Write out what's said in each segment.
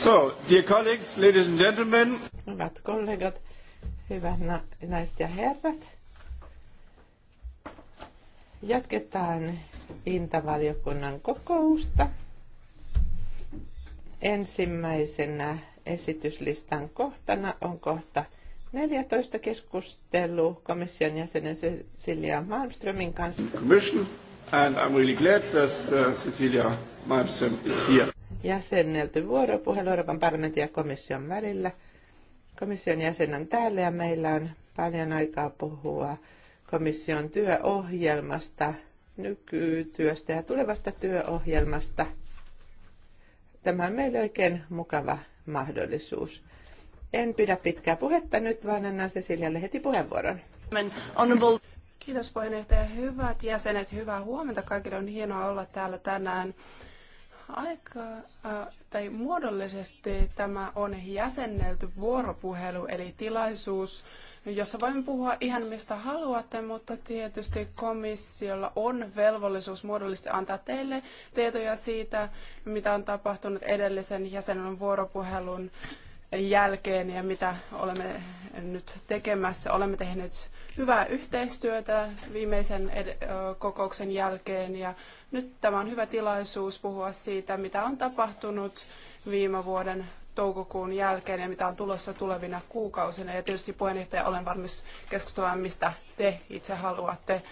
So, dear colleagues, ladies and gentlemen. Hyvät kollegat, hyvät na- naiset ja herrat. Jatketaan pintavaliokunnan kokousta. Ensimmäisenä esityslistan kohtana on kohta 14 keskustelu komission jäsenen Cecilia Malmströmin kanssa. Commission, and I'm really glad that uh, Cecilia Malmström is here jäsennelty vuoropuhelu Euroopan parlamentin ja komission välillä. Komission jäsen on täällä ja meillä on paljon aikaa puhua komission työohjelmasta, nykytyöstä ja tulevasta työohjelmasta. Tämä on meille oikein mukava mahdollisuus. En pidä pitkää puhetta nyt, vaan annan Cecilialle heti puheenvuoron. Kiitos puheenjohtaja. Hyvät jäsenet, hyvää huomenta kaikille. On hienoa olla täällä tänään. Aika, äh, tai muodollisesti tämä on jäsennelty vuoropuhelu, eli tilaisuus, jossa voimme puhua ihan mistä haluatte, mutta tietysti komissiolla on velvollisuus muodollisesti antaa teille tietoja siitä, mitä on tapahtunut edellisen jäsenen vuoropuhelun jälkeen ja mitä olemme nyt tekemässä. Olemme tehneet hyvää yhteistyötä viimeisen kokouksen jälkeen ja nyt tämä on hyvä tilaisuus puhua siitä, mitä on tapahtunut viime vuoden toukokuun jälkeen ja mitä on tulossa tulevina kuukausina. Ja tietysti puheenjohtaja, olen valmis keskustelemaan, mistä te itse haluatte.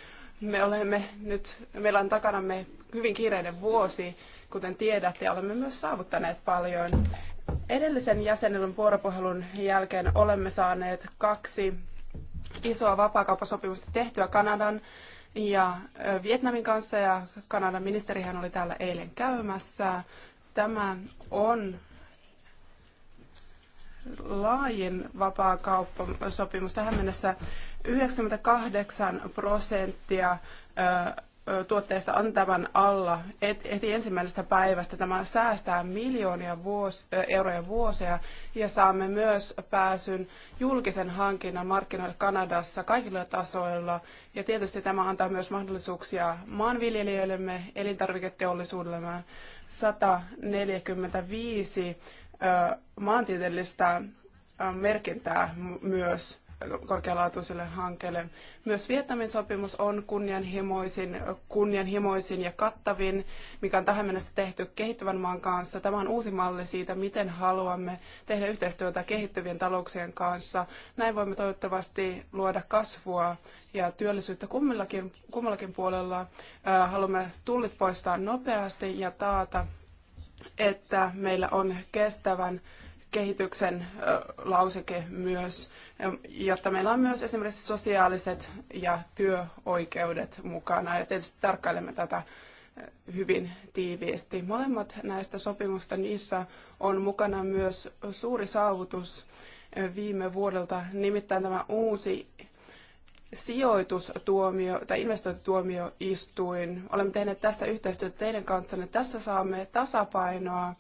Me olemme nyt, meillä on takanamme hyvin kiireinen vuosi, kuten tiedätte, ja olemme myös saavuttaneet paljon. Edellisen jäsenen vuoropuhelun jälkeen olemme saaneet kaksi isoa vapaakauppasopimusta tehtyä Kanadan ja Vietnamin kanssa ja Kanadan ministerihän oli täällä eilen käymässä. Tämä on laajin vapaakauppasopimus tähän mennessä 98 prosenttia tuotteista on tämän alla heti ensimmäisestä päivästä. Tämä säästää miljoonia vuosi, euroja vuosia ja saamme myös pääsyn julkisen hankinnan markkinoille Kanadassa kaikilla tasoilla. Ja tietysti tämä antaa myös mahdollisuuksia maanviljelijöillemme, elintarviketeollisuudellemme 145 maantieteellistä merkintää myös korkealaatuiselle hankkeelle. Myös Vietnamin sopimus on kunnianhimoisin, kunnianhimoisin ja kattavin, mikä on tähän mennessä tehty kehittyvän maan kanssa. Tämä on uusi malli siitä, miten haluamme tehdä yhteistyötä kehittyvien talouksien kanssa. Näin voimme toivottavasti luoda kasvua ja työllisyyttä kummallakin, kummallakin puolella. Haluamme tullit poistaa nopeasti ja taata, että meillä on kestävän kehityksen lauseke myös, jotta meillä on myös esimerkiksi sosiaaliset ja työoikeudet mukana. Ja tietysti tarkkailemme tätä hyvin tiiviisti. Molemmat näistä sopimusta, niissä on mukana myös suuri saavutus viime vuodelta, nimittäin tämä uusi sijoitustuomio tai investointituomioistuin. Olemme tehneet tässä yhteistyötä teidän kanssanne. Tässä saamme tasapainoa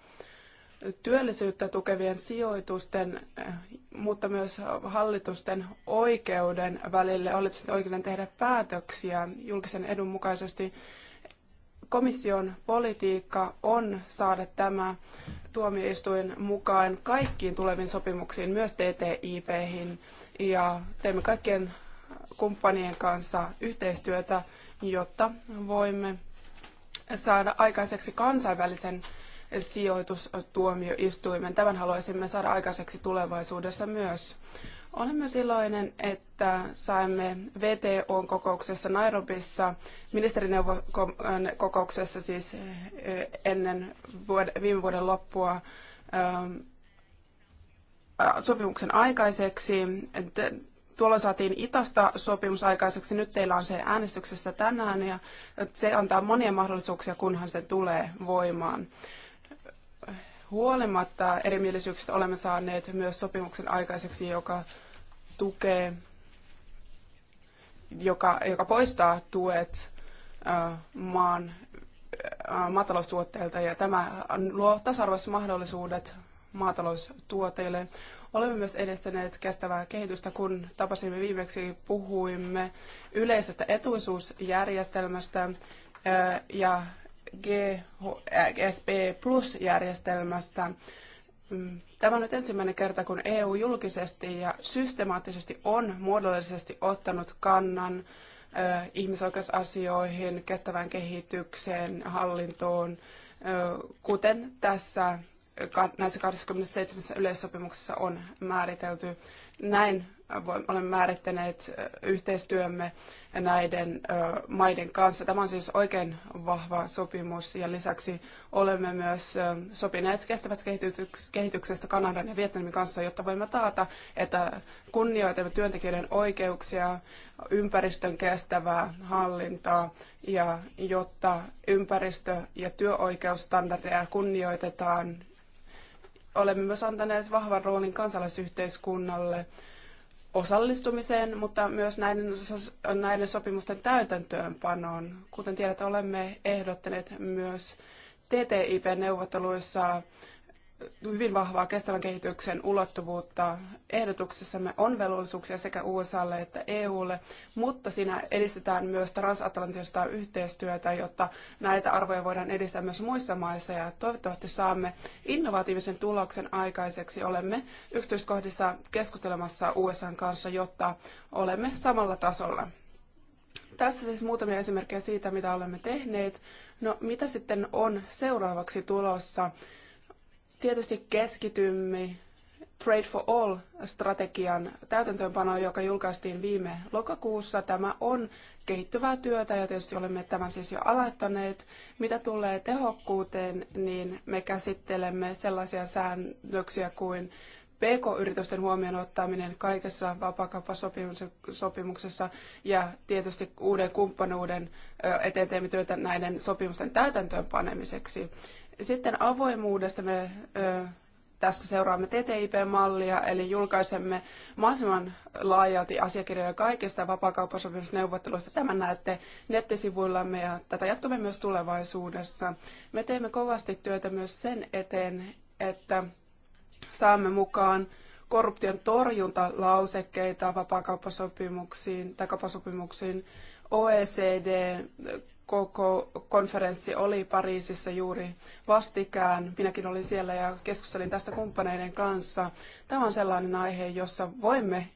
työllisyyttä tukevien sijoitusten, eh, mutta myös hallitusten oikeuden välille olisi oikeuden tehdä päätöksiä julkisen edun mukaisesti. Komission politiikka on saada tämä tuomioistuin mukaan kaikkiin tuleviin sopimuksiin, myös TTIPihin, ja teemme kaikkien kumppanien kanssa yhteistyötä, jotta voimme saada aikaiseksi kansainvälisen sijoitustuomioistuimen. Tämän haluaisimme saada aikaiseksi tulevaisuudessa myös. Olen myös iloinen, että saimme VTOn kokouksessa Nairobissa, kokouksessa siis eh, ennen viime vuoden loppua ähm, äh, sopimuksen aikaiseksi. Tuolla saatiin Itasta sopimus aikaiseksi, nyt teillä on se äänestyksessä tänään ja se antaa monia mahdollisuuksia, kunhan se tulee voimaan huolimatta erimielisyyksistä olemme saaneet myös sopimuksen aikaiseksi, joka tukee, joka, joka poistaa tuet maan maataloustuotteilta ja tämä luo tasa mahdollisuudet maataloustuotteille. Olemme myös edistäneet kestävää kehitystä, kun tapasimme viimeksi, puhuimme yleisestä etuisuusjärjestelmästä ja GSP Plus-järjestelmästä. Mm, Tämä on nyt ensimmäinen kerta, kun EU julkisesti ja systemaattisesti on muodollisesti ottanut kannan ihmisoikeusasioihin, kestävään kehitykseen, hallintoon, kuten tässä näissä 27 yleissopimuksessa on määritelty. Näin olemme määrittäneet yhteistyömme näiden maiden kanssa. Tämä on siis oikein vahva sopimus ja lisäksi olemme myös sopineet kestävät kehityksestä Kanadan ja Vietnamin kanssa, jotta voimme taata, että kunnioitamme työntekijöiden oikeuksia, ympäristön kestävää hallintaa ja jotta ympäristö- ja työoikeusstandardeja kunnioitetaan olemme myös antaneet vahvan roolin kansalaisyhteiskunnalle osallistumiseen, mutta myös näiden, näiden sopimusten täytäntöönpanoon. Kuten tiedät, olemme ehdottaneet myös TTIP-neuvotteluissa hyvin vahvaa kestävän kehityksen ulottuvuutta. Ehdotuksessamme on velvollisuuksia sekä USAlle että EUlle, mutta siinä edistetään myös transatlanttista yhteistyötä, jotta näitä arvoja voidaan edistää myös muissa maissa ja toivottavasti saamme innovatiivisen tuloksen aikaiseksi. Olemme yksityiskohdissa keskustelemassa USAn kanssa, jotta olemme samalla tasolla. Tässä siis muutamia esimerkkejä siitä, mitä olemme tehneet. No, mitä sitten on seuraavaksi tulossa? Tietysti keskitymme Trade for All-strategian täytäntöönpanoon, joka julkaistiin viime lokakuussa. Tämä on kehittyvää työtä ja tietysti olemme tämän siis jo aloittaneet. Mitä tulee tehokkuuteen, niin me käsittelemme sellaisia säännöksiä kuin PK-yritysten huomioon ottaminen kaikessa vapaakauppasopimuksessa ja tietysti uuden kumppanuuden eteen teemme työtä näiden sopimusten täytäntöönpanemiseksi. Sitten avoimuudesta me ö, tässä seuraamme TTIP-mallia, eli julkaisemme mahdollisimman laajalti asiakirjoja kaikista vapaakauppasopimusneuvotteluista. Tämän näette nettisivuillamme ja tätä jatkamme myös tulevaisuudessa. Me teemme kovasti työtä myös sen eteen, että saamme mukaan korruption torjuntalausekkeita vapaakauppasopimuksiin tai kauppasopimuksiin. OECD koko konferenssi oli Pariisissa juuri vastikään. Minäkin olin siellä ja keskustelin tästä kumppaneiden kanssa. Tämä on sellainen aihe, jossa voimme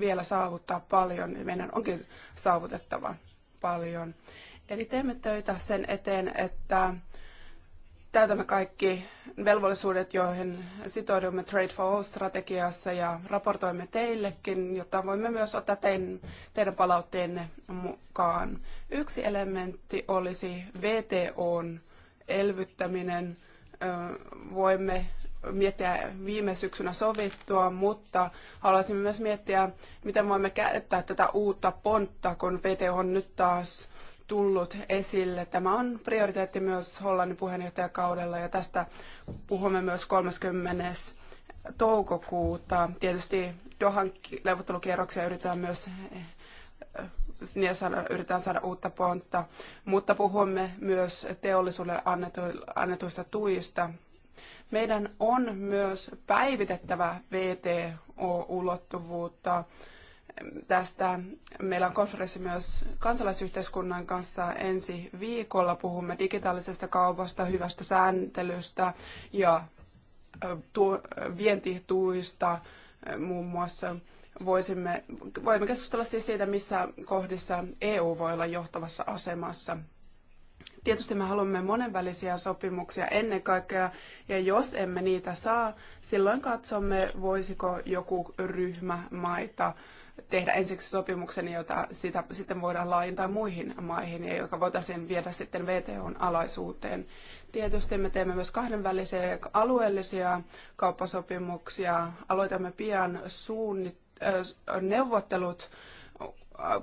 vielä saavuttaa paljon ja meidän onkin saavutettava paljon. Eli teemme töitä sen eteen, että täytämme kaikki velvollisuudet, joihin sitoudumme Trade for All-strategiassa ja raportoimme teillekin, jotta voimme myös ottaa teidän palautteenne mukaan. Yksi elementti olisi VTOn elvyttäminen. Voimme miettiä viime syksynä sovittua, mutta haluaisimme myös miettiä, miten voimme käyttää tätä uutta pontta, kun VTO on nyt taas tullut esille. Tämä on prioriteetti myös Hollannin puheenjohtajakaudella ja tästä puhumme myös 30. toukokuuta. Tietysti Dohan neuvottelukierroksia yritetään myös eh, yritetään saada uutta pontta, mutta puhumme myös teollisuudelle annetuista tuista. Meidän on myös päivitettävä VTO-ulottuvuutta tästä. Meillä on konferenssi myös kansalaisyhteiskunnan kanssa ensi viikolla. Puhumme digitaalisesta kaupasta, hyvästä sääntelystä ja vientituista muun muassa. Voisimme, voimme keskustella siis siitä, missä kohdissa EU voi olla johtavassa asemassa. Tietysti me haluamme monenvälisiä sopimuksia ennen kaikkea, ja jos emme niitä saa, silloin katsomme, voisiko joku ryhmä maita tehdä ensiksi sopimuksen, jota sitä sitten voidaan laajentaa muihin maihin ja joka voitaisiin viedä sitten VTOn alaisuuteen. Tietysti me teemme myös kahdenvälisiä alueellisia kauppasopimuksia. Aloitamme pian suunnit- äh, neuvottelut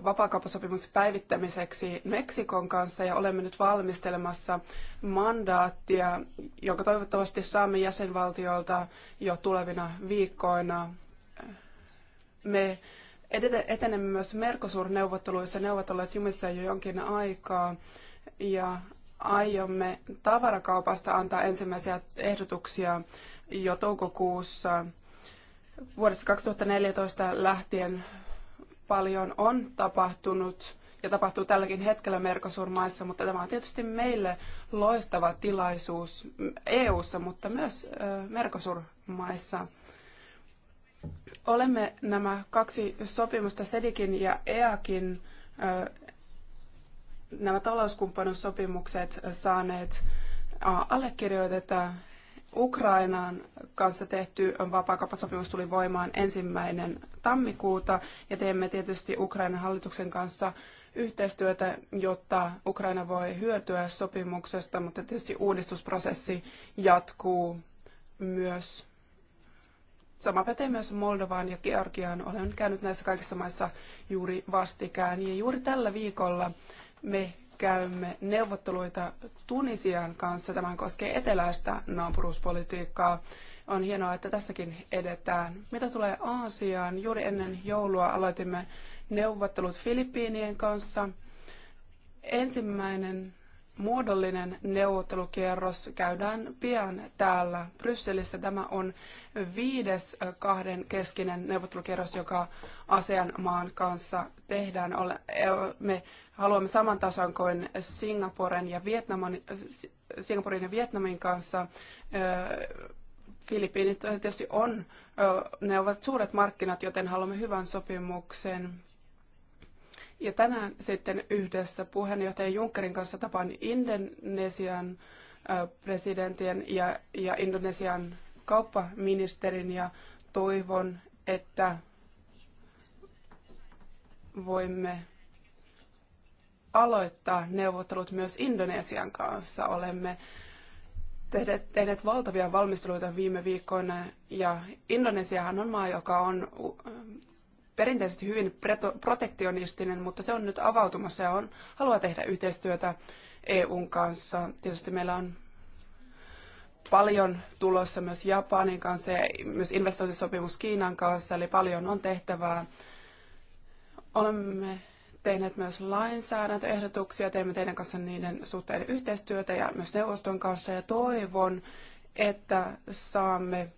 vapaakauppasopimuksen päivittämiseksi Meksikon kanssa ja olemme nyt valmistelemassa mandaattia, jonka toivottavasti saamme jäsenvaltiolta jo tulevina viikkoina. Me Etenemme myös Mercosur-neuvotteluissa. Neuvottelut jumissa jo jonkin aikaa ja aiomme tavarakaupasta antaa ensimmäisiä ehdotuksia jo toukokuussa. Vuodesta 2014 lähtien paljon on tapahtunut ja tapahtuu tälläkin hetkellä Mercosur-maissa, mutta tämä on tietysti meille loistava tilaisuus EU-ssa, mutta myös Mercosur-maissa. Olemme nämä kaksi sopimusta, Sedikin ja EAKin, nämä talouskumppanuussopimukset saaneet allekirjoiteta. Ukrainan kanssa tehty vapaakauppasopimus tuli voimaan ensimmäinen tammikuuta ja teemme tietysti Ukrainan hallituksen kanssa yhteistyötä, jotta Ukraina voi hyötyä sopimuksesta, mutta tietysti uudistusprosessi jatkuu myös Sama pätee myös Moldovaan ja Georgiaan. Olen käynyt näissä kaikissa maissa juuri vastikään. Ja juuri tällä viikolla me käymme neuvotteluita Tunisian kanssa. Tämä koskee eteläistä naapuruuspolitiikkaa. On hienoa, että tässäkin edetään. Mitä tulee Aasiaan, juuri ennen joulua aloitimme neuvottelut Filippiinien kanssa. Ensimmäinen muodollinen neuvottelukierros käydään pian täällä Brysselissä. Tämä on viides kahden keskinen neuvottelukierros, joka ASEAN maan kanssa tehdään. E- me haluamme saman tason kuin Singaporen ja Vietnamin, Singaporin ja Vietnamin kanssa. Filippiinit tietysti on, ne ovat suuret markkinat, joten haluamme hyvän sopimuksen. Ja tänään sitten yhdessä puheenjohtaja Junckerin kanssa tapaan Indonesian presidentin ja, ja Indonesian kauppaministerin ja toivon, että voimme aloittaa neuvottelut myös Indonesian kanssa. Olemme tehneet, tehneet valtavia valmisteluita viime viikkoina ja Indonesiahan on maa, joka on perinteisesti hyvin protektionistinen, mutta se on nyt avautumassa ja on, haluaa tehdä yhteistyötä EUn kanssa. Tietysti meillä on paljon tulossa myös Japanin kanssa ja myös investointisopimus Kiinan kanssa, eli paljon on tehtävää. Olemme tehneet myös lainsäädäntöehdotuksia, teemme teidän kanssa niiden suhteiden yhteistyötä ja myös neuvoston kanssa ja toivon, että saamme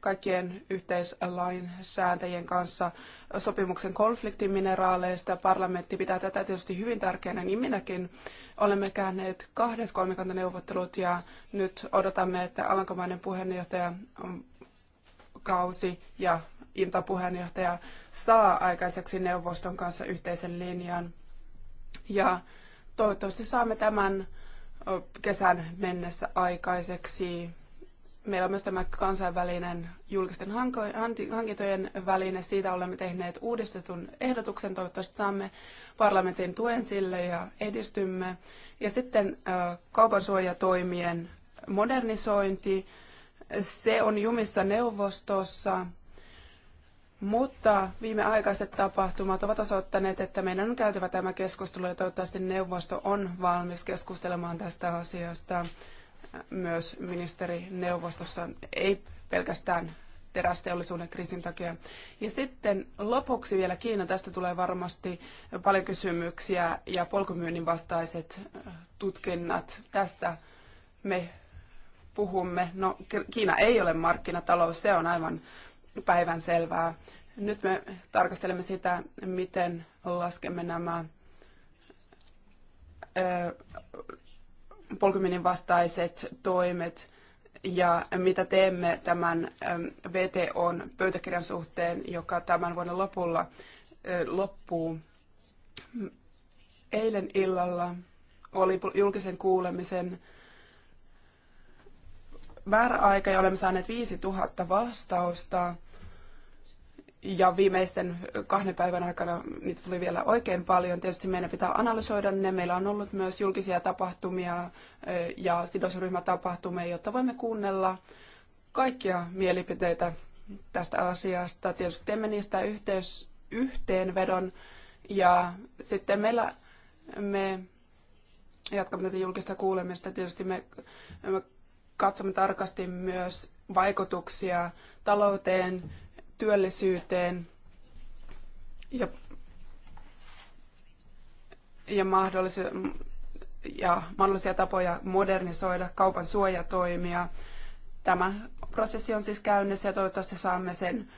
kaikkien yhteislainsäätäjien kanssa sopimuksen konfliktimineraaleista. Parlamentti pitää tätä tietysti hyvin tärkeänä, niin minäkin. Olemme käyneet kahdet kolmikantaneuvottelut ja nyt odotamme, että Alankomainen puheenjohtaja kausi ja Inta puheenjohtaja saa aikaiseksi neuvoston kanssa yhteisen linjan. Ja toivottavasti saamme tämän kesän mennessä aikaiseksi. Meillä on myös tämä kansainvälinen julkisten hankintojen väline. Siitä olemme tehneet uudistetun ehdotuksen. Toivottavasti saamme parlamentin tuen sille ja edistymme. Ja sitten kaupan suojatoimien modernisointi. Se on jumissa neuvostossa, mutta viimeaikaiset tapahtumat ovat osoittaneet, että meidän on käytävä tämä keskustelu ja toivottavasti neuvosto on valmis keskustelemaan tästä asiasta myös ministerineuvostossa, ei pelkästään terästeollisuuden kriisin takia. Ja sitten lopuksi vielä Kiina, tästä tulee varmasti paljon kysymyksiä ja polkumyynnin vastaiset äh, tutkinnat. Tästä me puhumme. No, Kiina ei ole markkinatalous, se on aivan päivän selvää. Nyt me tarkastelemme sitä, miten laskemme nämä äh, polkuminin vastaiset toimet ja mitä teemme tämän VTOn pöytäkirjan suhteen, joka tämän vuoden lopulla loppuu. Eilen illalla oli julkisen kuulemisen määräaika ja olemme saaneet 5000 vastausta ja viimeisten kahden päivän aikana niitä tuli vielä oikein paljon. Tietysti meidän pitää analysoida ne. Meillä on ollut myös julkisia tapahtumia ja sidosryhmätapahtumia, jotta voimme kuunnella kaikkia mielipiteitä tästä asiasta. Tietysti teemme niistä yhteys, yhteenvedon ja sitten meillä me jatkamme tätä julkista kuulemista. Tietysti me, me katsomme tarkasti myös vaikutuksia talouteen, työllisyyteen ja, ja, mahdollisia, ja mahdollisia tapoja modernisoida kaupan suojatoimia. Tämä prosessi on siis käynnissä ja toivottavasti saamme sen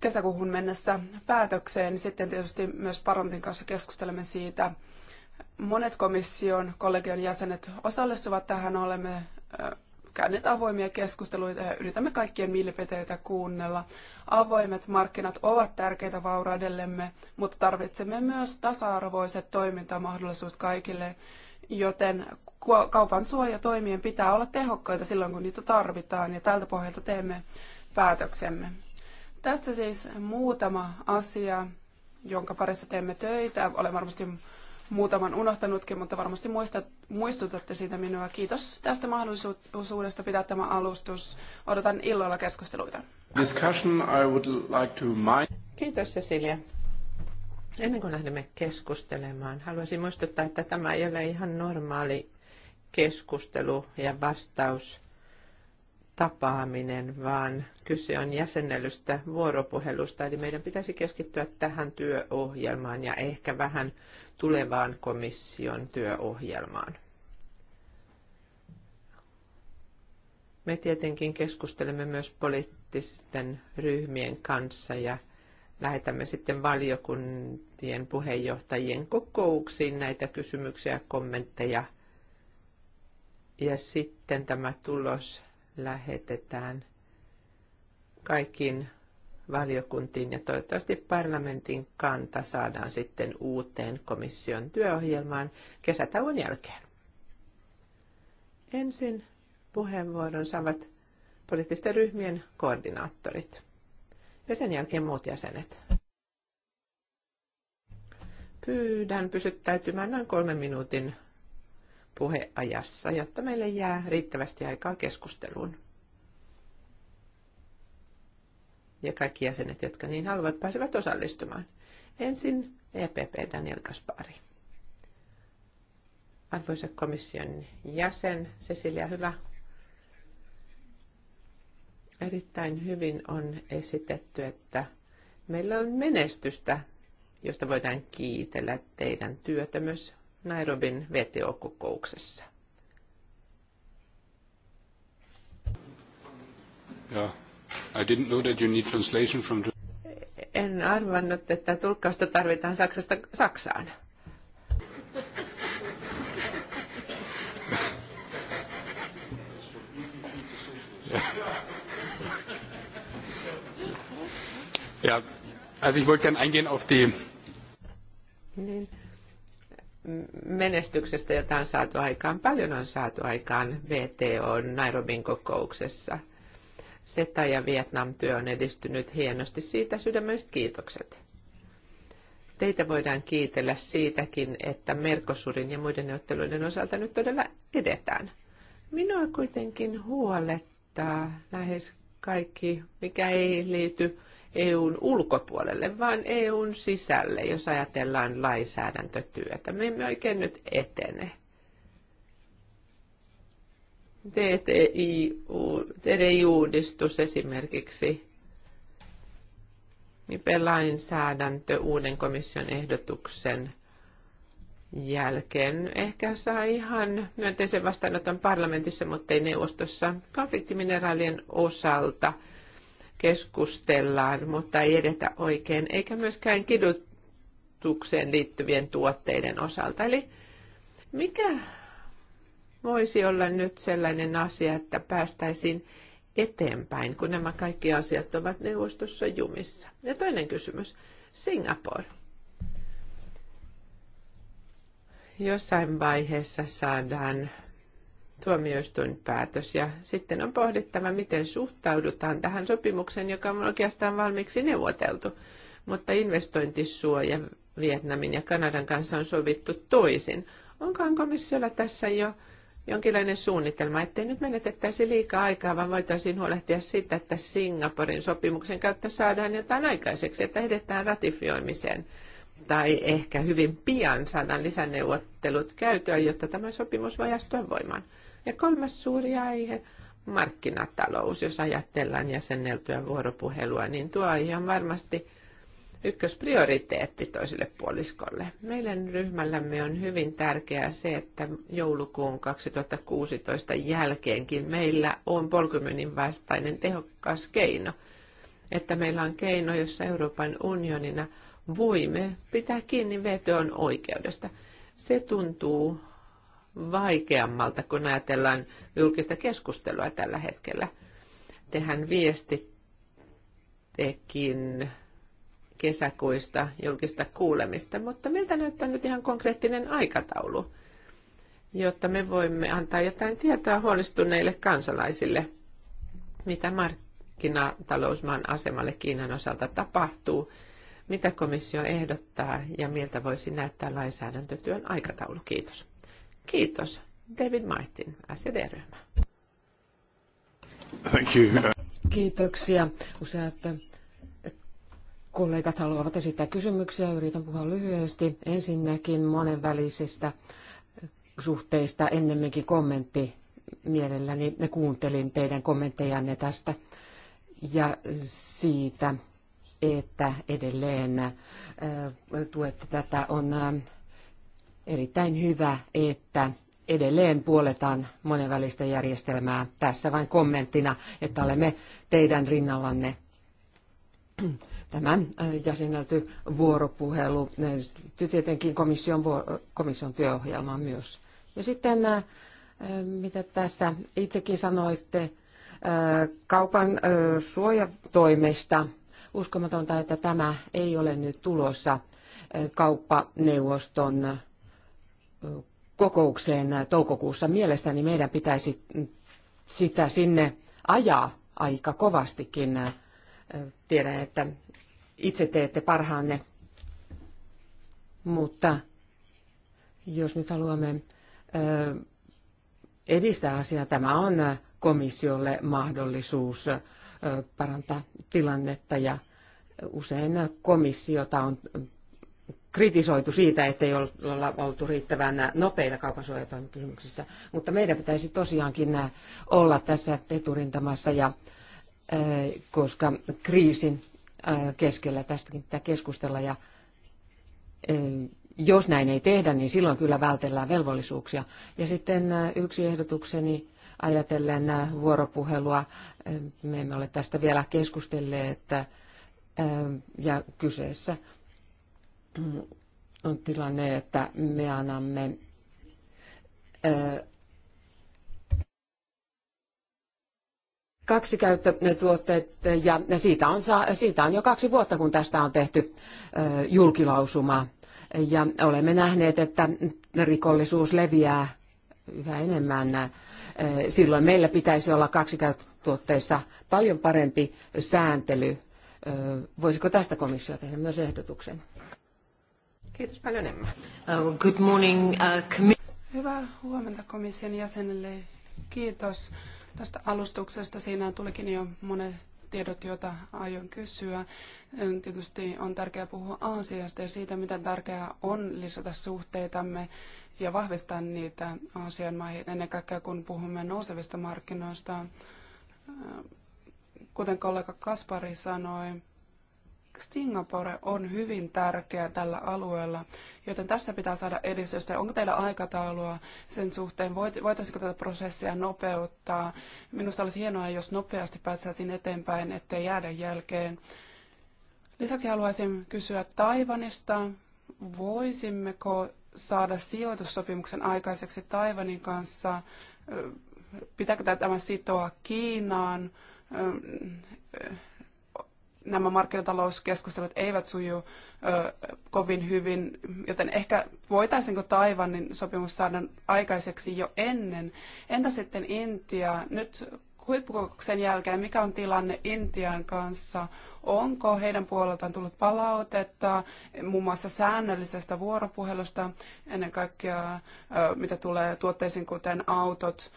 kesäkuuhun mennessä päätökseen. Sitten tietysti myös parlamentin kanssa keskustelemme siitä. Monet komission kollegion jäsenet osallistuvat tähän. Olemme käyneet avoimia keskusteluita ja yritämme kaikkien mielipiteitä kuunnella. Avoimet markkinat ovat tärkeitä vauraudellemme, mutta tarvitsemme myös tasa-arvoiset toimintamahdollisuudet kaikille, joten kaupan suojatoimien pitää olla tehokkaita silloin, kun niitä tarvitaan, ja tältä pohjalta teemme päätöksemme. Tässä siis muutama asia, jonka parissa teemme töitä. Olen varmasti muutaman unohtanutkin, mutta varmasti muistat, muistutatte siitä minua. Kiitos tästä mahdollisuudesta pitää tämä alustus. Odotan illalla keskusteluita. Discussion I would like to mind. Kiitos Cecilia. Ennen kuin lähdemme keskustelemaan, haluaisin muistuttaa, että tämä ei ole ihan normaali keskustelu ja vastaus tapaaminen, vaan kyse on jäsennellystä vuoropuhelusta, eli meidän pitäisi keskittyä tähän työohjelmaan ja ehkä vähän tulevaan komission työohjelmaan. Me tietenkin keskustelemme myös poliittisten ryhmien kanssa ja lähetämme sitten valiokuntien puheenjohtajien kokouksiin näitä kysymyksiä ja kommentteja. Ja sitten tämä tulos lähetetään kaikkiin valiokuntiin ja toivottavasti parlamentin kanta saadaan sitten uuteen komission työohjelmaan kesätauon jälkeen. Ensin puheenvuoron saavat poliittisten ryhmien koordinaattorit ja sen jälkeen muut jäsenet. Pyydän pysyttäytymään noin kolmen minuutin puheajassa, jotta meille jää riittävästi aikaa keskusteluun. ja kaikki jäsenet, jotka niin haluavat, pääsevät osallistumaan. Ensin EPP Daniel Kaspari. Arvoisa komission jäsen Cecilia, hyvä. Erittäin hyvin on esitetty, että meillä on menestystä, josta voidaan kiitellä teidän työtä myös Nairobin VTO-kokouksessa. Ja, I didn't know that you need translation from... En arvannut, että tulkkausta tarvitaan Saksasta Saksaan. Ja, also ich wollte gerne eingehen auf die... Niin. Menestyksestä, jota on saatu aikaan, paljon on saatu aikaan VTO Nairobin kokouksessa – SETA ja Vietnam-työ on edistynyt hienosti. Siitä sydämelliset kiitokset. Teitä voidaan kiitellä siitäkin, että Merkosurin ja muiden neuvotteluiden osalta nyt todella edetään. Minua kuitenkin huolettaa lähes kaikki, mikä ei liity EUn ulkopuolelle, vaan EUn sisälle, jos ajatellaan lainsäädäntötyötä. Me emme oikein nyt etene. DTI-uudistus esimerkiksi, IP-lainsäädäntö uuden komission ehdotuksen jälkeen ehkä saa ihan myönteisen vastaanoton parlamentissa, mutta ei neuvostossa. Konfliktimineraalien osalta keskustellaan, mutta ei edetä oikein, eikä myöskään kidutukseen liittyvien tuotteiden osalta. Eli mikä voisi olla nyt sellainen asia, että päästäisiin eteenpäin, kun nämä kaikki asiat ovat neuvostossa jumissa. Ja toinen kysymys, Singapore. Jossain vaiheessa saadaan tuomioistuin päätös ja sitten on pohdittava, miten suhtaudutaan tähän sopimukseen, joka on oikeastaan valmiiksi neuvoteltu. Mutta investointisuoja Vietnamin ja Kanadan kanssa on sovittu toisin. Onkohan komissiolla tässä jo jonkinlainen suunnitelma, ettei nyt menetettäisi liikaa aikaa, vaan voitaisiin huolehtia siitä, että Singaporen sopimuksen kautta saadaan jotain aikaiseksi, että edetään ratifioimiseen. Tai ehkä hyvin pian saadaan lisäneuvottelut käytöön, jotta tämä sopimus voi astua voimaan. Ja kolmas suuri aihe, markkinatalous. Jos ajatellaan jäsenneltyä vuoropuhelua, niin tuo aihe on varmasti – ykkösprioriteetti toiselle puoliskolle. Meidän ryhmällämme on hyvin tärkeää se, että joulukuun 2016 jälkeenkin meillä on polkumyynnin vastainen tehokas keino. Että meillä on keino, jossa Euroopan unionina voimme pitää kiinni vetoon oikeudesta. Se tuntuu vaikeammalta, kun ajatellaan julkista keskustelua tällä hetkellä. Tehän viestittekin kesäkuista julkista kuulemista, mutta miltä näyttää nyt ihan konkreettinen aikataulu, jotta me voimme antaa jotain tietoa huolestuneille kansalaisille, mitä markkinatalousmaan asemalle Kiinan osalta tapahtuu, mitä komissio ehdottaa ja miltä voisi näyttää lainsäädäntötyön aikataulu. Kiitos. Kiitos. David Martin, SED-ryhmä. Thank you. Kiitoksia. Useat kollegat haluavat esittää kysymyksiä. Yritän puhua lyhyesti. Ensinnäkin monenvälisistä suhteista ennemminkin kommentti mielelläni. Kuuntelin teidän kommenttejanne tästä ja siitä, että edelleen äh, tuette tätä. On äh, erittäin hyvä, että edelleen puoletaan monenvälistä järjestelmää. Tässä vain kommenttina, että olemme teidän rinnallanne tämä äh, jäsennelty vuoropuhelu, tietenkin komission, komission työohjelma myös. Ja sitten äh, äh, mitä tässä itsekin sanoitte kaupan suojatoimesta, uskomatonta, että tämä ei ole nyt tulossa kauppaneuvoston kokoukseen toukokuussa. Mielestäni meidän pitäisi sitä sinne ajaa aika kovastikin. Tiedän, että itse teette parhaanne. Mutta jos nyt haluamme edistää asiaa, tämä on komissiolle mahdollisuus parantaa tilannetta ja usein komissiota on kritisoitu siitä, ettei olla oltu riittävän nopeita kaupansuojatoimikysymyksissä, mutta meidän pitäisi tosiaankin olla tässä eturintamassa ja koska kriisin keskellä. Tästäkin pitää keskustella ja jos näin ei tehdä, niin silloin kyllä vältellään velvollisuuksia. Ja sitten yksi ehdotukseni ajatellen vuoropuhelua, me emme ole tästä vielä keskustelleet, ja kyseessä on tilanne, että me annamme kaksikäyttötuotteet ja siitä on, siitä on jo kaksi vuotta, kun tästä on tehty julkilausuma. Ja olemme nähneet, että rikollisuus leviää yhä enemmän. Silloin meillä pitäisi olla kaksi käyttötuotteissa paljon parempi sääntely. Voisiko tästä komissio tehdä myös ehdotuksen? Kiitos paljon Emma. Uh, good morning, uh, Hyvää huomenta komission jäsenelle. Kiitos tästä alustuksesta. Siinä tulikin jo monet tiedot, joita aion kysyä. Tietysti on tärkeää puhua Aasiasta ja siitä, mitä tärkeää on lisätä suhteitamme ja vahvistaa niitä Aasian maihin, ennen kaikkea kun puhumme nousevista markkinoista. Kuten kollega Kaspari sanoi, Singapore on hyvin tärkeä tällä alueella, joten tässä pitää saada edistystä. Onko teillä aikataulua sen suhteen? Voitaisiinko tätä prosessia nopeuttaa? Minusta olisi hienoa, jos nopeasti päästäisiin eteenpäin, ettei jäädä jälkeen. Lisäksi haluaisin kysyä Taivanista. Voisimmeko saada sijoitussopimuksen aikaiseksi Taivanin kanssa? Pitääkö tämä sitoa Kiinaan? nämä markkinatalouskeskustelut eivät suju ö, kovin hyvin, joten ehkä voitaisiinko Taivanin sopimus saada aikaiseksi jo ennen. Entä sitten Intia? Nyt huippukokouksen jälkeen, mikä on tilanne Intian kanssa? Onko heidän puoleltaan tullut palautetta muun muassa säännöllisestä vuoropuhelusta, ennen kaikkea mitä tulee tuotteisiin kuten autot,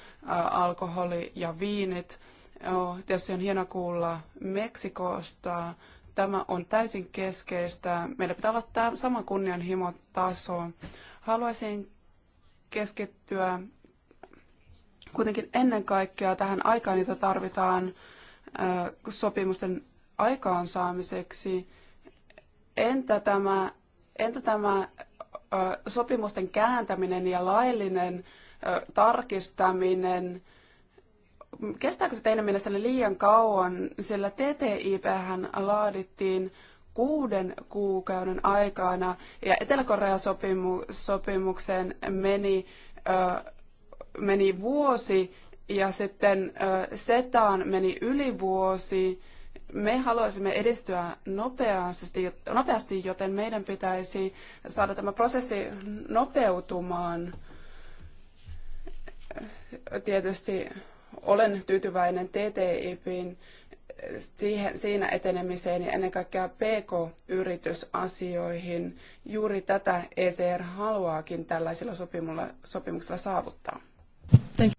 alkoholi ja viinit? Joo, oh, tietysti on hieno kuulla Meksikosta. Tämä on täysin keskeistä. Meillä pitää olla tämä sama kunnianhimon taso. Haluaisin keskittyä kuitenkin ennen kaikkea tähän aikaan, jota tarvitaan äh, sopimusten aikaansaamiseksi. Entä tämä, entä tämä äh, sopimusten kääntäminen ja laillinen äh, tarkistaminen – kestääkö se teidän mielestänne liian kauan, sillä TTIP laadittiin kuuden kuukauden aikana ja Etelä-Korean sopimu- sopimukseen meni, äh, meni vuosi ja sitten äh, SETAan meni yli vuosi. Me haluaisimme edistyä nopeasti, nopeasti, joten meidän pitäisi saada tämä prosessi nopeutumaan. Tietysti olen tyytyväinen TTIPin siihen, siinä etenemiseen ja ennen kaikkea PK-yritysasioihin. Juuri tätä ECR haluaakin tällaisilla sopimuksilla saavuttaa.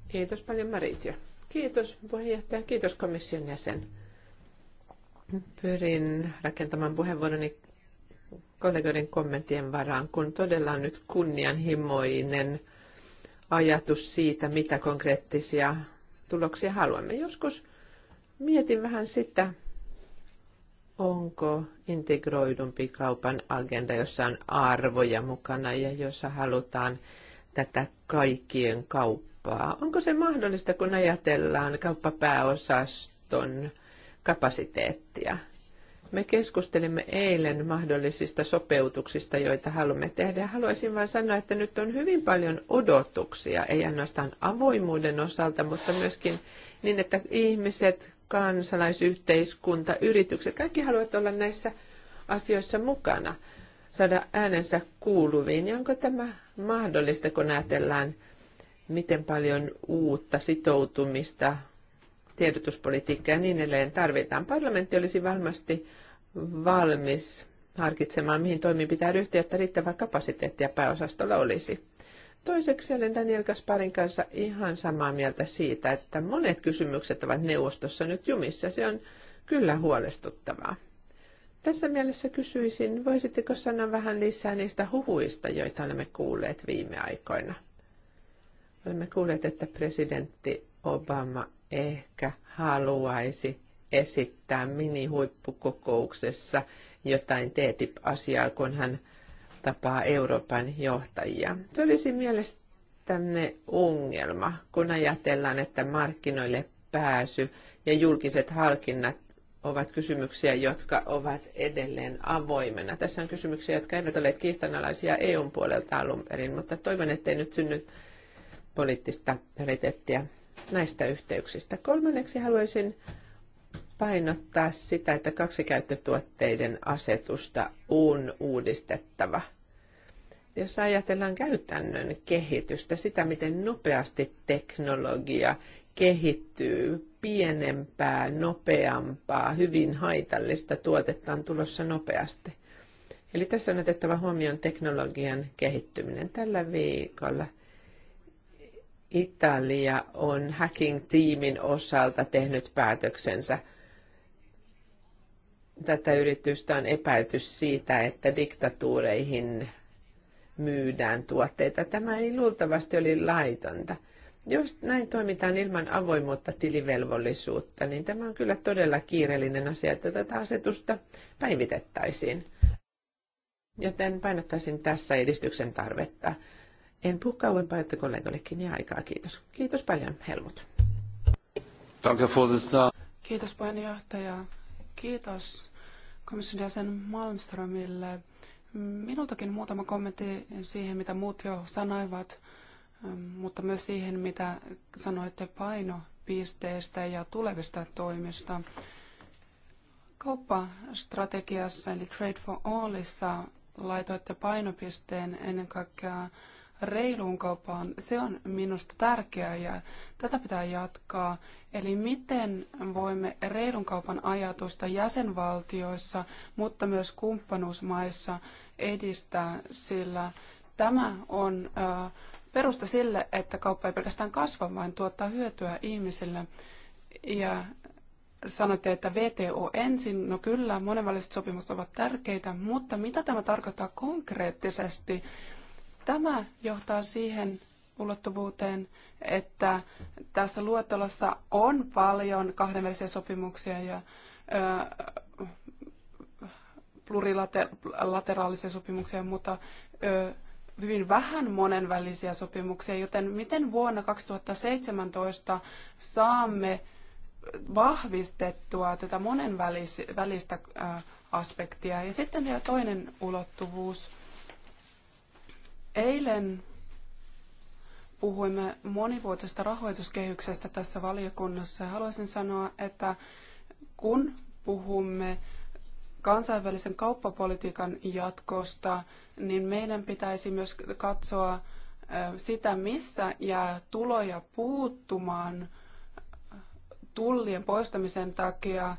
Kiitos paljon Maritja. Kiitos puheenjohtaja, kiitos komission jäsen. Pyrin rakentamaan puheenvuoroni kollegoiden kommenttien varaan, kun todella on nyt kunnianhimoinen ajatus siitä, mitä konkreettisia tuloksia haluamme. Joskus mietin vähän sitä, onko integroidumpi kaupan agenda, jossa on arvoja mukana ja jossa halutaan tätä kaikkien kauppaa. Onko se mahdollista, kun ajatellaan kauppapääosaston kapasiteettia? Me keskustelimme eilen mahdollisista sopeutuksista, joita haluamme tehdä. Haluaisin vain sanoa, että nyt on hyvin paljon odotuksia, ei ainoastaan avoimuuden osalta, mutta myöskin niin, että ihmiset, kansalaisyhteiskunta, yritykset, kaikki haluavat olla näissä asioissa mukana, saada äänensä kuuluviin. Ja onko tämä mahdollista, kun ajatellaan, miten paljon uutta sitoutumista tiedotuspolitiikka ja niin edelleen tarvitaan. Parlamentti olisi varmasti valmis harkitsemaan, mihin toimiin pitää ryhtyä, että kapasiteetti ja pääosastolla olisi. Toiseksi olen Daniel Kasparin kanssa ihan samaa mieltä siitä, että monet kysymykset ovat neuvostossa nyt jumissa. Se on kyllä huolestuttavaa. Tässä mielessä kysyisin, voisitteko sanoa vähän lisää niistä huhuista, joita olemme kuulleet viime aikoina? Olemme kuulleet, että presidentti Obama ehkä haluaisi esittää minihuippukokouksessa jotain TTIP-asiaa, kun hän tapaa Euroopan johtajia. Se olisi mielestämme ongelma, kun ajatellaan, että markkinoille pääsy ja julkiset harkinnat ovat kysymyksiä, jotka ovat edelleen avoimena. Tässä on kysymyksiä, jotka eivät ole kiistanalaisia EUn puolelta alun perin, mutta toivon, ettei nyt synny poliittista realiteettia näistä yhteyksistä. Kolmanneksi haluaisin painottaa sitä, että kaksikäyttötuotteiden asetusta on uudistettava. Jos ajatellaan käytännön kehitystä, sitä miten nopeasti teknologia kehittyy, pienempää, nopeampaa, hyvin haitallista tuotetta on tulossa nopeasti. Eli tässä on otettava huomioon teknologian kehittyminen. Tällä viikolla – Italia on hacking-tiimin osalta tehnyt päätöksensä. Tätä yritystä on epäilty siitä, että diktatuureihin myydään tuotteita. Tämä ei luultavasti oli laitonta. Jos näin toimitaan ilman avoimuutta tilivelvollisuutta, niin tämä on kyllä todella kiireellinen asia, että tätä asetusta päivitettäisiin. Joten painottaisin tässä edistyksen tarvetta. En puhu kauempaa, että kollegoillekin jää aikaa. Kiitos. Kiitos paljon, Helmut. Kiitos puheenjohtaja. Kiitos komission jäsen Malmströmille. Minultakin muutama kommentti siihen, mitä muut jo sanoivat, ähm, mutta myös siihen, mitä sanoitte painopisteestä ja tulevista toimista. Kauppastrategiassa eli Trade for Allissa laitoitte painopisteen ennen kaikkea reiluun kauppaan, se on minusta tärkeää ja tätä pitää jatkaa. Eli miten voimme reilun kaupan ajatusta jäsenvaltioissa, mutta myös kumppanuusmaissa edistää, sillä tämä on perusta sille, että kauppa ei pelkästään kasva, vaan tuottaa hyötyä ihmisille. Ja sanoitte, että VTO ensin, no kyllä, monenväliset sopimukset ovat tärkeitä, mutta mitä tämä tarkoittaa konkreettisesti? Tämä johtaa siihen ulottuvuuteen, että tässä luettelossa on paljon kahdenvälisiä sopimuksia ja ö, plurilateraalisia sopimuksia, mutta ö, hyvin vähän monenvälisiä sopimuksia, joten miten vuonna 2017 saamme vahvistettua tätä monenvälistä aspektia. Ja sitten vielä toinen ulottuvuus. Eilen puhuimme monivuotisesta rahoituskehyksestä tässä valiokunnassa ja haluaisin sanoa, että kun puhumme kansainvälisen kauppapolitiikan jatkosta, niin meidän pitäisi myös katsoa sitä, missä jää tuloja puuttumaan tullien poistamisen takia,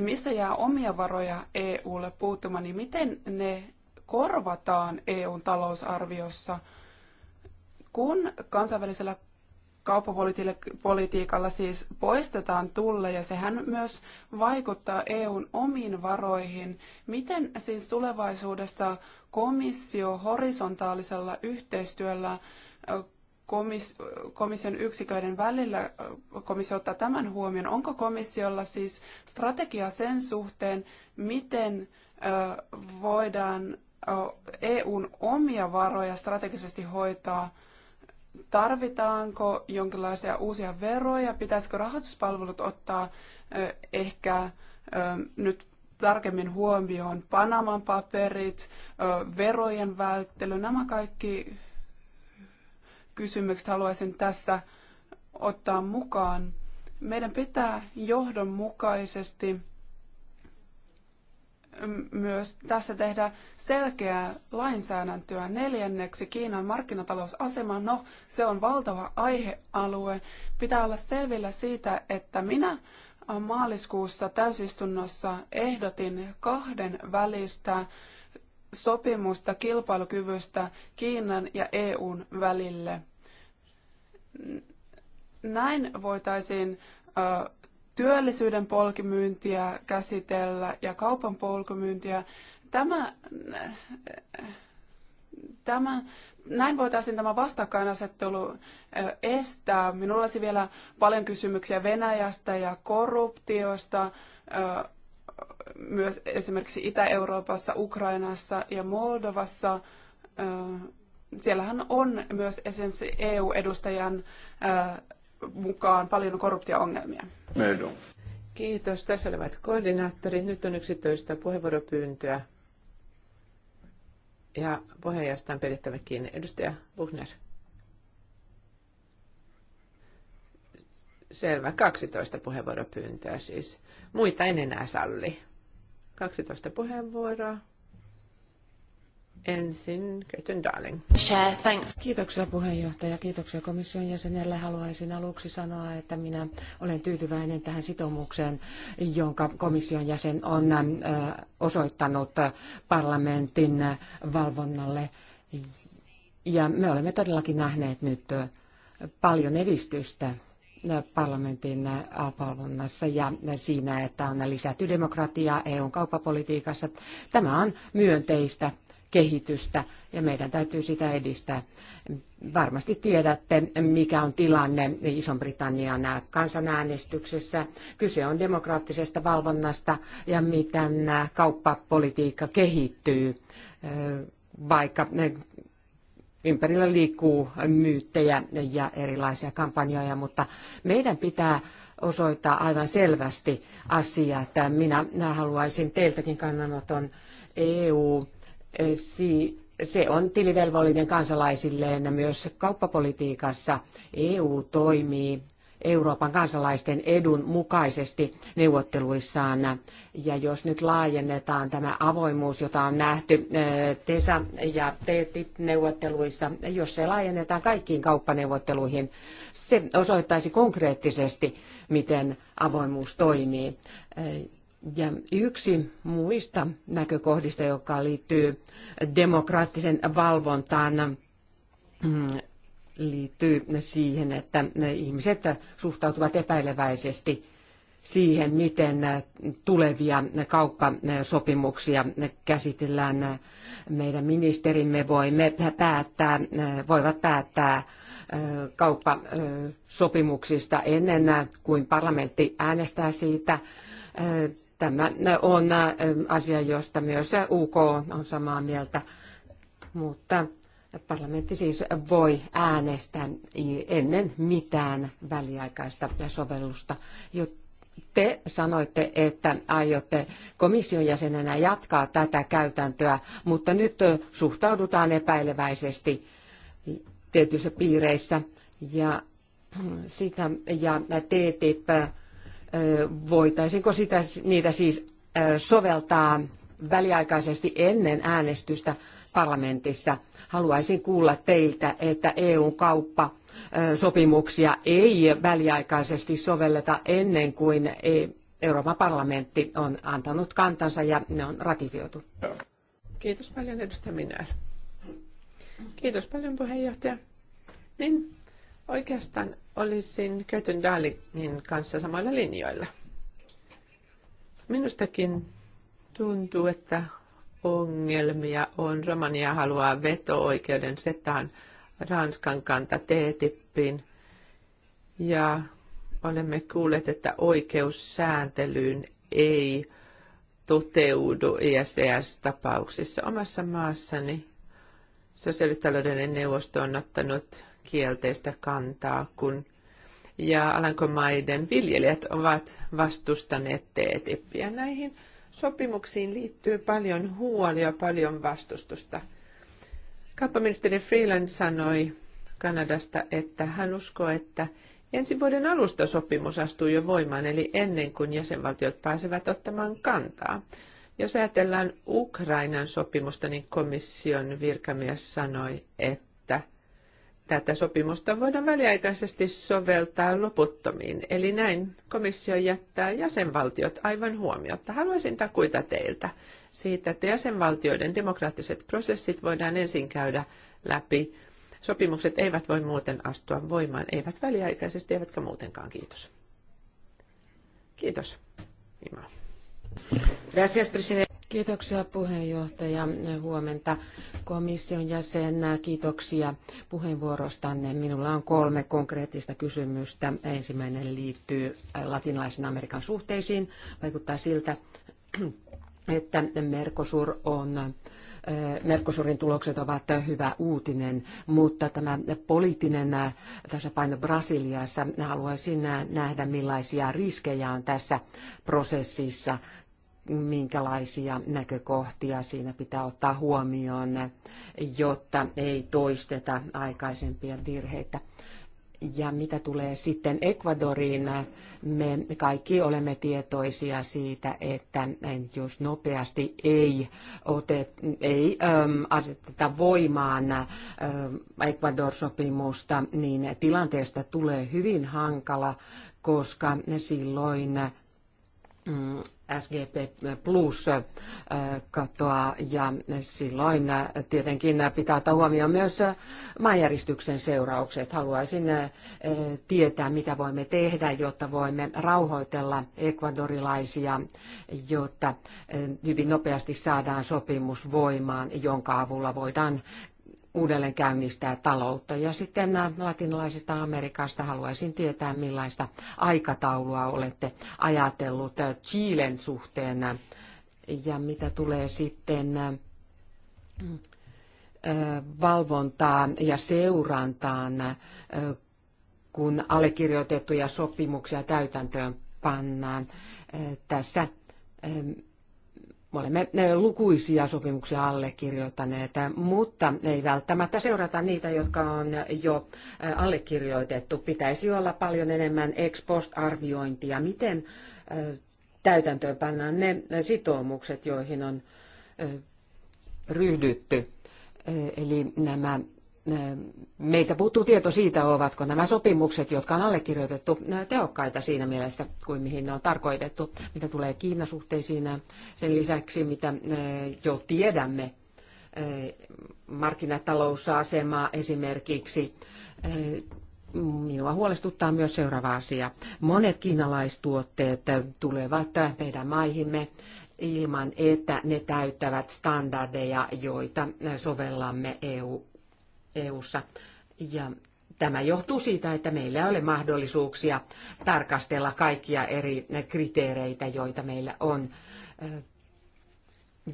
missä jää omia varoja EUlle puuttumaan, niin miten ne korvataan EUn talousarviossa, kun kansainvälisellä kauppapolitiikalla siis poistetaan tulleja. Sehän myös vaikuttaa EUn omiin varoihin. Miten siis tulevaisuudessa komissio horisontaalisella yhteistyöllä komission yksiköiden välillä komissio ottaa tämän huomioon. Onko komissiolla siis strategia sen suhteen, miten voidaan EUn omia varoja strategisesti hoitaa? Tarvitaanko jonkinlaisia uusia veroja? Pitäisikö rahoituspalvelut ottaa ehkä nyt tarkemmin huomioon Panaman paperit, verojen välttely, nämä kaikki kysymykset haluaisin tässä ottaa mukaan. Meidän pitää johdonmukaisesti myös tässä tehdä selkeää lainsäädäntöä. Neljänneksi Kiinan markkinatalousasema, no se on valtava aihealue. Pitää olla selvillä siitä, että minä maaliskuussa täysistunnossa ehdotin kahden välistä sopimusta kilpailukyvystä Kiinan ja EUn välille. Näin voitaisiin työllisyyden polkumyyntiä käsitellä ja kaupan polkumyyntiä. Tämä, tämä, näin voitaisiin tämä vastakkainasettelu estää. Minulla olisi vielä paljon kysymyksiä Venäjästä ja korruptiosta, myös esimerkiksi Itä-Euroopassa, Ukrainassa ja Moldovassa. Siellähän on myös esimerkiksi EU-edustajan mukaan paljon korruptio-ongelmia. Meidän. Kiitos. Tässä olivat koordinaattorit. Nyt on yksitoista puheenvuoropyyntöä. Ja puheenjohtajasta on pidettävä kiinni. Edustaja Buchner. Selvä. 12 puheenvuoropyyntöä siis. Muita en enää salli. 12 puheenvuoroa. Ensin Gretchen Darling. Chair, thanks. Kiitoksia puheenjohtaja, kiitoksia komission jäsenelle. Haluaisin aluksi sanoa, että minä olen tyytyväinen tähän sitoumukseen, jonka komission jäsen on äh, osoittanut parlamentin valvonnalle. Ja me olemme todellakin nähneet nyt paljon edistystä parlamentin valvonnassa ja siinä, että on lisätty demokratiaa EUn kauppapolitiikassa. Tämä on myönteistä kehitystä ja meidän täytyy sitä edistää. Varmasti tiedätte, mikä on tilanne iso britannian kansanäänestyksessä. Kyse on demokraattisesta valvonnasta ja miten kauppapolitiikka kehittyy, vaikka ympärillä liikkuu myyttejä ja erilaisia kampanjoja, mutta meidän pitää osoittaa aivan selvästi asia, että minä haluaisin teiltäkin kannanoton EU se on tilivelvollinen kansalaisilleen myös kauppapolitiikassa. EU toimii Euroopan kansalaisten edun mukaisesti neuvotteluissaan. Ja jos nyt laajennetaan tämä avoimuus, jota on nähty TESA- ja TTIP-neuvotteluissa, e jos se laajennetaan kaikkiin kauppaneuvotteluihin, se osoittaisi konkreettisesti, miten avoimuus toimii. Ja yksi muista näkökohdista, joka liittyy demokraattisen valvontaan, mm, liittyy siihen, että ihmiset suhtautuvat epäileväisesti siihen, miten tulevia kauppasopimuksia käsitellään. Meidän ministerimme voimme päättää, voivat päättää kauppasopimuksista ennen kuin parlamentti äänestää siitä Tämä on asia, josta myös UK on samaa mieltä, mutta parlamentti siis voi äänestää ennen mitään väliaikaista sovellusta, te sanoitte, että aiotte komission jäsenenä jatkaa tätä käytäntöä, mutta nyt suhtaudutaan epäileväisesti tietyissä piireissä ja sitä ja TTIP voitaisiinko sitä, niitä siis soveltaa väliaikaisesti ennen äänestystä parlamentissa. Haluaisin kuulla teiltä, että EUn kauppa sopimuksia ei väliaikaisesti sovelleta ennen kuin e, Euroopan parlamentti on antanut kantansa ja ne on ratifioitu. Kiitos paljon edustaja Kiitos paljon puheenjohtaja. Niin, Oikeastaan olisin Kötyn Dalinin kanssa samoilla linjoilla. Minustakin tuntuu, että ongelmia on. Romania haluaa veto-oikeuden setaan Ranskan kanta T-tippiin. Ja olemme kuulleet, että oikeussääntelyyn ei toteudu ISDS-tapauksissa. Omassa maassani sosiaalitaloudellinen neuvosto on ottanut kielteistä kantaa, kun ja Alankomaiden viljelijät ovat vastustaneet TTIPiä. Näihin sopimuksiin liittyy paljon huolia, paljon vastustusta. Kauppaministeri Freeland sanoi Kanadasta, että hän uskoo, että ensi vuoden alusta sopimus astuu jo voimaan, eli ennen kuin jäsenvaltiot pääsevät ottamaan kantaa. Jos ajatellaan Ukrainan sopimusta, niin komission virkamies sanoi, että tätä sopimusta voidaan väliaikaisesti soveltaa loputtomiin. Eli näin komissio jättää jäsenvaltiot aivan huomiota. Haluaisin takuita teiltä siitä, että jäsenvaltioiden demokraattiset prosessit voidaan ensin käydä läpi. Sopimukset eivät voi muuten astua voimaan, eivät väliaikaisesti, eivätkä muutenkaan. Kiitos. Kiitos. Ima. Gracias, presidente. Kiitoksia puheenjohtaja. Huomenta komission jäsen. Kiitoksia puheenvuorostanne. Minulla on kolme konkreettista kysymystä. Ensimmäinen liittyy latinalaisen Amerikan suhteisiin. Vaikuttaa siltä, että Mercosur on Mercosurin tulokset ovat hyvä uutinen, mutta tämä poliittinen tasapaino Brasiliassa, haluaisin nähdä millaisia riskejä on tässä prosessissa minkälaisia näkökohtia siinä pitää ottaa huomioon, jotta ei toisteta aikaisempia virheitä. Ja mitä tulee sitten Ecuadoriin, me kaikki olemme tietoisia siitä, että jos nopeasti ei, ote, ei äm, aseteta voimaan ähm, Ecuador-sopimusta, niin tilanteesta tulee hyvin hankala, koska silloin mm, SGP Plus äh, katoa ja silloin äh, tietenkin pitää ottaa huomioon myös äh, maanjäristyksen seuraukset. Haluaisin tietää, mitä voimme tehdä, jotta voimme rauhoitella ekvadorilaisia, jotta hyvin nopeasti saadaan sopimus voimaan, jonka avulla voidaan uudelleen käynnistää taloutta. Ja sitten äh, latinalaisesta Amerikasta haluaisin tietää, millaista aikataulua olette ajatellut äh, Chilen suhteen äh, ja mitä tulee sitten valvontaan ja seurantaan, kun allekirjoitettuja sopimuksia täytäntöön pannaan. Tässä ähm, me olemme lukuisia sopimuksia allekirjoittaneet, mutta ei välttämättä seurata niitä, jotka on jo allekirjoitettu. Pitäisi olla paljon enemmän ex post-arviointia, miten täytäntöön pannaan ne sitoumukset, joihin on ryhdytty. Eli nämä meiltä puuttuu tieto siitä, ovatko nämä sopimukset, jotka on allekirjoitettu, tehokkaita siinä mielessä kuin mihin ne on tarkoitettu, mitä tulee Kiinasuhteisiin sen lisäksi, mitä jo tiedämme markkinatalousasema esimerkiksi. Minua huolestuttaa myös seuraava asia. Monet kiinalaistuotteet tulevat meidän maihimme ilman, että ne täyttävät standardeja, joita sovellamme EU EU:ssa ja Tämä johtuu siitä, että meillä ei ole mahdollisuuksia tarkastella kaikkia eri kriteereitä, joita meillä on.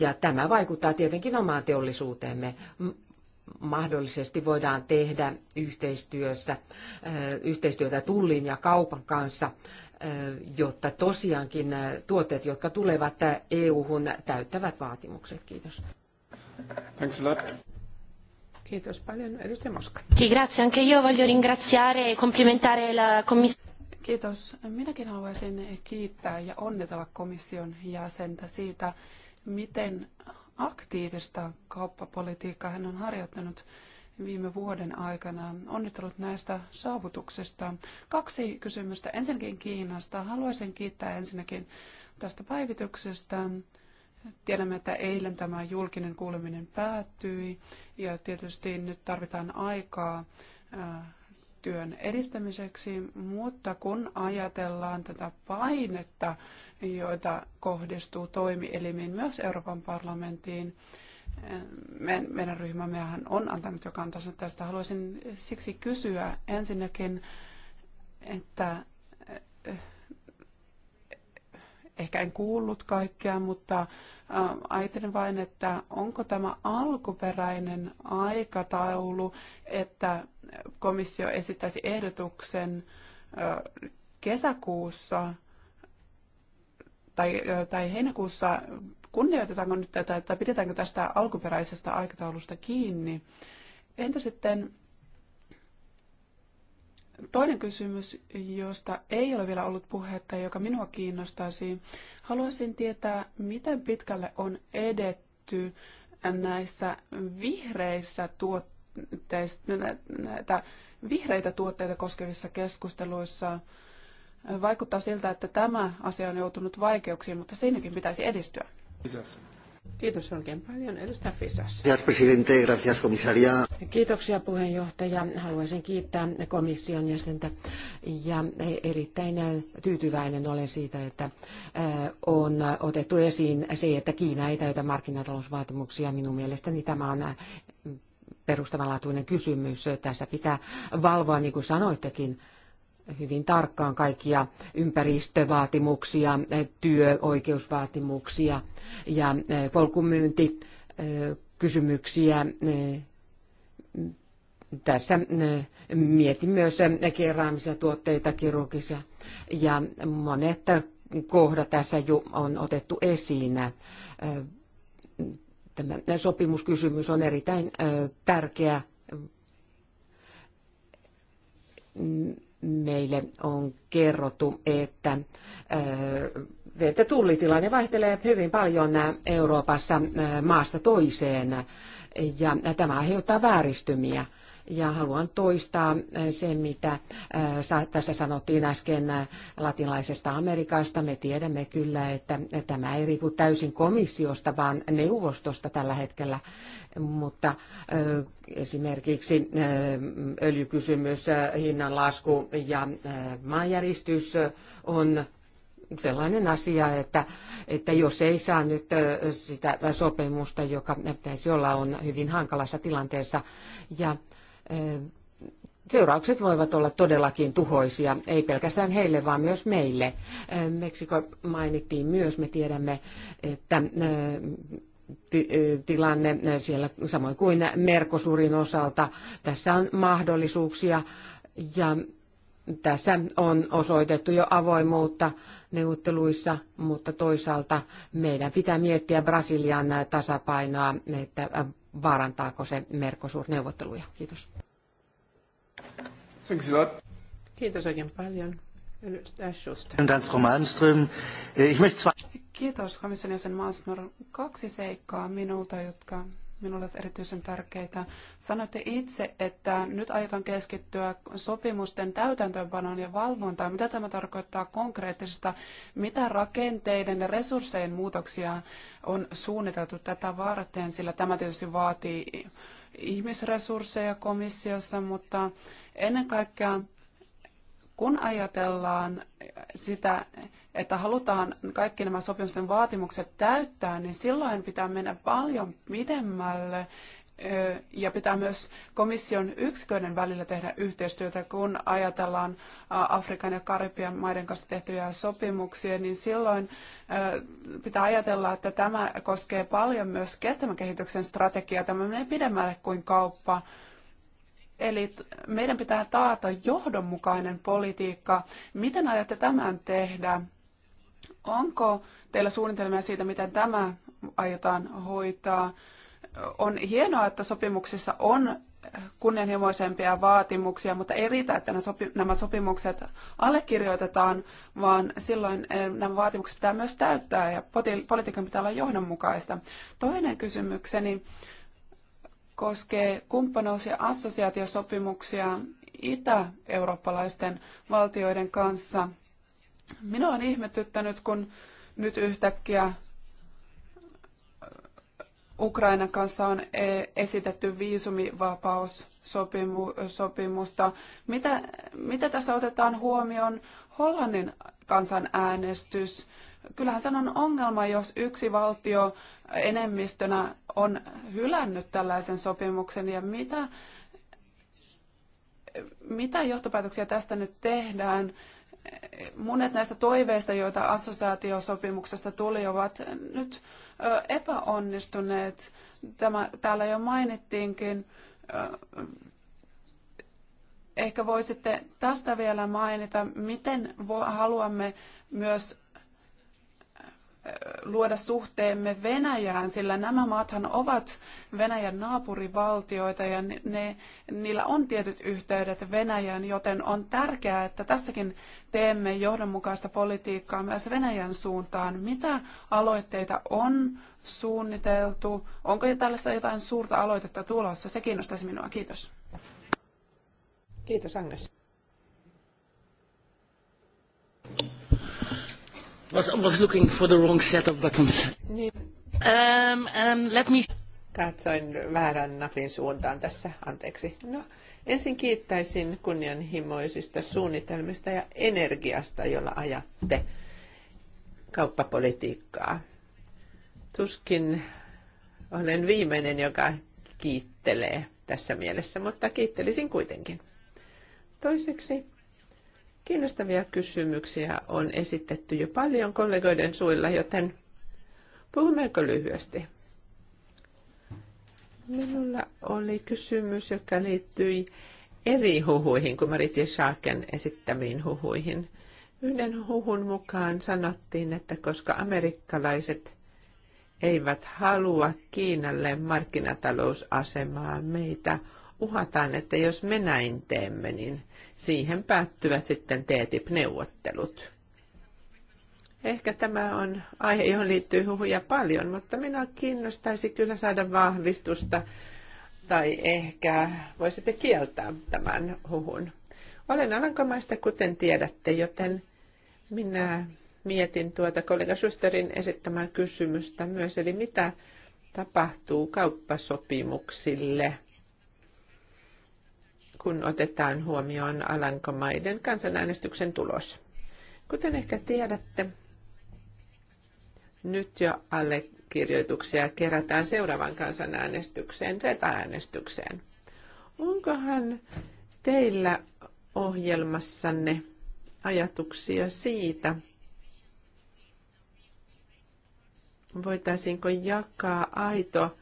Ja tämä vaikuttaa tietenkin omaan teollisuuteemme. Mahdollisesti voidaan tehdä yhteistyössä, yhteistyötä tullin ja kaupan kanssa, jotta tosiaankin tuotteet, jotka tulevat EU-hun, täyttävät vaatimukset. Kiitos. Thanks a lot. Kiitos paljon. Edustaja Moska. grazie. Anche io voglio ringraziare e complimentare la commissione. Kiitos. Minäkin haluaisin kiittää ja onnitella komission jäsentä siitä, miten aktiivista kauppapolitiikkaa hän on harjoittanut viime vuoden aikana. Onnittelut näistä saavutuksista. Kaksi kysymystä. Ensinnäkin Kiinasta. Haluaisin kiittää ensinnäkin tästä päivityksestä. Tiedämme, että eilen tämä julkinen kuuleminen päättyi ja tietysti nyt tarvitaan aikaa työn edistämiseksi, mutta kun ajatellaan tätä painetta, joita kohdistuu toimielimiin myös Euroopan parlamenttiin, meidän ryhmämmehän on antanut jo kantansa tästä. Haluaisin siksi kysyä ensinnäkin, että Ehkä en kuullut kaikkea, mutta ajattelin vain, että onko tämä alkuperäinen aikataulu, että komissio esittäisi ehdotuksen kesäkuussa tai, tai heinäkuussa, kunnioitetaanko nyt tätä, että pidetäänkö tästä alkuperäisestä aikataulusta kiinni? Entä sitten Toinen kysymys, josta ei ole vielä ollut puhetta ja joka minua kiinnostaisi. Haluaisin tietää, miten pitkälle on edetty näissä vihreissä tuotteissa, vihreitä tuotteita koskevissa keskusteluissa. Vaikuttaa siltä, että tämä asia on joutunut vaikeuksiin, mutta siinäkin pitäisi edistyä. Kiitos oikein paljon. Edustaja Fisas. Gracias, presidente. Gracias, komissaria. Kiitoksia puheenjohtaja. Haluaisin kiittää komission jäsentä ja erittäin tyytyväinen olen siitä, että on otettu esiin se, että Kiina ei täytä markkinatalousvaatimuksia. Minun mielestäni tämä on perustavanlaatuinen kysymys. Tässä pitää valvoa, niin kuin sanoittekin, hyvin tarkkaan kaikkia ympäristövaatimuksia, työoikeusvaatimuksia ja e, polkumyyntikysymyksiä. E, e, tässä mietin myös keräämisiä tuotteita, kirurgisia ja monet kohdat tässä jo on otettu esiin. Tämä sopimuskysymys on erittäin tärkeä meille on kerrottu, että, äh, että tullitilanne vaihtelee hyvin paljon Euroopassa äh, maasta toiseen ja tämä aiheuttaa vääristymiä ja haluan toistaa eh, sen, mitä eh, tässä sanottiin äsken eh, latinalaisesta Amerikasta. Me tiedämme kyllä, että tämä ei riipu täysin komissiosta, vaan neuvostosta tällä hetkellä. Mutta esimerkiksi öljykysymys, hinnanlasku ja maanjäristys on sellainen asia, että, että jos ei saa nyt sitä sopimusta, joka pitäisi olla, on hyvin hankalassa tilanteessa. Ja seuraukset voivat olla todellakin tuhoisia, ei pelkästään heille, vaan myös meille. Meksiko mainittiin myös, me tiedämme, että tilanne siellä samoin kuin Merkosurin osalta. Tässä on mahdollisuuksia ja tässä on osoitettu jo avoimuutta neuvotteluissa, mutta toisaalta meidän pitää miettiä Brasilian tasapainoa, että vaarantaako se Mercosur-neuvotteluja? Kiitos. Kiitos oikein paljon. Äh, Kiitos komission jäsen Malmström. Kaksi seikkaa minulta, jotka minulle erityisen tärkeitä. Sanoitte itse, että nyt aiotaan keskittyä sopimusten täytäntöönpanoon ja valvontaan. Mitä tämä tarkoittaa konkreettisesta? Mitä rakenteiden ja resurssein muutoksia on suunniteltu tätä varten? Sillä tämä tietysti vaatii ihmisresursseja komissiossa, mutta ennen kaikkea kun ajatellaan sitä, että halutaan kaikki nämä sopimusten vaatimukset täyttää, niin silloin pitää mennä paljon pidemmälle ja pitää myös komission yksiköiden välillä tehdä yhteistyötä, kun ajatellaan Afrikan ja Karibian maiden kanssa tehtyjä sopimuksia, niin silloin pitää ajatella, että tämä koskee paljon myös kestävän kehityksen strategiaa. Tämä menee pidemmälle kuin kauppa. Eli meidän pitää taata johdonmukainen politiikka. Miten ajatte tämän tehdä? Onko teillä suunnitelmia siitä, miten tämä aiotaan hoitaa? On hienoa, että sopimuksissa on kunnianhimoisempia vaatimuksia, mutta ei riitä, että nämä sopimukset allekirjoitetaan, vaan silloin eh, nämä vaatimukset pitää myös täyttää ja politiikan pitää olla johdonmukaista. Toinen kysymykseni koskee kumppanuus- ja assosiaatiosopimuksia itä-eurooppalaisten valtioiden kanssa. Minua on ihmetyttänyt, kun nyt yhtäkkiä äh, Ukrainan kanssa on e, esitetty viisumivapaussopimusta. Mitä, mitä tässä otetaan huomioon? Hollannin kansan äänestys. Kyllähän se on ongelma, jos yksi valtio enemmistönä on hylännyt tällaisen sopimuksen. Ja mitä, mitä johtopäätöksiä tästä nyt tehdään? monet näistä toiveista, joita assosiaatiosopimuksesta tuli, ovat nyt epäonnistuneet. Tämä, täällä jo mainittiinkin. Ehkä voisitte tästä vielä mainita, miten haluamme myös luoda suhteemme Venäjään, sillä nämä maathan ovat Venäjän naapurivaltioita ja ne, niillä on tietyt yhteydet Venäjään, joten on tärkeää, että tässäkin teemme johdonmukaista politiikkaa myös Venäjän suuntaan. Mitä aloitteita on suunniteltu? Onko tällaista jotain suurta aloitetta tulossa? Se kiinnostaisi minua. Kiitos. Kiitos Agnes. Was, was looking for the wrong set of buttons. Niin. Um, um, let me... Katsoin väärän napin suuntaan tässä, anteeksi. No, ensin kiittäisin kunnianhimoisista suunnitelmista ja energiasta, jolla ajatte kauppapolitiikkaa. Tuskin olen viimeinen, joka kiittelee tässä mielessä, mutta kiittelisin kuitenkin. Toiseksi Kiinnostavia kysymyksiä on esitetty jo paljon kollegoiden suilla, joten puhummeko lyhyesti? Minulla oli kysymys, joka liittyi eri huhuihin kuin Maritje Saaken esittämiin huhuihin. Yhden huhun mukaan sanottiin, että koska amerikkalaiset eivät halua Kiinalle markkinatalousasemaa, meitä uhataan, että jos me näin teemme, niin siihen päättyvät sitten TTIP-neuvottelut. Ehkä tämä on aihe, johon liittyy huhuja paljon, mutta minä kiinnostaisi kyllä saada vahvistusta tai ehkä voisitte kieltää tämän huhun. Olen alankomaista, kuten tiedätte, joten minä mietin tuota kollega Schusterin esittämää kysymystä myös, eli mitä tapahtuu kauppasopimuksille – kun otetaan huomioon Alankomaiden kansanäänestyksen tulos. Kuten ehkä tiedätte, nyt jo allekirjoituksia kerätään seuraavan kansanäänestykseen, z äänestykseen Onkohan teillä ohjelmassanne ajatuksia siitä, voitaisiinko jakaa aito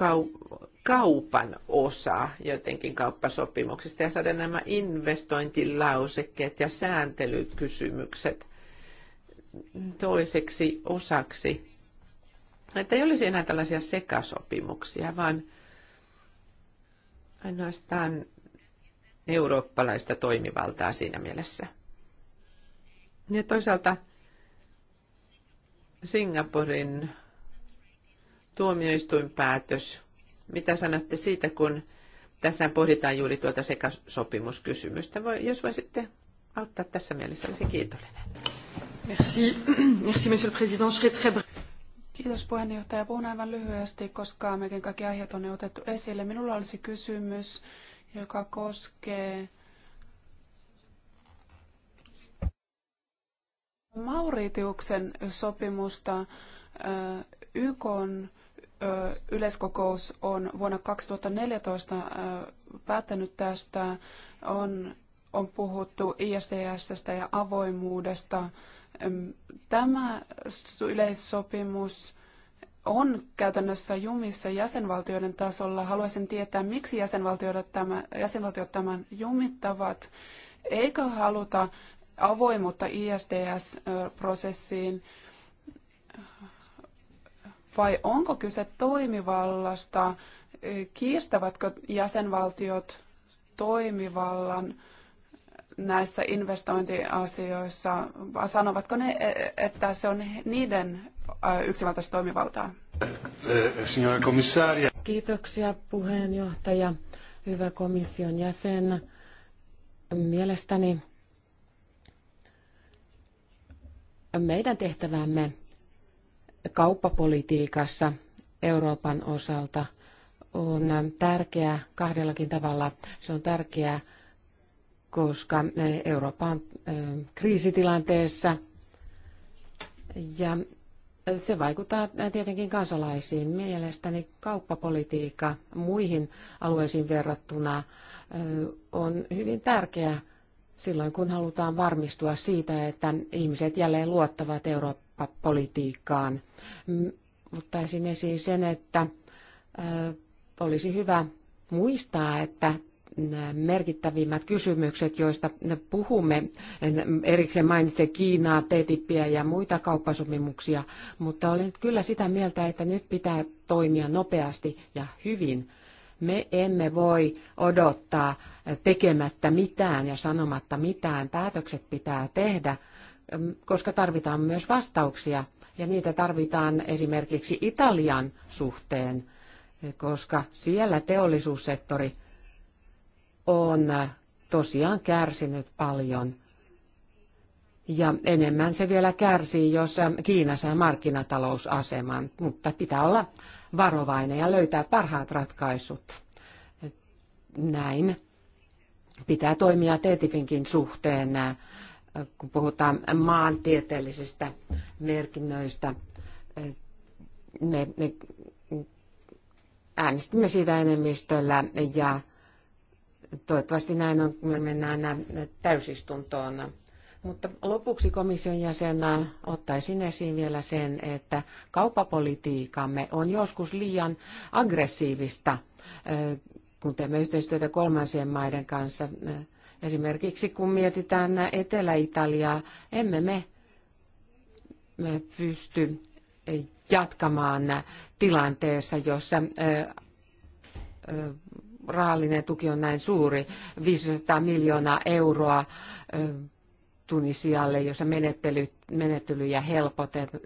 kau- kaupan osa jotenkin kauppasopimuksista ja saada nämä investointilausekkeet ja sääntelykysymykset toiseksi osaksi. Että ei olisi enää tällaisia sekasopimuksia, vaan ainoastaan eurooppalaista toimivaltaa siinä mielessä. Ja toisaalta Singaporin tuomioistuinpäätös mitä sanotte siitä, kun tässä pohditaan juuri tuota sekasopimuskysymystä. Voi, jos voisitte auttaa tässä mielessä, olisi kiitollinen. Merci. Merci, monsieur le président. Je très... Kiitos puheenjohtaja. Puhun aivan lyhyesti, koska melkein kaikki aiheet on jo otettu esille. Minulla olisi kysymys, joka koskee Mauritiuksen sopimusta YK on yleiskokous on vuonna 2014 päättänyt tästä. On, on puhuttu ISDSstä ja avoimuudesta. Tämä yleissopimus on käytännössä jumissa jäsenvaltioiden tasolla. Haluaisin tietää, miksi jäsenvaltiot tämän, jäsenvaltiot tämän jumittavat. Eikö haluta avoimuutta ISDS-prosessiin? vai onko kyse toimivallasta? E, kiistävätkö jäsenvaltiot toimivallan näissä investointiasioissa? Sanovatko ne, e, että se on niiden yksivaltaista toimivaltaa? E, Kiitoksia puheenjohtaja, hyvä komission jäsen. Mielestäni meidän tehtävämme kauppapolitiikassa Euroopan osalta on tärkeä kahdellakin tavalla. Se on tärkeä, koska Eurooppa on kriisitilanteessa ja se vaikuttaa tietenkin kansalaisiin. Mielestäni kauppapolitiikka muihin alueisiin verrattuna on hyvin tärkeä silloin, kun halutaan varmistua siitä, että ihmiset jälleen luottavat Eurooppaan politiikkaan. Ottaisin esiin sen, että olisi hyvä muistaa, että merkittävimmät kysymykset, joista puhumme. En erikseen mainitse Kiinaa, TTIPiä ja muita kauppasopimuksia, mutta olen kyllä sitä mieltä, että nyt pitää toimia nopeasti ja hyvin. Me emme voi odottaa tekemättä mitään ja sanomatta mitään. Päätökset pitää tehdä koska tarvitaan myös vastauksia, ja niitä tarvitaan esimerkiksi Italian suhteen, eh, koska siellä teollisuussektori on eh, tosiaan kärsinyt paljon. Ja enemmän se vielä kärsii, jos eh, Kiina saa markkinatalousaseman, mutta pitää olla varovainen ja löytää parhaat ratkaisut. Näin pitää toimia TTIPinkin suhteen kun puhutaan maantieteellisistä merkinnöistä. Me, me äänestimme siitä enemmistöllä ja toivottavasti näin on, kun me mennään täysistuntoon. Mutta lopuksi komission jäsenä ottaisin esiin vielä sen, että kauppapolitiikamme on joskus liian aggressiivista, kun teemme yhteistyötä kolmansien maiden kanssa Esimerkiksi kun mietitään Etelä-Italiaa, emme me, me pysty jatkamaan tilanteessa, jossa rahallinen tuki on näin suuri, 500 miljoonaa euroa Tunisialle, jossa menettely, menettelyjä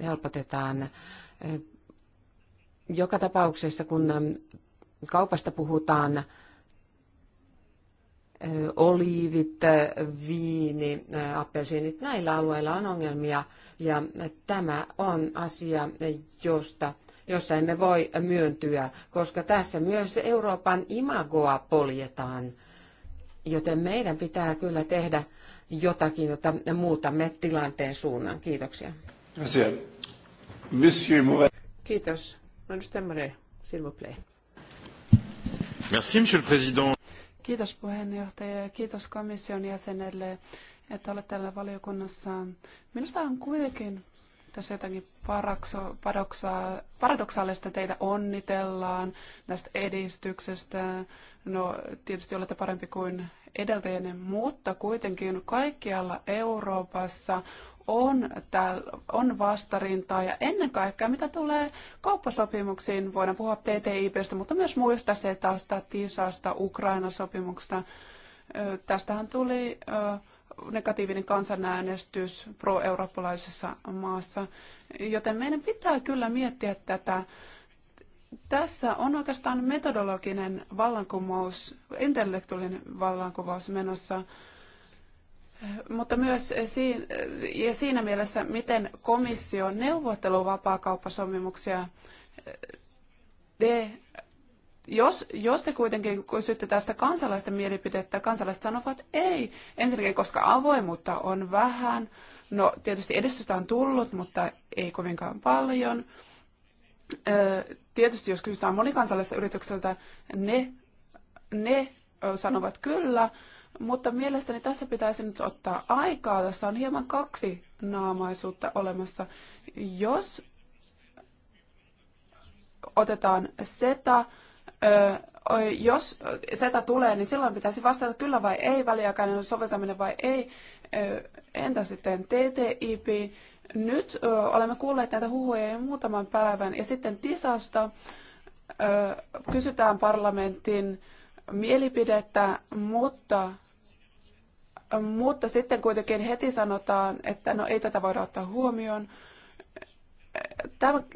helpotetaan. Joka tapauksessa, kun kaupasta puhutaan, oliivit, viini, appelsiinit, näillä alueilla on ongelmia ja tämä on asia, josta jossa emme voi myöntyä, koska tässä myös Euroopan imagoa poljetaan. Joten meidän pitää kyllä tehdä jotakin, jota muutamme tilanteen suunnan. Kiitoksia. Kiitos. Edustaja Mare, s'il vous plaît. Merci, monsieur le président. Kiitos puheenjohtaja ja kiitos komission jäsenelle, että olet täällä valiokunnassa. Minusta on kuitenkin tässä jotakin parakso, paradoksa, paradoksaalista teitä onnitellaan näistä edistyksestä. No tietysti olette parempi kuin edeltäjänne, mutta kuitenkin kaikkialla Euroopassa on, täl, on vastarintaa ja ennen kaikkea mitä tulee kauppasopimuksiin, voidaan puhua TTIPstä, mutta myös muista tästä TISasta, Ukraina-sopimuksesta. Tästähän tuli negatiivinen kansanäänestys pro-eurooppalaisessa maassa, joten meidän pitää kyllä miettiä tätä tässä on oikeastaan metodologinen vallankumous, intellektuaalinen vallankumous menossa mutta myös siinä, ja siinä mielessä, miten komissio neuvotteluvapaakauppasopimuksia te, jos, jos te kuitenkin kysytte tästä kansalaisten mielipidettä, kansalaiset sanovat ei, ensinnäkin koska avoimuutta on vähän, no tietysti edistystä on tullut, mutta ei kovinkaan paljon. Tietysti jos kysytään monikansalliselta yritykseltä, ne, ne sanovat kyllä, mutta mielestäni tässä pitäisi nyt ottaa aikaa. Tässä on hieman kaksi naamaisuutta olemassa. Jos otetaan seta, jos seta tulee, niin silloin pitäisi vastata kyllä vai ei, väliaikainen soveltaminen vai ei. Entä sitten TTIP? Nyt olemme kuulleet näitä huhuja jo muutaman päivän. Ja sitten TISasta kysytään parlamentin mielipidettä, mutta mutta sitten kuitenkin heti sanotaan, että no ei tätä voida ottaa huomioon.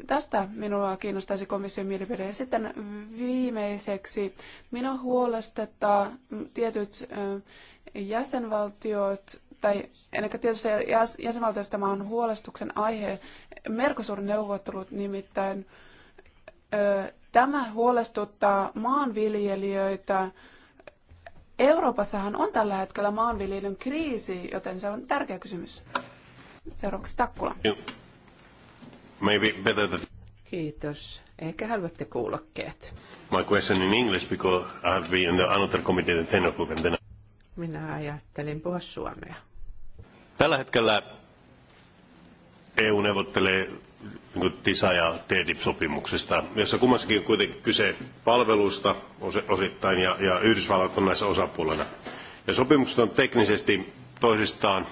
Tästä minua kiinnostaisi komission mielipide. Ja sitten viimeiseksi minua huolestuttaa tietyt jäsenvaltiot, tai ennen kuin tietysti jäsenvaltioista tämä on huolestuksen aihe, Mercosur-neuvottelut nimittäin. Tämä huolestuttaa maanviljelijöitä, Euroopassahan on tällä hetkellä maanviljelyn kriisi, joten se on tärkeä kysymys. Seuraavaksi Takkula. Kiitos. Ehkä haluatte kuulokkeet. My question in English because I have been in the another committee at 10 then... Minä ajattelin puhua suomea. Tällä hetkellä EU neuvottelee niin TISA- ja TTIP-sopimuksesta, jossa kummassakin on kuitenkin kyse palveluista osittain ja, ja Yhdysvallat on näissä osapuolena. Ja sopimukset on teknisesti toisistaan,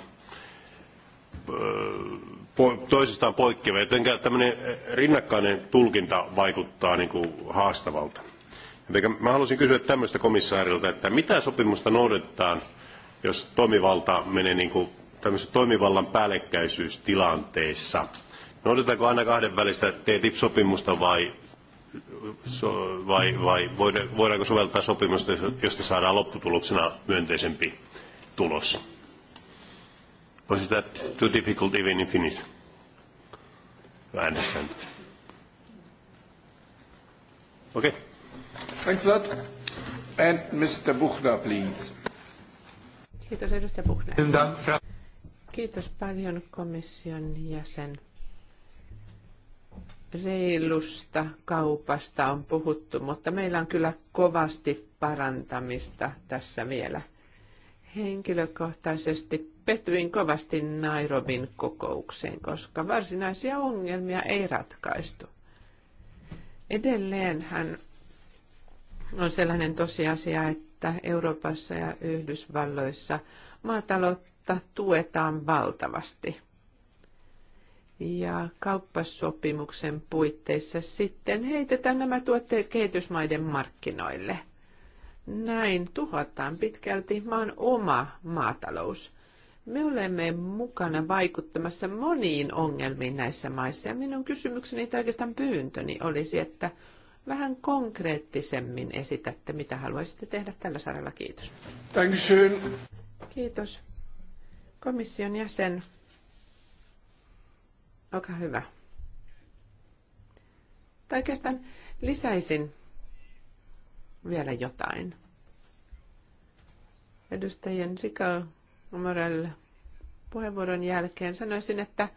toisistaan poikkeavia, joten tämmöinen rinnakkainen tulkinta vaikuttaa niin kuin haastavalta. Joten mä haluaisin kysyä tämmöistä komissaarilta, että mitä sopimusta noudatetaan, jos toimivalta menee niin kuin tämmöisessä toimivallan päällekkäisyystilanteessa – Noudatetaanko aina kahden välistä TTIP-sopimusta vai, so, vai, vai voidaanko soveltaa sopimusta, josta saadaan lopputuloksena myönteisempi tulos? Was that too difficult even in Finnish? I understand. Okay. Thanks a lot. And Mr. Buchner, please. Kiitos edustaja Buchner. Kiitos paljon komission jäsen reilusta kaupasta on puhuttu, mutta meillä on kyllä kovasti parantamista tässä vielä. Henkilökohtaisesti petyin kovasti Nairobin kokoukseen, koska varsinaisia ongelmia ei ratkaistu. Edelleen hän on sellainen tosiasia, että Euroopassa ja Yhdysvalloissa maataloutta tuetaan valtavasti ja kauppasopimuksen puitteissa sitten heitetään nämä tuotteet kehitysmaiden markkinoille. Näin tuhotaan pitkälti maan oma maatalous. Me olemme mukana vaikuttamassa moniin ongelmiin näissä maissa ja minun kysymykseni tai oikeastaan pyyntöni olisi, että vähän konkreettisemmin esitätte, mitä haluaisitte tehdä tällä saralla. Kiitos. Kiitos. Komission jäsen Olkaa hyvä. Tai oikeastaan lisäisin vielä jotain. Edustajien Sika Morel puheenvuoron jälkeen sanoisin, että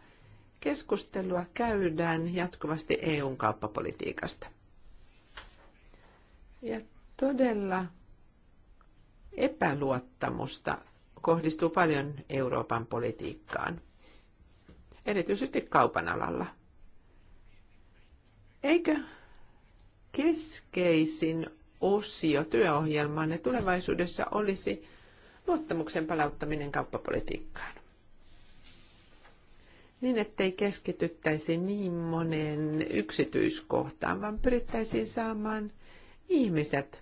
keskustelua käydään jatkuvasti EUn kauppapolitiikasta. Ja todella epäluottamusta kohdistuu paljon Euroopan politiikkaan erityisesti kaupan alalla. Eikö keskeisin osio työohjelmaanne tulevaisuudessa olisi luottamuksen palauttaminen kauppapolitiikkaan? Niin, ettei keskityttäisi niin moneen yksityiskohtaan, vaan pyrittäisiin saamaan ihmiset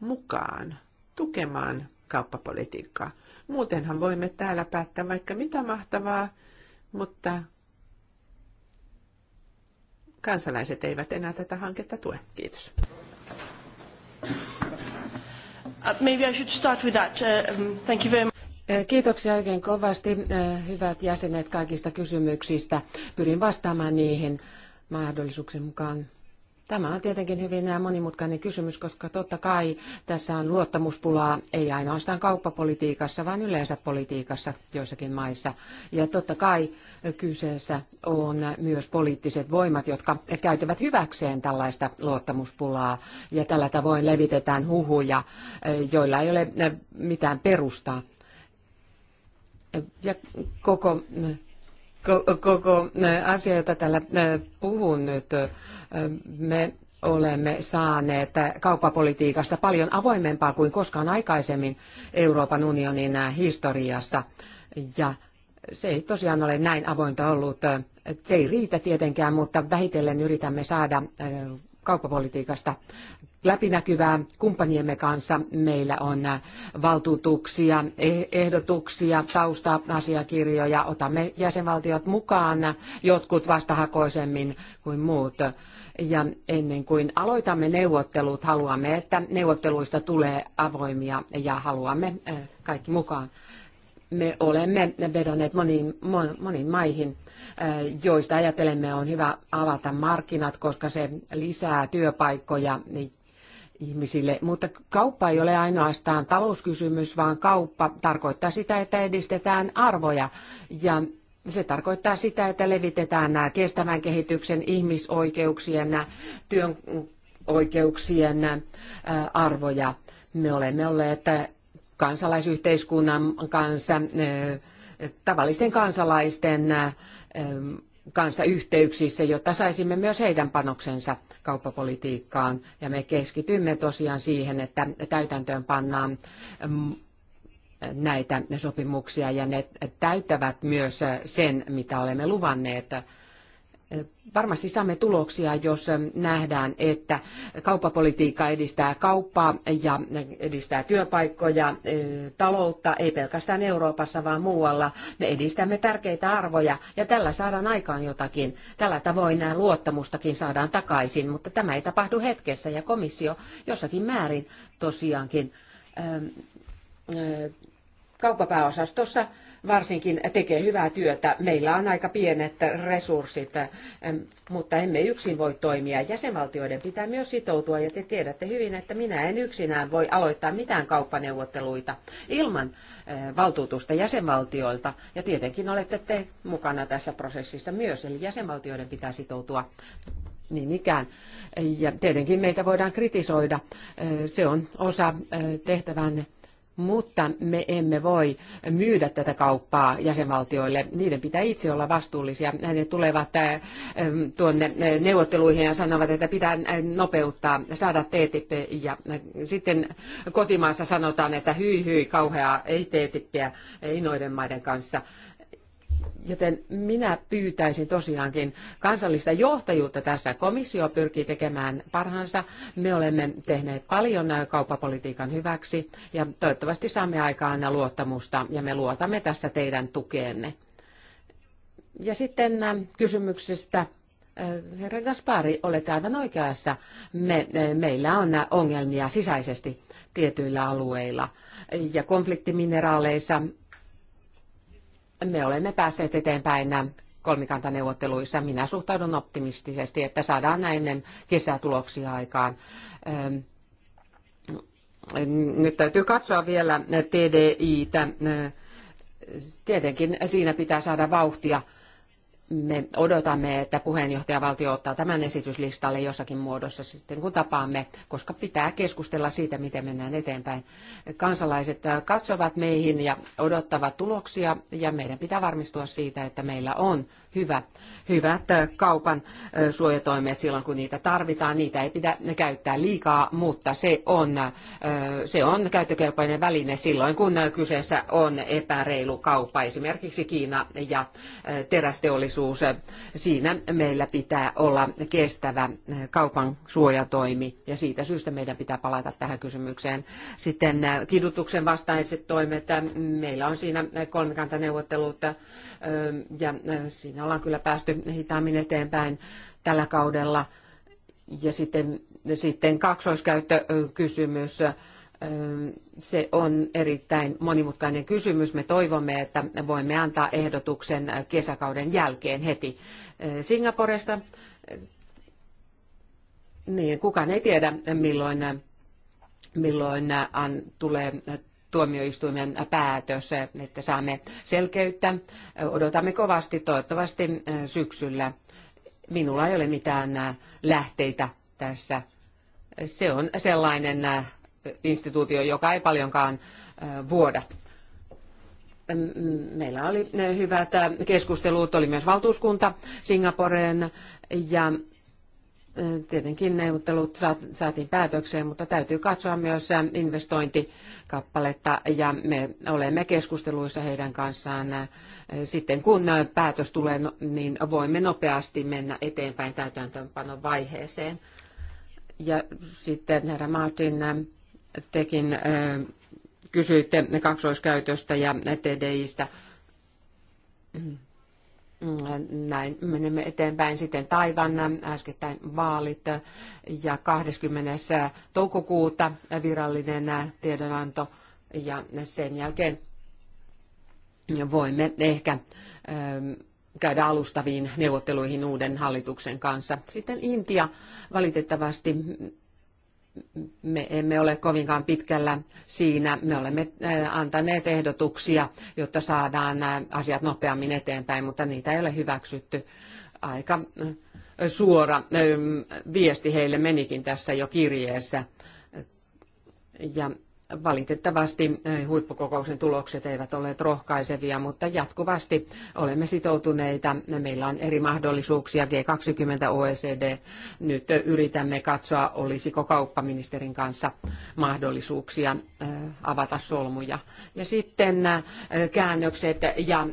mukaan tukemaan kauppapolitiikkaa. Muutenhan voimme täällä päättää vaikka mitä mahtavaa mutta kansalaiset eivät enää tätä hanketta tue. Kiitos. Uh, uh, um, uh, kiitoksia oikein kovasti, hyvät jäsenet, kaikista kysymyksistä. Pyrin vastaamaan niihin mahdollisuuksien mukaan. Tämä on tietenkin hyvin monimutkainen kysymys, koska totta kai tässä on luottamuspulaa ei ainoastaan kauppapolitiikassa, vaan yleensä politiikassa joissakin maissa. Ja totta kai kyseessä on myös poliittiset voimat, jotka käytävät hyväkseen tällaista luottamuspulaa. Ja tällä tavoin levitetään huhuja, joilla ei ole mitään perustaa. Ja koko koko asia, jota täällä puhun nyt, me olemme saaneet kauppapolitiikasta paljon avoimempaa kuin koskaan aikaisemmin Euroopan unionin historiassa. Ja se ei tosiaan ole näin avointa ollut. Se ei riitä tietenkään, mutta vähitellen yritämme saada kauppapolitiikasta läpinäkyvää kumppaniemme kanssa. Meillä on äh, valtuutuksia, e-, ehdotuksia, tausta-asiakirjoja. Otamme jäsenvaltiot mukaan, jotkut vastahakoisemmin kuin muut. Ja ennen kuin aloitamme neuvottelut, haluamme, että neuvotteluista tulee avoimia ja haluamme äh, kaikki mukaan me olemme vedonneet moniin, moniin maihin, äh, joista ajatelemme on hyvä avata markkinat, koska se lisää työpaikkoja ihmisille. Mutta kauppa ei ole ainoastaan talouskysymys, vaan kauppa tarkoittaa sitä, että edistetään arvoja ja se tarkoittaa sitä, että levitetään nämä kestävän kehityksen ihmisoikeuksien, työn oikeuksien arvoja. Me olemme olleet kansalaisyhteiskunnan kanssa, tavallisten kansalaisten kanssa yhteyksissä, jotta saisimme myös heidän panoksensa kauppapolitiikkaan. Ja me keskitymme tosiaan siihen, että täytäntöön pannaan mm, näitä sopimuksia ja ne täyttävät myös sen, mitä olemme luvanneet Varmasti saamme tuloksia, jos nähdään, että kauppapolitiikka edistää kauppaa ja edistää työpaikkoja, taloutta, ei pelkästään Euroopassa, vaan muualla. Me edistämme tärkeitä arvoja ja tällä saadaan aikaan jotakin. Tällä tavoin nämä luottamustakin saadaan takaisin, mutta tämä ei tapahdu hetkessä ja komissio jossakin määrin tosiaankin kauppapääosastossa varsinkin tekee hyvää työtä. Meillä on aika pienet resurssit, eh, mutta emme yksin voi toimia. Jäsenvaltioiden pitää myös sitoutua ja te tiedätte hyvin, että minä en yksinään voi aloittaa mitään kauppaneuvotteluita ilman eh, valtuutusta jäsenvaltioilta. Ja tietenkin olette te mukana tässä prosessissa myös, eli jäsenvaltioiden pitää sitoutua niin ikään. Ja tietenkin meitä voidaan kritisoida. Eh, se on osa tehtävänne mutta me emme voi myydä tätä kauppaa jäsenvaltioille. Niiden pitää itse olla vastuullisia. Ne tulevat eh, tuonne eh, neuvotteluihin ja sanovat, että pitää eh, nopeuttaa, saada TTIP ja sitten kotimaassa sanotaan, että hyi hyi kauheaa, ei TTIPiä, ei noiden maiden kanssa. Joten minä pyytäisin tosiaankin kansallista johtajuutta tässä. Komissio pyrkii tekemään parhaansa. Me olemme tehneet paljon kauppapolitiikan hyväksi ja toivottavasti saamme aikaan luottamusta ja me luotamme tässä teidän tukeenne. Ja sitten äh, kysymyksestä äh, Herra Gaspari, olette aivan oikeassa. Me, äh, meillä on ongelmia sisäisesti tietyillä alueilla ja konfliktimineraaleissa me olemme päässeet eteenpäin kolmikantaneuvotteluissa. Minä suhtaudun optimistisesti, että saadaan ennen kesää tuloksia aikaan. Ehm, nyt täytyy katsoa vielä TDItä. Ehm, tietenkin siinä pitää saada vauhtia me odotamme, että puheenjohtajavaltio ottaa tämän esityslistalle jossakin muodossa sitten, kun tapaamme, koska pitää keskustella siitä, miten mennään eteenpäin. Kansalaiset äh, katsovat meihin ja odottavat tuloksia, ja meidän pitää varmistua siitä, että meillä on hyvä, hyvät kaupan suojatoimet silloin, kun niitä tarvitaan. Niitä ei pidä käyttää liikaa, mutta se on, se on käyttökelpoinen väline silloin, kun kyseessä on epäreilu kauppa. Esimerkiksi Kiina ja terästeollisuus. Siinä meillä pitää olla kestävä kaupan suojatoimi ja siitä syystä meidän pitää palata tähän kysymykseen. Sitten kidutuksen vastaiset toimet. Meillä on siinä kolmikantaneuvottelut ja siinä ollaan kyllä päästy hitaammin eteenpäin tällä kaudella. Ja sitten, sitten kaksoiskäyttökysymys. Se on erittäin monimutkainen kysymys. Me toivomme, että voimme antaa ehdotuksen kesäkauden jälkeen heti Singaporesta. Niin, kukaan ei tiedä, milloin, milloin tulee tuomioistuimen päätös, että saamme selkeyttä. Odotamme kovasti, toivottavasti syksyllä. Minulla ei ole mitään lähteitä tässä. Se on sellainen instituutio, joka ei paljonkaan vuoda. Meillä oli hyvät keskustelut, oli myös valtuuskunta Singaporeen ja Tietenkin neuvottelut saatiin päätökseen, mutta täytyy katsoa myös investointikappaletta ja me olemme keskusteluissa heidän kanssaan. Sitten kun päätös tulee, no, niin voimme nopeasti mennä eteenpäin täytäntöönpanon vaiheeseen. Ja sitten herra Martin, tekin kysyitte kaksoiskäytöstä ja TDIstä näin menemme eteenpäin. Sitten Taivan äskettäin vaalit ja 20. toukokuuta virallinen tiedonanto ja sen jälkeen voimme ehkä ähm, käydä alustaviin neuvotteluihin uuden hallituksen kanssa. Sitten Intia valitettavasti me emme ole kovinkaan pitkällä siinä. Me olemme antaneet ehdotuksia, jotta saadaan nämä asiat nopeammin eteenpäin, mutta niitä ei ole hyväksytty. Aika suora viesti heille menikin tässä jo kirjeessä. Ja Valitettavasti eh, huippukokouksen tulokset eivät ole rohkaisevia, mutta jatkuvasti olemme sitoutuneita. Meillä on eri mahdollisuuksia G20 OECD. Nyt yritämme katsoa, olisiko kauppaministerin kanssa mahdollisuuksia eh, avata solmuja. Ja sitten eh, käännökset ja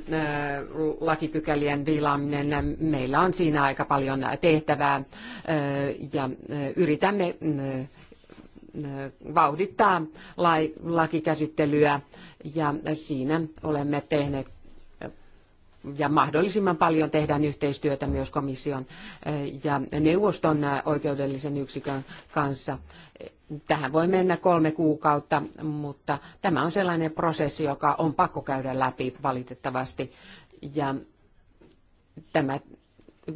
lakipykälien viilaaminen. Meillä on siinä aika paljon tehtävää ja yritämme vauhdittaa lakikäsittelyä ja siinä olemme tehneet ja mahdollisimman paljon tehdään yhteistyötä myös komission ja neuvoston oikeudellisen yksikön kanssa. Tähän voi mennä kolme kuukautta, mutta tämä on sellainen prosessi, joka on pakko käydä läpi valitettavasti. Ja tämä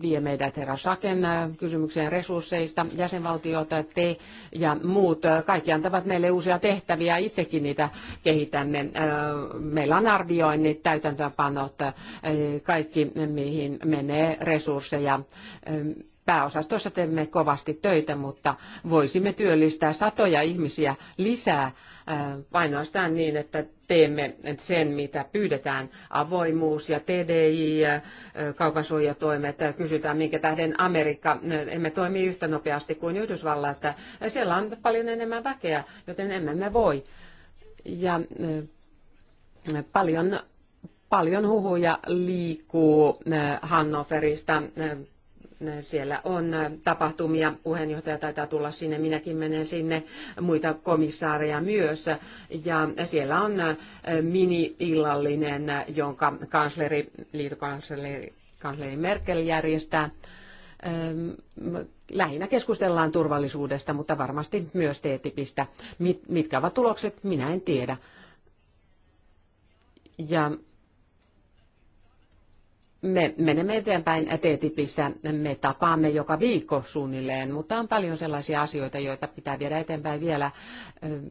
vie meidät herra Saken äh, kysymykseen resursseista. Jäsenvaltiot, äh, te ja muut, äh, kaikki antavat meille uusia tehtäviä, itsekin niitä kehitämme. Meillä on arvioinnit, täytäntöönpanot, kaikki mihin menee resursseja ähm, pääosastossa teemme kovasti töitä, mutta voisimme työllistää satoja ihmisiä lisää äh, ainoastaan niin, että teemme sen, mitä pyydetään. Avoimuus ja TDI, äh, kaupan suojatoimet, äh, kysytään minkä tähden Amerikka, emme toimi yhtä nopeasti kuin Yhdysvallat. Siellä on paljon enemmän väkeä, joten emme me voi. Ja paljon paljon huhuja liikkuu Hannoverista siellä on äh, tapahtumia, puheenjohtaja taitaa tulla sinne, minäkin menen sinne, muita komissaareja myös. Ja siellä on äh, mini-illallinen, äh, jonka kansleri, liitokansleri kansleri Merkel järjestää. Ähm, lähinnä keskustellaan turvallisuudesta, mutta varmasti myös TTIPistä. Mitkä ovat tulokset, minä en tiedä. Ja me menemme eteenpäin TTIPissä, me tapaamme joka viikko suunnilleen, mutta on paljon sellaisia asioita, joita pitää viedä eteenpäin vielä.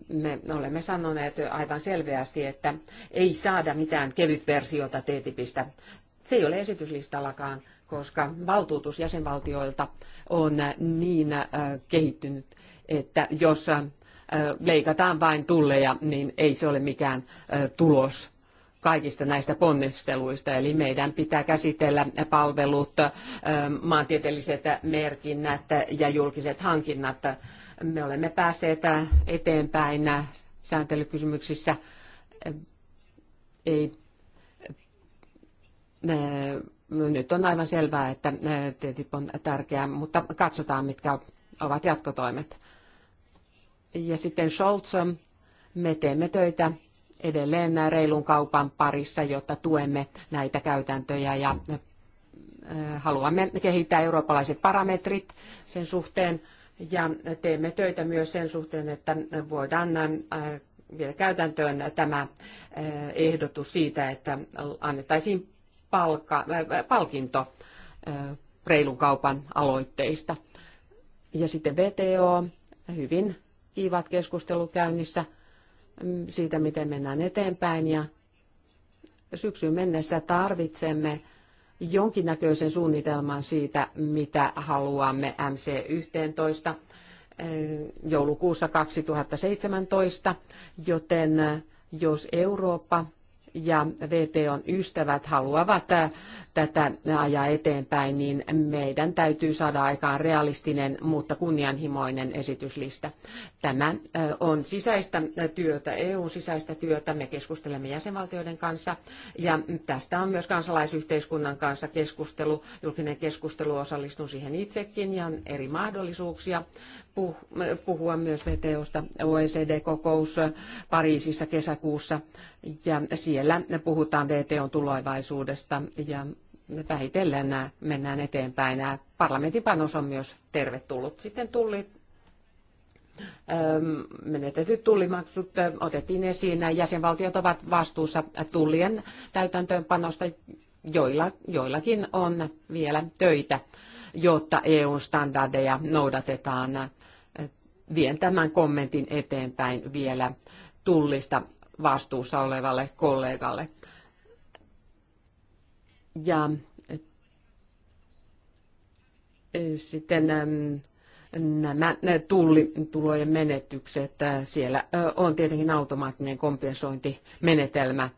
Me olemme sanoneet aivan selveästi, että ei saada mitään kevyt kevytversiota TTIPistä. Se ei ole esityslistallakaan, koska valtuutus jäsenvaltioilta on niin kehittynyt, että jos leikataan vain tulleja, niin ei se ole mikään tulos kaikista näistä ponnisteluista. Eli meidän pitää käsitellä palvelut, maantieteelliset merkinnät ja julkiset hankinnat. Me olemme päässeet eteenpäin sääntelykysymyksissä. Ei nyt on aivan selvää, että TTIP on tärkeää, mutta katsotaan, mitkä ovat jatkotoimet. Ja sitten Scholz, me teemme töitä edelleen reilun kaupan parissa, jotta tuemme näitä käytäntöjä ja äh, haluamme kehittää eurooppalaiset parametrit sen suhteen ja teemme töitä myös sen suhteen, että voidaan äh, viedä käytäntöön tämä äh, ehdotus siitä, että annettaisiin palkinto reilun kaupan aloitteista. Ja sitten VTO, hyvin kiivat keskustelu käynnissä siitä, miten mennään eteenpäin ja syksyyn mennessä tarvitsemme jonkinnäköisen suunnitelman siitä, mitä haluamme MC11 eh, joulukuussa 2017, joten eh, jos Eurooppa ja VTOn ystävät haluavat äh, tätä ajaa eteenpäin, niin meidän täytyy saada aikaan realistinen, mutta kunnianhimoinen esityslista. Tämä äh, on sisäistä työtä, EUn sisäistä työtä. Me keskustelemme jäsenvaltioiden kanssa ja tästä on myös kansalaisyhteiskunnan kanssa keskustelu, julkinen keskustelu, osallistun siihen itsekin ja on eri mahdollisuuksia, puhua myös VTOsta OECD-kokous äh, Pariisissa kesäkuussa ja siellä puhutaan VTOn tulevaisuudesta ja vähitellen äh, mennään eteenpäin. Äh, parlamentin panos on myös tervetullut. Sitten tuli ähm, menetetyt tullimaksut otettiin esiin. Jäsenvaltiot ovat vastuussa tullien täytäntöönpanosta. Joilla, joillakin on vielä töitä jotta EUn standardeja noudatetaan. Vien tämän kommentin eteenpäin vielä tullista vastuussa olevalle kollegalle. Ja e, sitten nämä tullitulojen menetykset, siellä on tietenkin automaattinen kompensointimenetelmä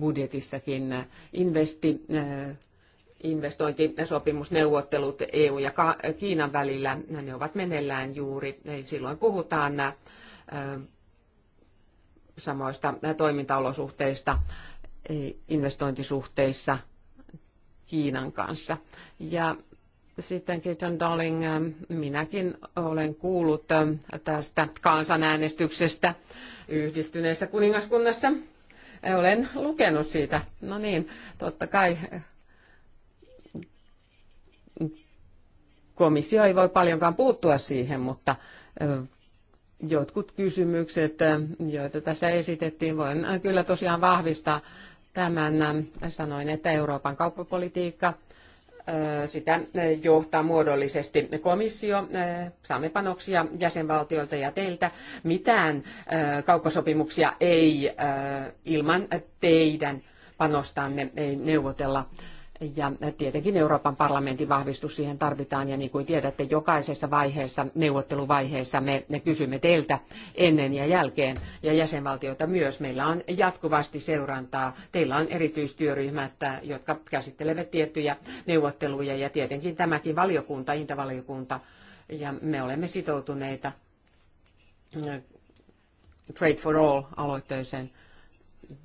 budjetissakin. Investi investointisopimusneuvottelut EU ja Kiinan välillä, ne ovat meneillään juuri. Silloin puhutaan äh, samoista toimintaolosuhteista e, investointisuhteissa Kiinan kanssa. Ja sitten Kirsten Darling, äh, minäkin olen kuullut äh, tästä kansanäänestyksestä yhdistyneessä kuningaskunnassa. Olen lukenut siitä. No niin, totta kai komissio ei voi paljonkaan puuttua siihen, mutta jotkut kysymykset, joita tässä esitettiin, voin kyllä tosiaan vahvistaa tämän. Sanoin, että Euroopan kauppapolitiikka sitä johtaa muodollisesti komissio. Saamme panoksia jäsenvaltioilta ja teiltä. Mitään kauppasopimuksia ei ilman teidän panostanne ei neuvotella ja tietenkin Euroopan parlamentin vahvistus siihen tarvitaan ja niin kuin tiedätte, jokaisessa vaiheessa, neuvotteluvaiheessa me, me kysymme teiltä ennen ja jälkeen ja jäsenvaltioita myös. Meillä on jatkuvasti seurantaa. Teillä on erityistyöryhmät, äh, jotka käsittelevät tiettyjä neuvotteluja ja tietenkin tämäkin valiokunta, intavaliokunta ja me olemme sitoutuneita äh, Trade for All aloitteeseen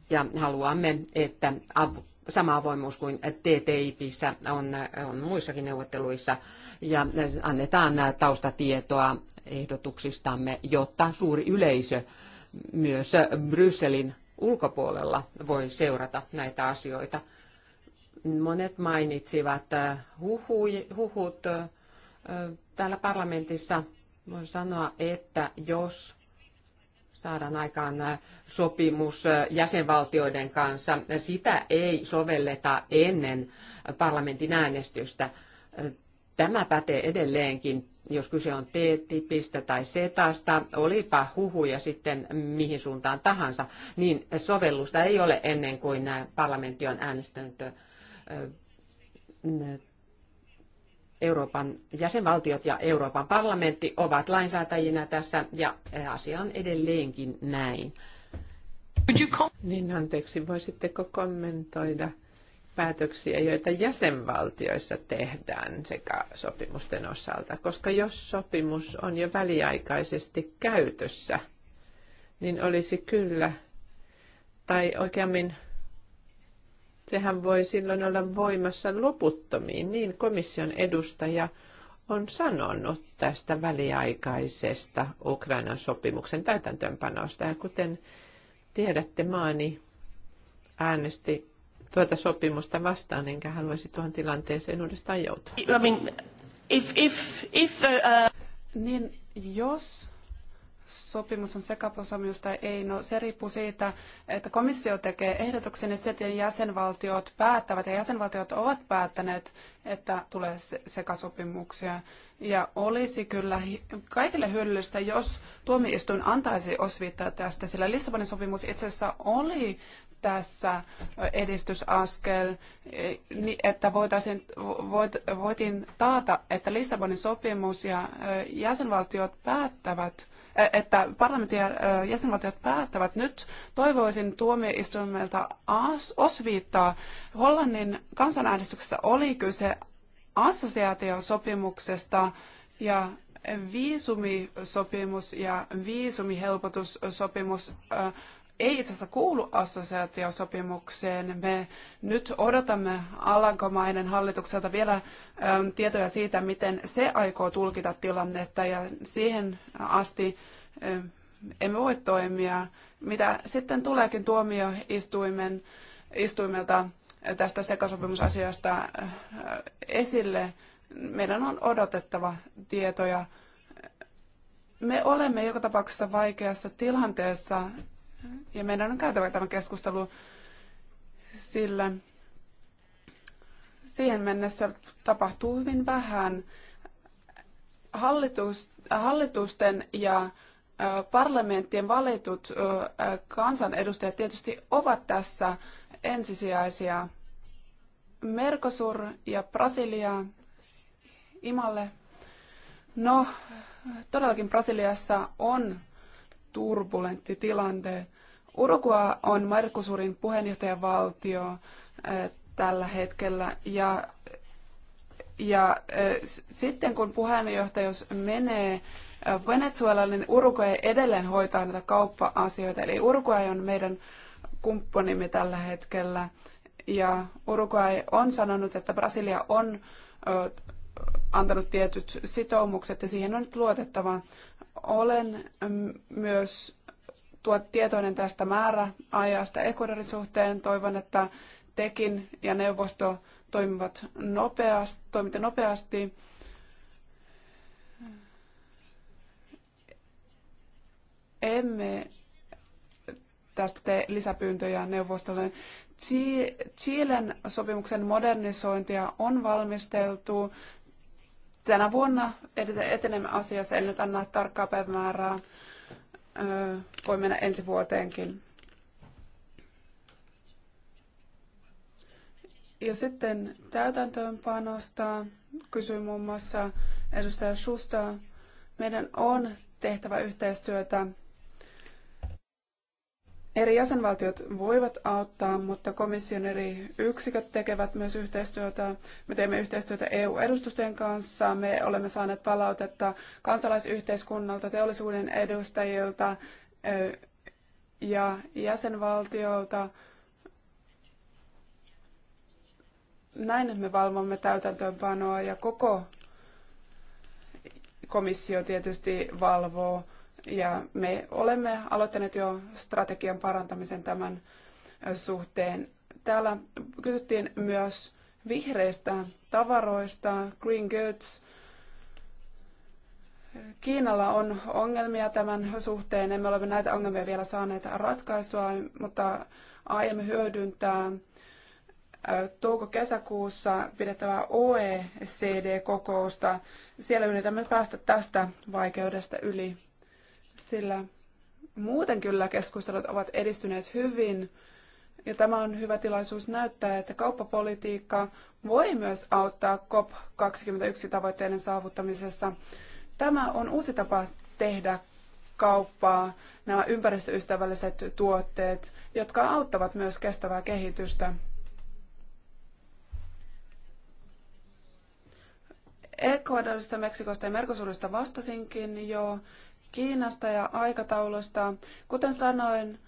ja haluamme, että sama avoimuus kuin TTIPissä on, on muissakin neuvotteluissa ja annetaan taustatietoa ehdotuksistamme, jotta suuri yleisö myös Brysselin ulkopuolella voi seurata näitä asioita. Monet mainitsivat äh, huhui, huhut äh, täällä parlamentissa. Voin sanoa, että jos saadaan aikaan äh, sopimus äh, jäsenvaltioiden kanssa. Sitä ei sovelleta ennen parlamentin äänestystä. Äh, tämä pätee edelleenkin, jos kyse on t tai setasta, olipa huhuja sitten mihin suuntaan tahansa, niin sovellusta ei ole ennen kuin parlamentti on äänestänyt Euroopan jäsenvaltiot ja Euroopan parlamentti ovat lainsäätäjinä tässä ja e, asia on edelleenkin näin. Niin anteeksi, voisitteko kommentoida päätöksiä, joita jäsenvaltioissa tehdään sekä sopimusten osalta, koska jos sopimus on jo väliaikaisesti käytössä, niin olisi kyllä, tai oikeammin Sehän voi silloin olla voimassa loputtomiin, niin komission edustaja on sanonut tästä väliaikaisesta Ukrainan sopimuksen täytäntöönpanosta. Ja kuten tiedätte, maani äänesti tuota sopimusta vastaan, enkä haluaisi tuohon tilanteeseen uudestaan joutua. I mean, if, if, if, uh... Niin jos sopimus on sekasopimus tai ei, no se riippuu siitä, että komissio tekee ehdotuksen ja sitten jäsenvaltiot päättävät ja jäsenvaltiot ovat päättäneet, että tulee sekasopimuksia. Ja olisi kyllä kaikille hyödyllistä, jos tuomioistuin antaisi osviittaa tästä, sillä Lissabonin sopimus itse asiassa oli tässä edistysaskel, että voitaisiin, voit, voitiin taata, että Lissabonin sopimus ja jäsenvaltiot päättävät – että parlamentin jäsenvaltiot päättävät nyt. Toivoisin tuomioistuimelta osviittaa. Hollannin kansanäänestyksessä oli kyse assosiaatiosopimuksesta ja viisumisopimus ja viisumihelpotussopimus ei itse asiassa kuulu assosiaatiosopimukseen. Me nyt odotamme Alankomaiden hallitukselta vielä ähm, tietoja siitä, miten se aikoo tulkita tilannetta ja siihen asti ähm, emme voi toimia. Mitä sitten tuleekin tuomioistuimen istuimelta tästä sekasopimusasiasta äh, esille, meidän on odotettava tietoja. Me olemme joka tapauksessa vaikeassa tilanteessa ja meidän on käytävä tämä keskustelu, sillä siihen mennessä tapahtuu hyvin vähän. Hallitus, äh, hallitusten ja äh, parlamenttien valitut äh, kansanedustajat tietysti ovat tässä ensisijaisia. Mercosur ja Brasilia imalle. No, todellakin Brasiliassa on turbulentti tilanne. Uruguay on Mercosurin puheenjohtajavaltio eh, tällä hetkellä ja ja eh, sitten kun puheenjohtajuus menee eh, Venezuelalle, niin Uruguay edelleen hoitaa näitä kauppa-asioita. Eli Uruguay on meidän kumppanimme tällä hetkellä. Ja Uruguay on sanonut, että Brasilia on antanut tietyt sitoumukset ja siihen on nyt luotettava. Olen mm, myös tuo tietoinen tästä määräajasta Ecuadorin suhteen. Toivon, että tekin ja neuvosto toimivat nopeasti, toimitte nopeasti. Emme tästä tee lisäpyyntöjä neuvostolle. Chilen sopimuksen modernisointia on valmisteltu. Tänä vuonna etenemme asiassa, en nyt anna tarkkaa päivämäärää voi mennä ensi vuoteenkin. Ja sitten täytäntöönpanosta kysyi muun muassa edustaja Schuster. Meidän on tehtävä yhteistyötä Eri jäsenvaltiot voivat auttaa, mutta komission eri yksiköt tekevät myös yhteistyötä. Me teemme yhteistyötä EU-edustustojen kanssa. Me olemme saaneet palautetta kansalaisyhteiskunnalta, teollisuuden edustajilta ja jäsenvaltiolta. Näin me valvomme täytäntöönpanoa ja koko komissio tietysti valvoo ja me olemme aloittaneet jo strategian parantamisen tämän suhteen. Täällä kysyttiin myös vihreistä tavaroista, green goods. Kiinalla on ongelmia tämän suhteen. Emme ole näitä ongelmia vielä saaneet ratkaistua, mutta aiemmin hyödyntää touko-kesäkuussa pidettävää OECD-kokousta. Siellä yritämme päästä tästä vaikeudesta yli sillä muuten kyllä keskustelut ovat edistyneet hyvin. Ja tämä on hyvä tilaisuus näyttää, että kauppapolitiikka voi myös auttaa COP21 tavoitteiden saavuttamisessa. Tämä on uusi tapa tehdä kauppaa, nämä ympäristöystävälliset tuotteet, jotka auttavat myös kestävää kehitystä. Ecuadorista, Meksikosta ja Mercosurista vastasinkin jo. Kiinasta ja aikataulusta. Kuten sanoin,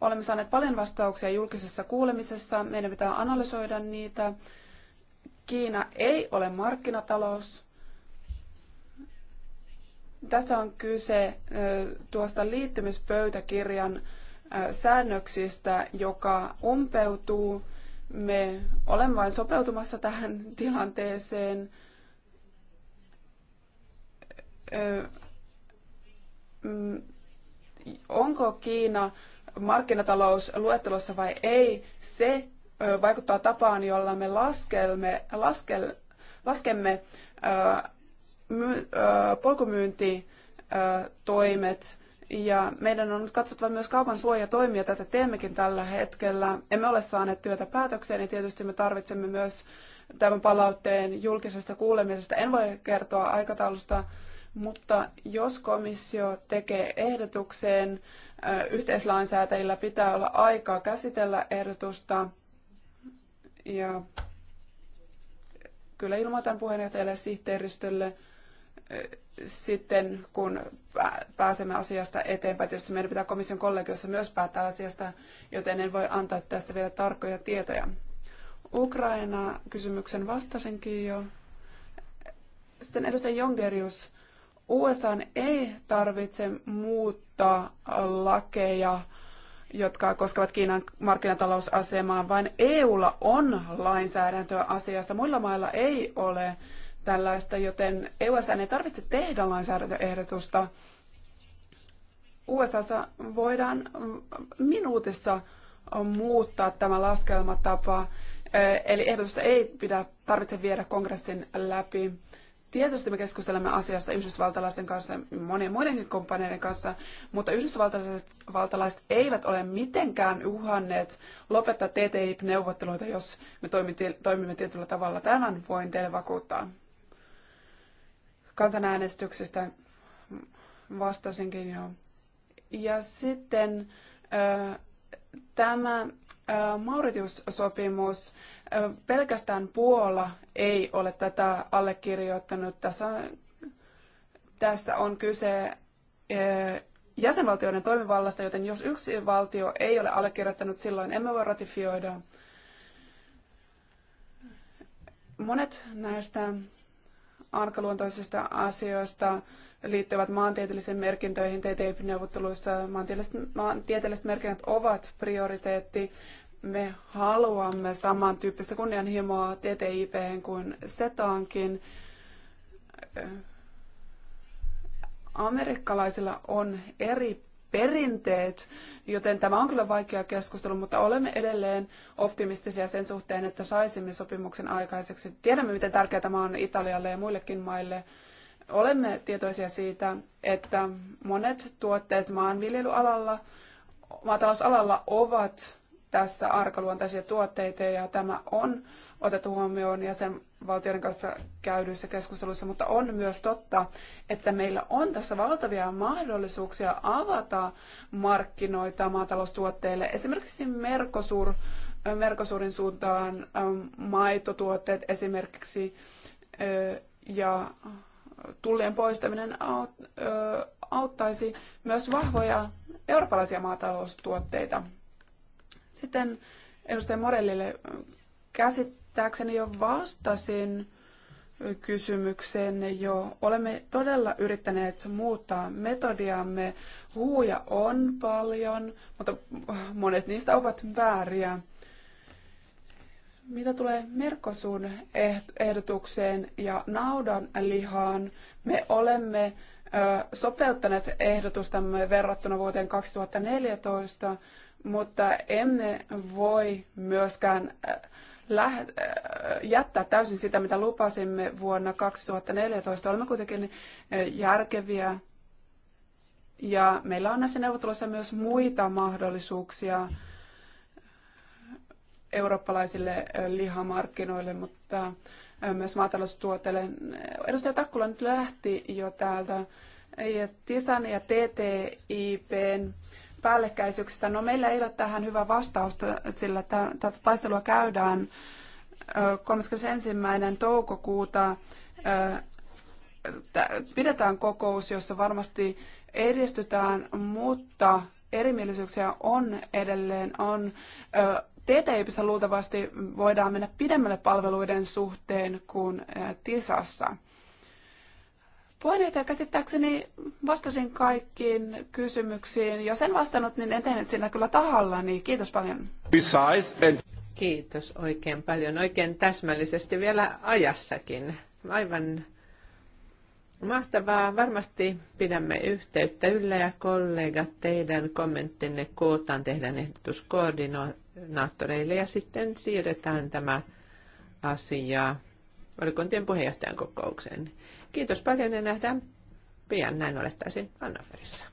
olemme saaneet paljon vastauksia julkisessa kuulemisessa. Meidän pitää analysoida niitä. Kiina ei ole markkinatalous. Tässä on kyse tuosta liittymispöytäkirjan säännöksistä, joka umpeutuu. Me olemme vain sopeutumassa tähän tilanteeseen Mm, onko Kiina markkinatalousluettelossa vai ei, se vaikuttaa tapaan, jolla me laskelme, laskel, laskemme my, polkumyyntitoimet. Ja meidän on nyt katsottava myös kaupan suojatoimia, tätä teemmekin tällä hetkellä. Emme ole saaneet työtä päätökseen, niin tietysti me tarvitsemme myös tämän palautteen julkisesta kuulemisesta. En voi kertoa aikataulusta mutta jos komissio tekee ehdotukseen, yhteislainsäätäjillä pitää olla aikaa käsitellä ehdotusta. Ja kyllä ilmoitan puheenjohtajalle ja sihteeristölle sitten, kun pääsemme asiasta eteenpäin. Tietysti meidän pitää komission kollegiossa myös päättää asiasta, joten en voi antaa tästä vielä tarkkoja tietoja. Ukraina-kysymyksen vastasinkin jo. Sitten edustaja Jongerius USA ei tarvitse muuttaa lakeja, jotka koskevat Kiinan markkinatalousasemaa, vaan EUlla on lainsäädäntöä asiasta. Muilla mailla ei ole tällaista, joten e USA ei tarvitse tehdä lainsäädäntöehdotusta. USA voidaan minuutissa muuttaa tämä laskelmatapa, eli ehdotusta ei pidä, tarvitse viedä kongressin läpi. Tietysti me keskustelemme asiasta yhdysvaltalaisten kanssa ja monien muidenkin kumppaneiden kanssa, mutta yhdysvaltalaiset eivät ole mitenkään uhanneet lopettaa TTIP-neuvotteluita, jos me toimimme tietyllä tavalla. Tämän voin teille vakuuttaa. Kansanäänestyksestä vastasinkin jo. Ja sitten Tämä Mauritius-sopimus, pelkästään Puola ei ole tätä allekirjoittanut. Tässä, tässä on kyse jäsenvaltioiden toimivallasta, joten jos yksi valtio ei ole allekirjoittanut, silloin emme voi ratifioida. Monet näistä arkaluontoisista asioista liittyvät maantieteellisiin merkintöihin TTIP-neuvotteluissa. Maantieteelliset, maantieteelliset merkinnät ovat prioriteetti. Me haluamme samantyyppistä kunnianhimoa TTIP kuin SETAankin. Amerikkalaisilla on eri perinteet, joten tämä on kyllä vaikea keskustelu, mutta olemme edelleen optimistisia sen suhteen, että saisimme sopimuksen aikaiseksi. Tiedämme, miten tärkeä tämä on Italialle ja muillekin maille. Olemme tietoisia siitä, että monet tuotteet maanviljelyalalla, maatalousalalla ovat tässä arkaluontaisia tuotteita ja tämä on otettu huomioon jäsenvaltioiden kanssa käydyissä keskusteluissa, mutta on myös totta, että meillä on tässä valtavia mahdollisuuksia avata markkinoita maataloustuotteille. Esimerkiksi Mercosur, Mercosurin suuntaan maitotuotteet esimerkiksi ja tullien poistaminen auttaisi myös vahvoja eurooppalaisia maataloustuotteita. Sitten edustaja Morellille käsittääkseni jo vastasin kysymykseen jo. Olemme todella yrittäneet muuttaa metodiamme. Huuja on paljon, mutta monet niistä ovat vääriä. Mitä tulee Merkosun ehdotukseen ja naudan lihaan, me olemme sopeuttaneet ehdotustamme verrattuna vuoteen 2014, mutta emme voi myöskään jättää täysin sitä, mitä lupasimme vuonna 2014. Olemme kuitenkin järkeviä ja meillä on näissä neuvotteluissa myös muita mahdollisuuksia eurooppalaisille lihamarkkinoille, mutta myös maataloustuotteille. Edustaja Takkula nyt lähti jo täältä TISAN ja TTIPn päällekkäisyyksistä. No meillä ei ole tähän hyvä vastausta, sillä tätä taistelua käydään 31. toukokuuta pidetään kokous, jossa varmasti edistytään, mutta erimielisyyksiä on edelleen, on TTIPissä luultavasti voidaan mennä pidemmälle palveluiden suhteen kuin TISassa. Puheenjohtaja, käsittääkseni vastasin kaikkiin kysymyksiin. Jos en vastannut, niin en tehnyt sinä kyllä tahalla, niin kiitos paljon. Kiitos oikein paljon, oikein täsmällisesti vielä ajassakin. Aivan mahtavaa. Varmasti pidämme yhteyttä yllä ja kollegat, teidän kommenttinne kootaan, tehdään ehdotus naattoreille ja sitten siirretään tämä asia valikuntien puheenjohtajan kokoukseen. Kiitos paljon ja nähdään pian näin olettaisin Annaferissa.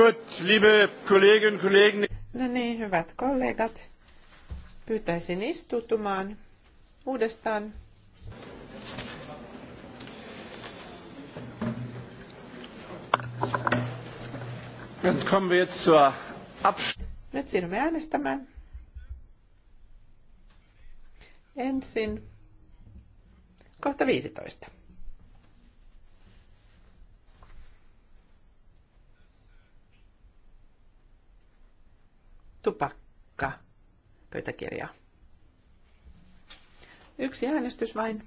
Gut, liebe Kolleginnen Kollegen. No niin, hyvät kollegat. Pyytäisin istutumaan uudestaan. Dann kommen wir jetzt zur Nyt siirrymme äänestämään. Ensin kohta 15. tupakka pöytäkirja. Yksi äänestys vain,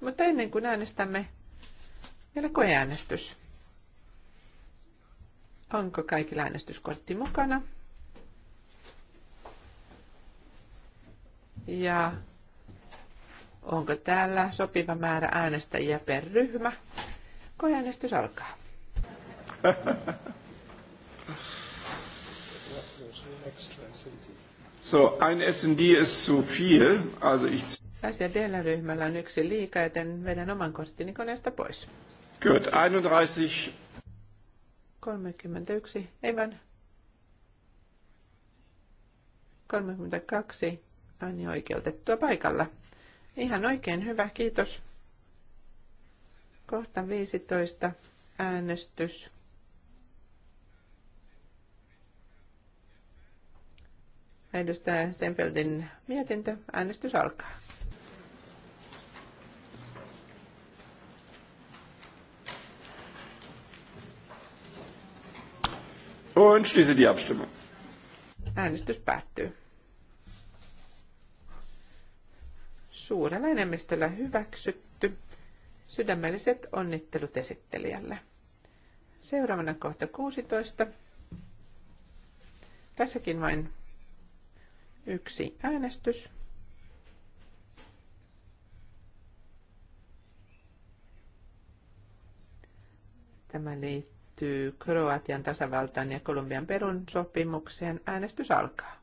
mutta ennen kuin äänestämme, vielä koeäänestys. Onko kaikilla äänestyskortti mukana? Ja onko täällä sopiva määrä äänestäjiä per ryhmä? Koeäänestys alkaa. So, ein SND ist zu viel, also ich... SED-ryhmällä on yksi liika, joten vedän oman korttini koneesta pois. Good, 31. 31, Evan. 32, Anni oikeutettua paikalla. Ihan oikein hyvä, kiitos. Kohta 15, äänestys Edustaja Senfeldin mietintö. Äänestys alkaa. Und schließe die Abstimmung. Äänestys päättyy. Suurella enemmistöllä hyväksytty. Sydämelliset onnittelut esittelijälle. Seuraavana kohta 16. Tässäkin vain Yksi äänestys. Tämä liittyy Kroatian tasavaltaan ja Kolumbian perun sopimukseen. Äänestys alkaa.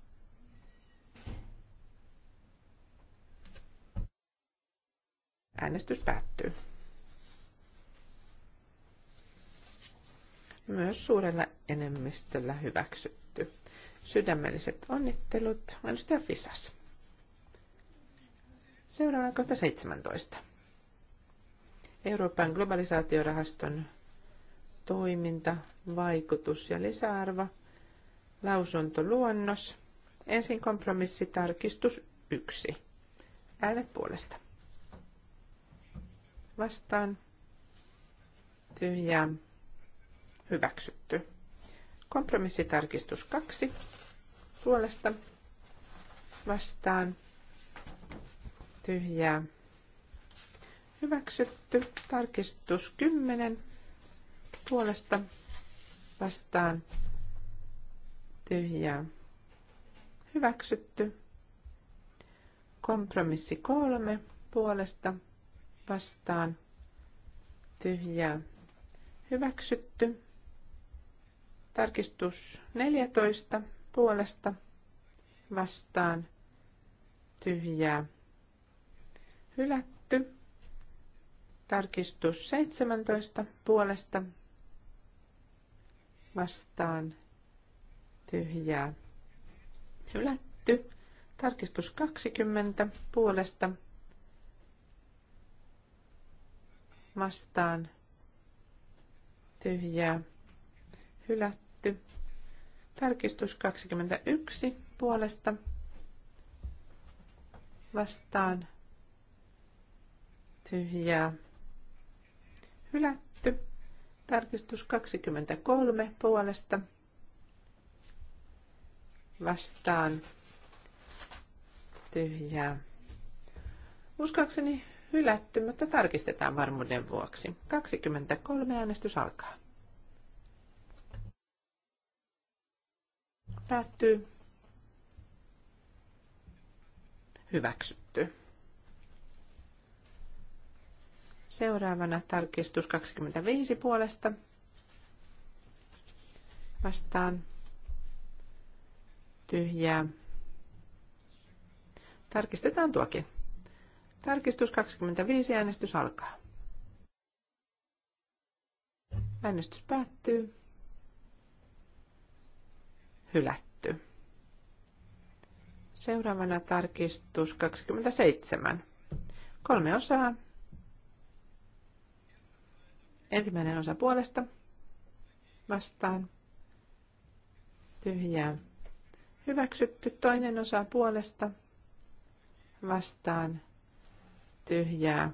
Äänestys päättyy. Myös suurella enemmistöllä hyväksytty. Sydämelliset onnittelut, edustaja Fisas. Seuraava kohta 17. Euroopan globalisaatiorahaston toiminta, vaikutus ja lisäarvo. Lausuntoluonnos. Ensin kompromissitarkistus 1. Äänet puolesta. Vastaan. Tyhjää. Hyväksytty. Kompromissitarkistus 2 puolesta vastaan tyhjää. Hyväksytty. Tarkistus 10 puolesta vastaan tyhjää. Hyväksytty. Kompromissi 3 puolesta vastaan tyhjää. Hyväksytty. Tarkistus 14 puolesta vastaan tyhjää hylätty. Tarkistus 17 puolesta vastaan tyhjää hylätty. Tarkistus 20 puolesta vastaan tyhjää hylätty. Tarkistus 21 puolesta vastaan tyhjää hylätty. Tarkistus 23 puolesta vastaan tyhjää. Uskoakseni hylätty, mutta tarkistetaan varmuuden vuoksi. 23 äänestys alkaa. Päättyy. Hyväksytty. Seuraavana tarkistus 25 puolesta. Vastaan. Tyhjää. Tarkistetaan tuokin. Tarkistus 25, äänestys alkaa. Äänestys päättyy hylätty. Seuraavana tarkistus 27. Kolme osaa. Ensimmäinen osa puolesta. Vastaan. Tyhjää. Hyväksytty toinen osa puolesta. Vastaan. Tyhjää.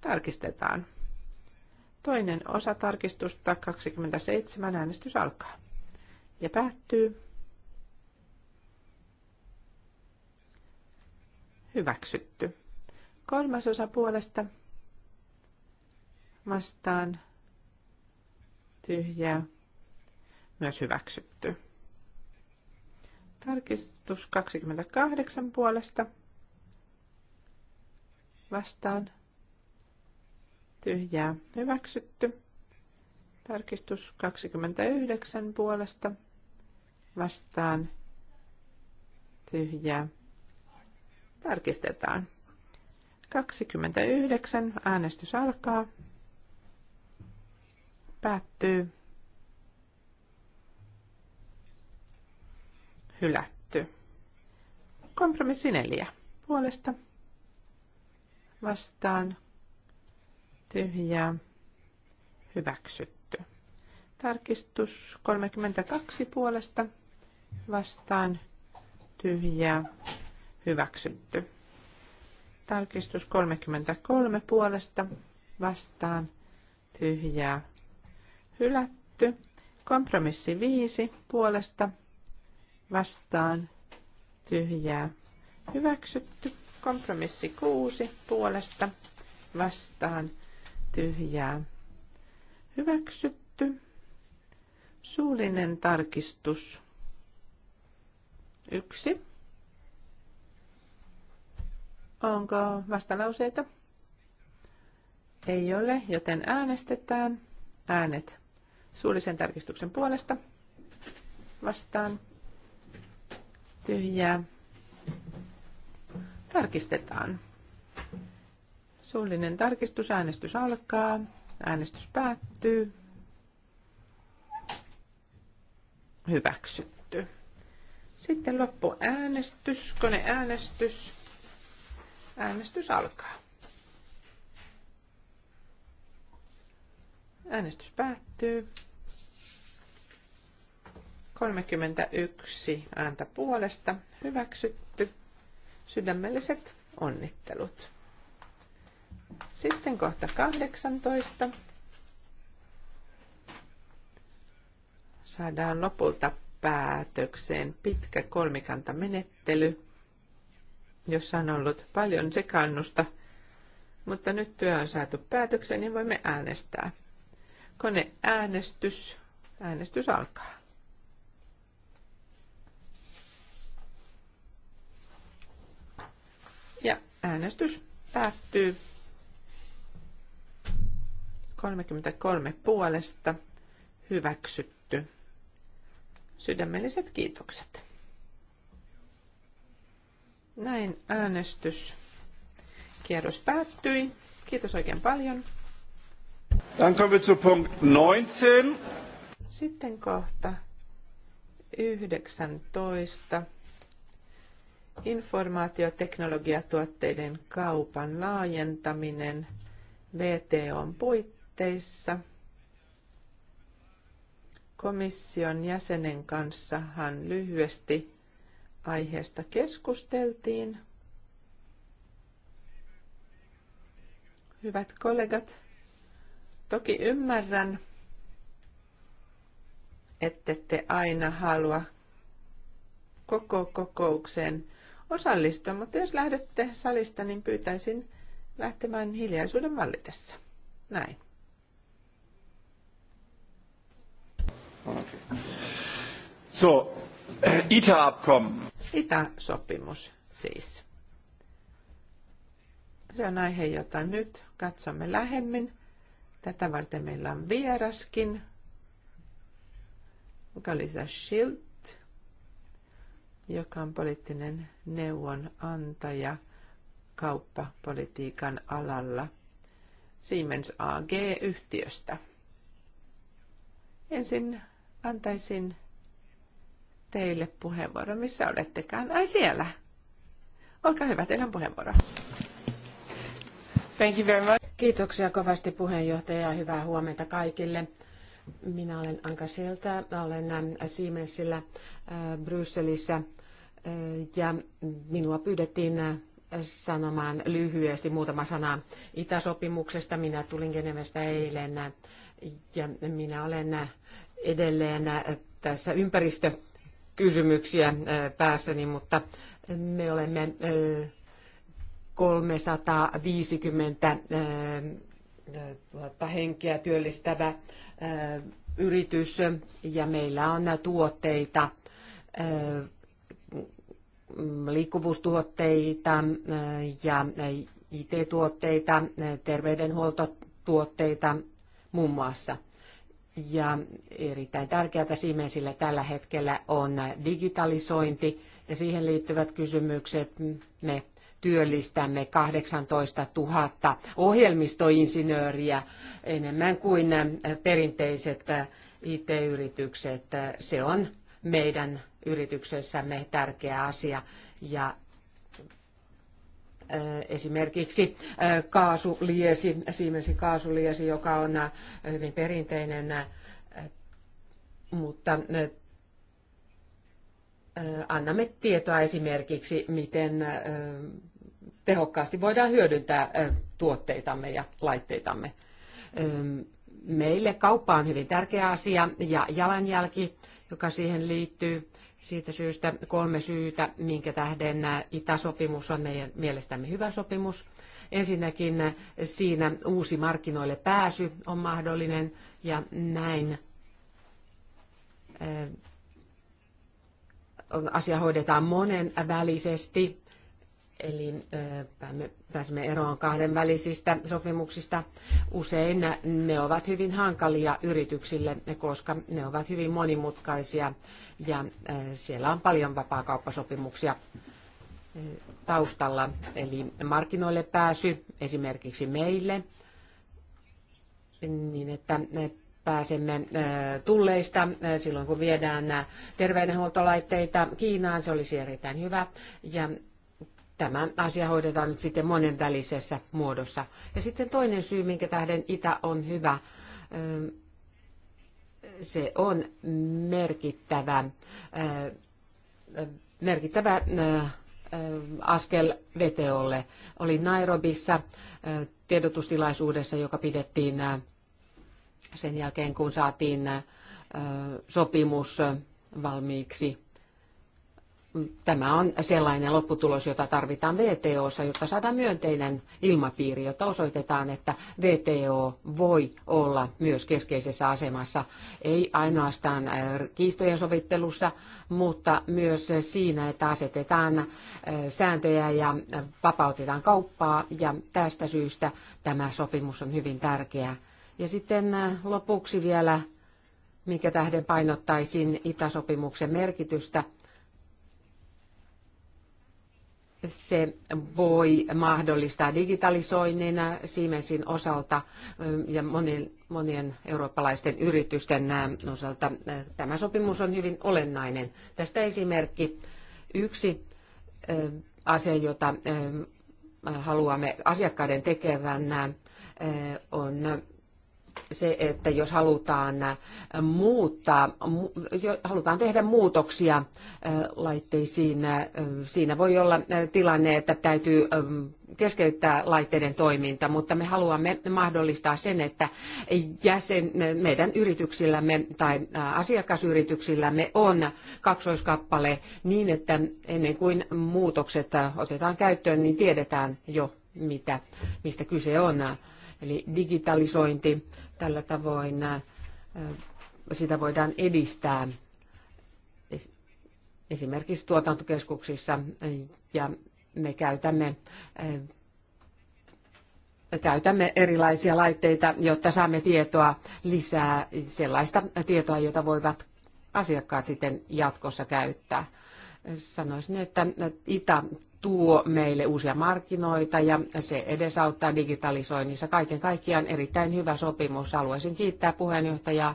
Tarkistetaan. Toinen osa tarkistusta 27. Äänestys alkaa ja päättyy. Hyväksytty. Kolmas osa puolesta vastaan tyhjää. Myös hyväksytty. Tarkistus 28 puolesta vastaan tyhjää hyväksytty. Tarkistus 29 puolesta vastaan tyhjä Tarkistetaan. 29. Äänestys alkaa. Päättyy. Hylätty. Kompromissi 4. Puolesta. Vastaan. tyhjä Hyväksytty. Tarkistus 32 puolesta vastaan tyhjää hyväksytty. Tarkistus 33 puolesta vastaan tyhjää hylätty. Kompromissi 5 puolesta vastaan tyhjää hyväksytty. Kompromissi 6 puolesta vastaan tyhjää hyväksytty. Suullinen tarkistus Yksi. Onko vastalauseita? Ei ole, joten äänestetään. Äänet suullisen tarkistuksen puolesta. Vastaan. Tyhjää. Tarkistetaan. Suullinen tarkistus, äänestys alkaa, äänestys päättyy. Hyväksytty. Sitten kone äänestys. Äänestys alkaa. Äänestys päättyy. 31 ääntä puolesta hyväksytty. Sydämelliset onnittelut. Sitten kohta 18. Saadaan lopulta päätökseen pitkä kolmikantamenettely, jossa on ollut paljon sekannusta, mutta nyt työ on saatu päätökseen, niin voimme äänestää. äänestys, Äänestys alkaa. Ja äänestys päättyy 33 puolesta hyväksytty. Sydämelliset kiitokset. Näin äänestys. Kierros päättyi. Kiitos oikein paljon. Dann kommen wir zu Punkt 19. Sitten kohta 19. Informaatioteknologiatuotteiden kaupan laajentaminen VTOn puitteissa – komission jäsenen kanssa hän lyhyesti aiheesta keskusteltiin. Hyvät kollegat, toki ymmärrän, ette te aina halua koko kokoukseen osallistua, mutta jos lähdette salista, niin pyytäisin lähtemään hiljaisuuden vallitessa. Näin. So, ITA-abkommen. ITA-sopimus siis. Se on aihe, jota nyt katsomme lähemmin. Tätä varten meillä on vieraskin, joka oli Schilt, joka on poliittinen neuvonantaja kauppapolitiikan alalla Siemens AG-yhtiöstä. Ensin antaisin teille puheenvuoro. Missä olettekaan? Ai siellä. Olkaa hyvä, teillä on puheenvuoro. Thank you very much. Kiitoksia kovasti puheenjohtaja ja hyvää huomenta kaikille. Minä olen Anka Siltä, olen ähm, Siemensillä äh, Brysselissä äh, ja minua pyydettiin äh, sanomaan lyhyesti muutama sana Itäsopimuksesta. Minä tulin Genevestä eilen ja minä olen edelleen tässä ympäristökysymyksiä päässäni, mutta me olemme 350 000 henkeä työllistävä yritys ja meillä on tuotteita, liikkuvuustuotteita ja IT-tuotteita, terveydenhuoltotuotteita muun muassa – ja erittäin tärkeää Siemensille tällä hetkellä on digitalisointi ja siihen liittyvät kysymykset. Me työllistämme 18 000 ohjelmistoinsinööriä enemmän kuin perinteiset IT-yritykset. Se on meidän yrityksessämme tärkeä asia ja esimerkiksi kaasuliesi, Siemensin kaasuliesi, joka on hyvin perinteinen, mutta annamme tietoa esimerkiksi, miten tehokkaasti voidaan hyödyntää tuotteitamme ja laitteitamme. Meille kauppa on hyvin tärkeä asia ja jalanjälki, joka siihen liittyy. Siitä syystä kolme syytä, minkä tähden Itä-sopimus on meidän mielestämme hyvä sopimus. Ensinnäkin siinä uusi markkinoille pääsy on mahdollinen ja näin asia hoidetaan monen välisesti Eli pääsemme eroon kahdenvälisistä sopimuksista. Usein ne ovat hyvin hankalia yrityksille, koska ne ovat hyvin monimutkaisia ja siellä on paljon vapaakauppasopimuksia taustalla. Eli markkinoille pääsy esimerkiksi meille, niin että pääsemme tulleista silloin, kun viedään terveydenhuoltolaitteita Kiinaan. Se olisi erittäin hyvä. Ja tämä asia hoidetaan nyt sitten monenvälisessä muodossa. Ja sitten toinen syy, minkä tähden Itä on hyvä, ähm, se on merkittävä, äh, äh, merkittävä äh, askel VTOlle. Oli Nairobissa tiedotustilaisuudessa, joka pidettiin sen jälkeen, kun saatiin sopimus valmiiksi tämä on sellainen lopputulos, jota tarvitaan VTOssa, jotta saadaan myönteinen ilmapiiri, jotta osoitetaan, että VTO voi olla myös keskeisessä asemassa, ei ainoastaan äh, kiistojen sovittelussa, mutta myös siinä, että asetetaan äh, sääntöjä ja vapautetaan kauppaa, ja tästä syystä tämä sopimus on hyvin tärkeä. Ja sitten äh, lopuksi vielä, minkä tähden painottaisin itäsopimuksen merkitystä – se voi mahdollistaa digitalisoinnin Siemensin osalta ja monien, monien eurooppalaisten yritysten osalta. Tämä sopimus on hyvin olennainen. Tästä esimerkki. Yksi asia, jota haluamme asiakkaiden tekevän, on se, että jos halutaan muuttaa, halutaan tehdä muutoksia laitteisiin, siinä voi olla tilanne, että täytyy keskeyttää laitteiden toiminta, mutta me haluamme mahdollistaa sen, että jäsen, meidän yrityksillämme tai asiakasyrityksillämme on kaksoiskappale niin, että ennen kuin muutokset otetaan käyttöön, niin tiedetään jo, mitä, mistä kyse on. Eli digitalisointi Tällä tavoin sitä voidaan edistää esimerkiksi tuotantokeskuksissa ja me käytämme käytämme erilaisia laitteita, jotta saamme tietoa lisää, sellaista tietoa, jota voivat asiakkaat sitten jatkossa käyttää. Sanoisin, että Itä tuo meille uusia markkinoita ja se edesauttaa digitalisoinnissa. Kaiken kaikkiaan erittäin hyvä sopimus. Haluaisin kiittää puheenjohtajaa,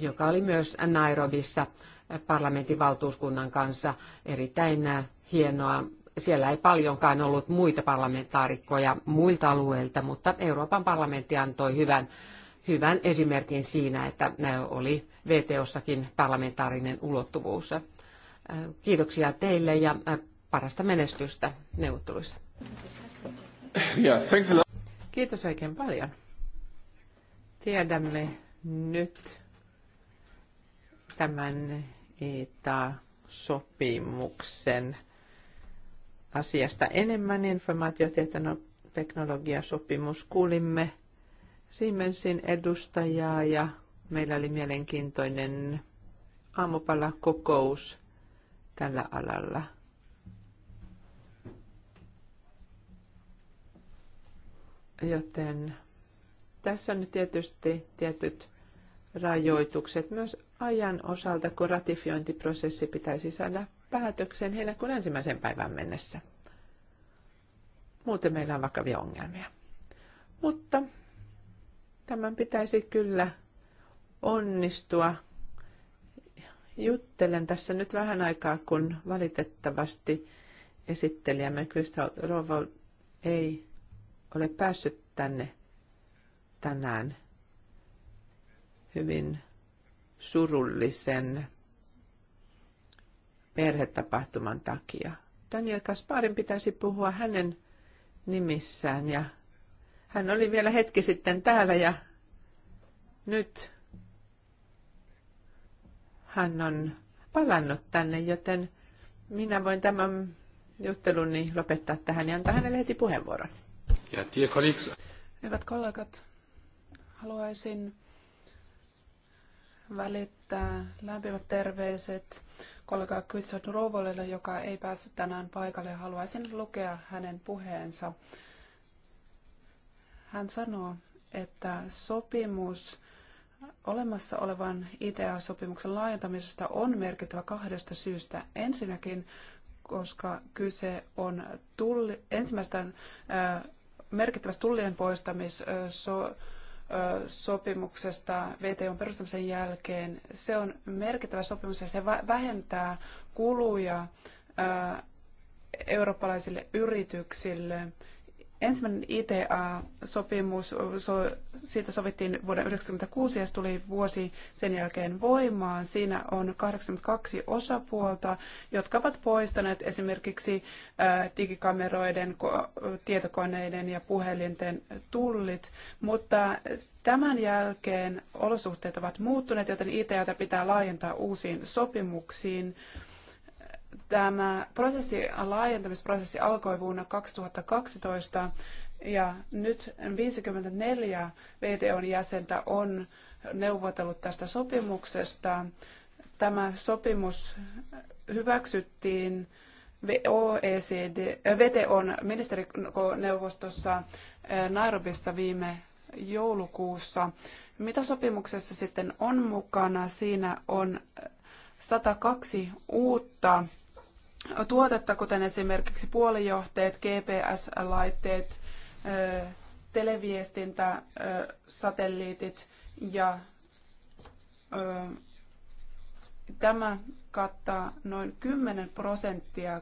joka oli myös Nairobissa parlamentin valtuuskunnan kanssa. Erittäin hienoa. Siellä ei paljonkaan ollut muita parlamentaarikkoja muilta alueilta, mutta Euroopan parlamentti antoi hyvän, hyvän esimerkin siinä, että oli VTOssakin parlamentaarinen ulottuvuus. Kiitoksia teille ja parasta menestystä neuvotteluissa. Kiitos oikein paljon. Tiedämme nyt tämän ETA-sopimuksen asiasta enemmän informaatioteknologiasopimus. Kuulimme Siemensin edustajaa ja meillä oli mielenkiintoinen aamupalakokous tällä alalla. Joten tässä on nyt tietysti tietyt rajoitukset myös ajan osalta, kun ratifiointiprosessi pitäisi saada päätöksen heinäkuun ensimmäisen päivän mennessä. Muuten meillä on vakavia ongelmia. Mutta tämän pitäisi kyllä onnistua Juttelen tässä nyt vähän aikaa, kun valitettavasti esittelijämme Kristal Rovo ei ole päässyt tänne tänään hyvin surullisen perhetapahtuman takia. Daniel Kasparin pitäisi puhua hänen nimissään ja hän oli vielä hetki sitten täällä ja nyt hän on palannut tänne, joten minä voin tämän jutteluni lopettaa tähän ja antaa hänelle heti puheenvuoron. Ja Hyvät kollegat, haluaisin välittää lämpimät terveiset kollega Christian Rovolelle, joka ei päässyt tänään paikalle. Haluaisin lukea hänen puheensa. Hän sanoo, että sopimus olemassa olevan ITA-sopimuksen laajentamisesta on merkittävä kahdesta syystä. Ensinnäkin, koska kyse on tulli, ensimmäistä merkittävästä tullien poistamissopimuksesta VTOn perustamisen jälkeen. Se on merkittävä sopimus ja se vähentää kuluja eurooppalaisille yrityksille Ensimmäinen ITA-sopimus, so, siitä sovittiin vuoden 1996 ja se tuli vuosi sen jälkeen voimaan. Siinä on 82 osapuolta, jotka ovat poistaneet esimerkiksi äh, digikameroiden, tietokoneiden ja puhelinten tullit, mutta Tämän jälkeen olosuhteet ovat muuttuneet, joten ITA pitää laajentaa uusiin sopimuksiin. Tämä prosessi, laajentamisprosessi alkoi vuonna 2012 ja nyt 54 VTOn jäsentä on neuvotellut tästä sopimuksesta. Tämä sopimus hyväksyttiin OECD, äh, VTOn ministerineuvostossa äh, Nairobissa viime joulukuussa. Mitä sopimuksessa sitten on mukana? Siinä on 102 äh, uutta tuotetta, kuten esimerkiksi puolijohteet, GPS-laitteet, televiestintä, satelliitit ja tämä kattaa noin 10 prosenttia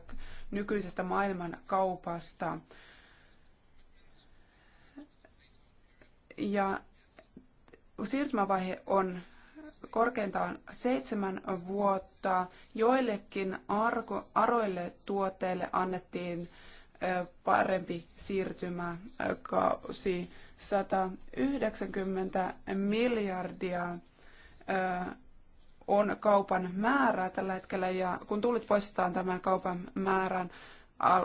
nykyisestä maailman kaupasta. Ja siirtymävaihe on korkeintaan seitsemän vuotta. Joillekin aroille tuotteille annettiin parempi siirtymäkausi 190 miljardia on kaupan määrä tällä hetkellä ja kun tullit poistetaan tämän kaupan määrän,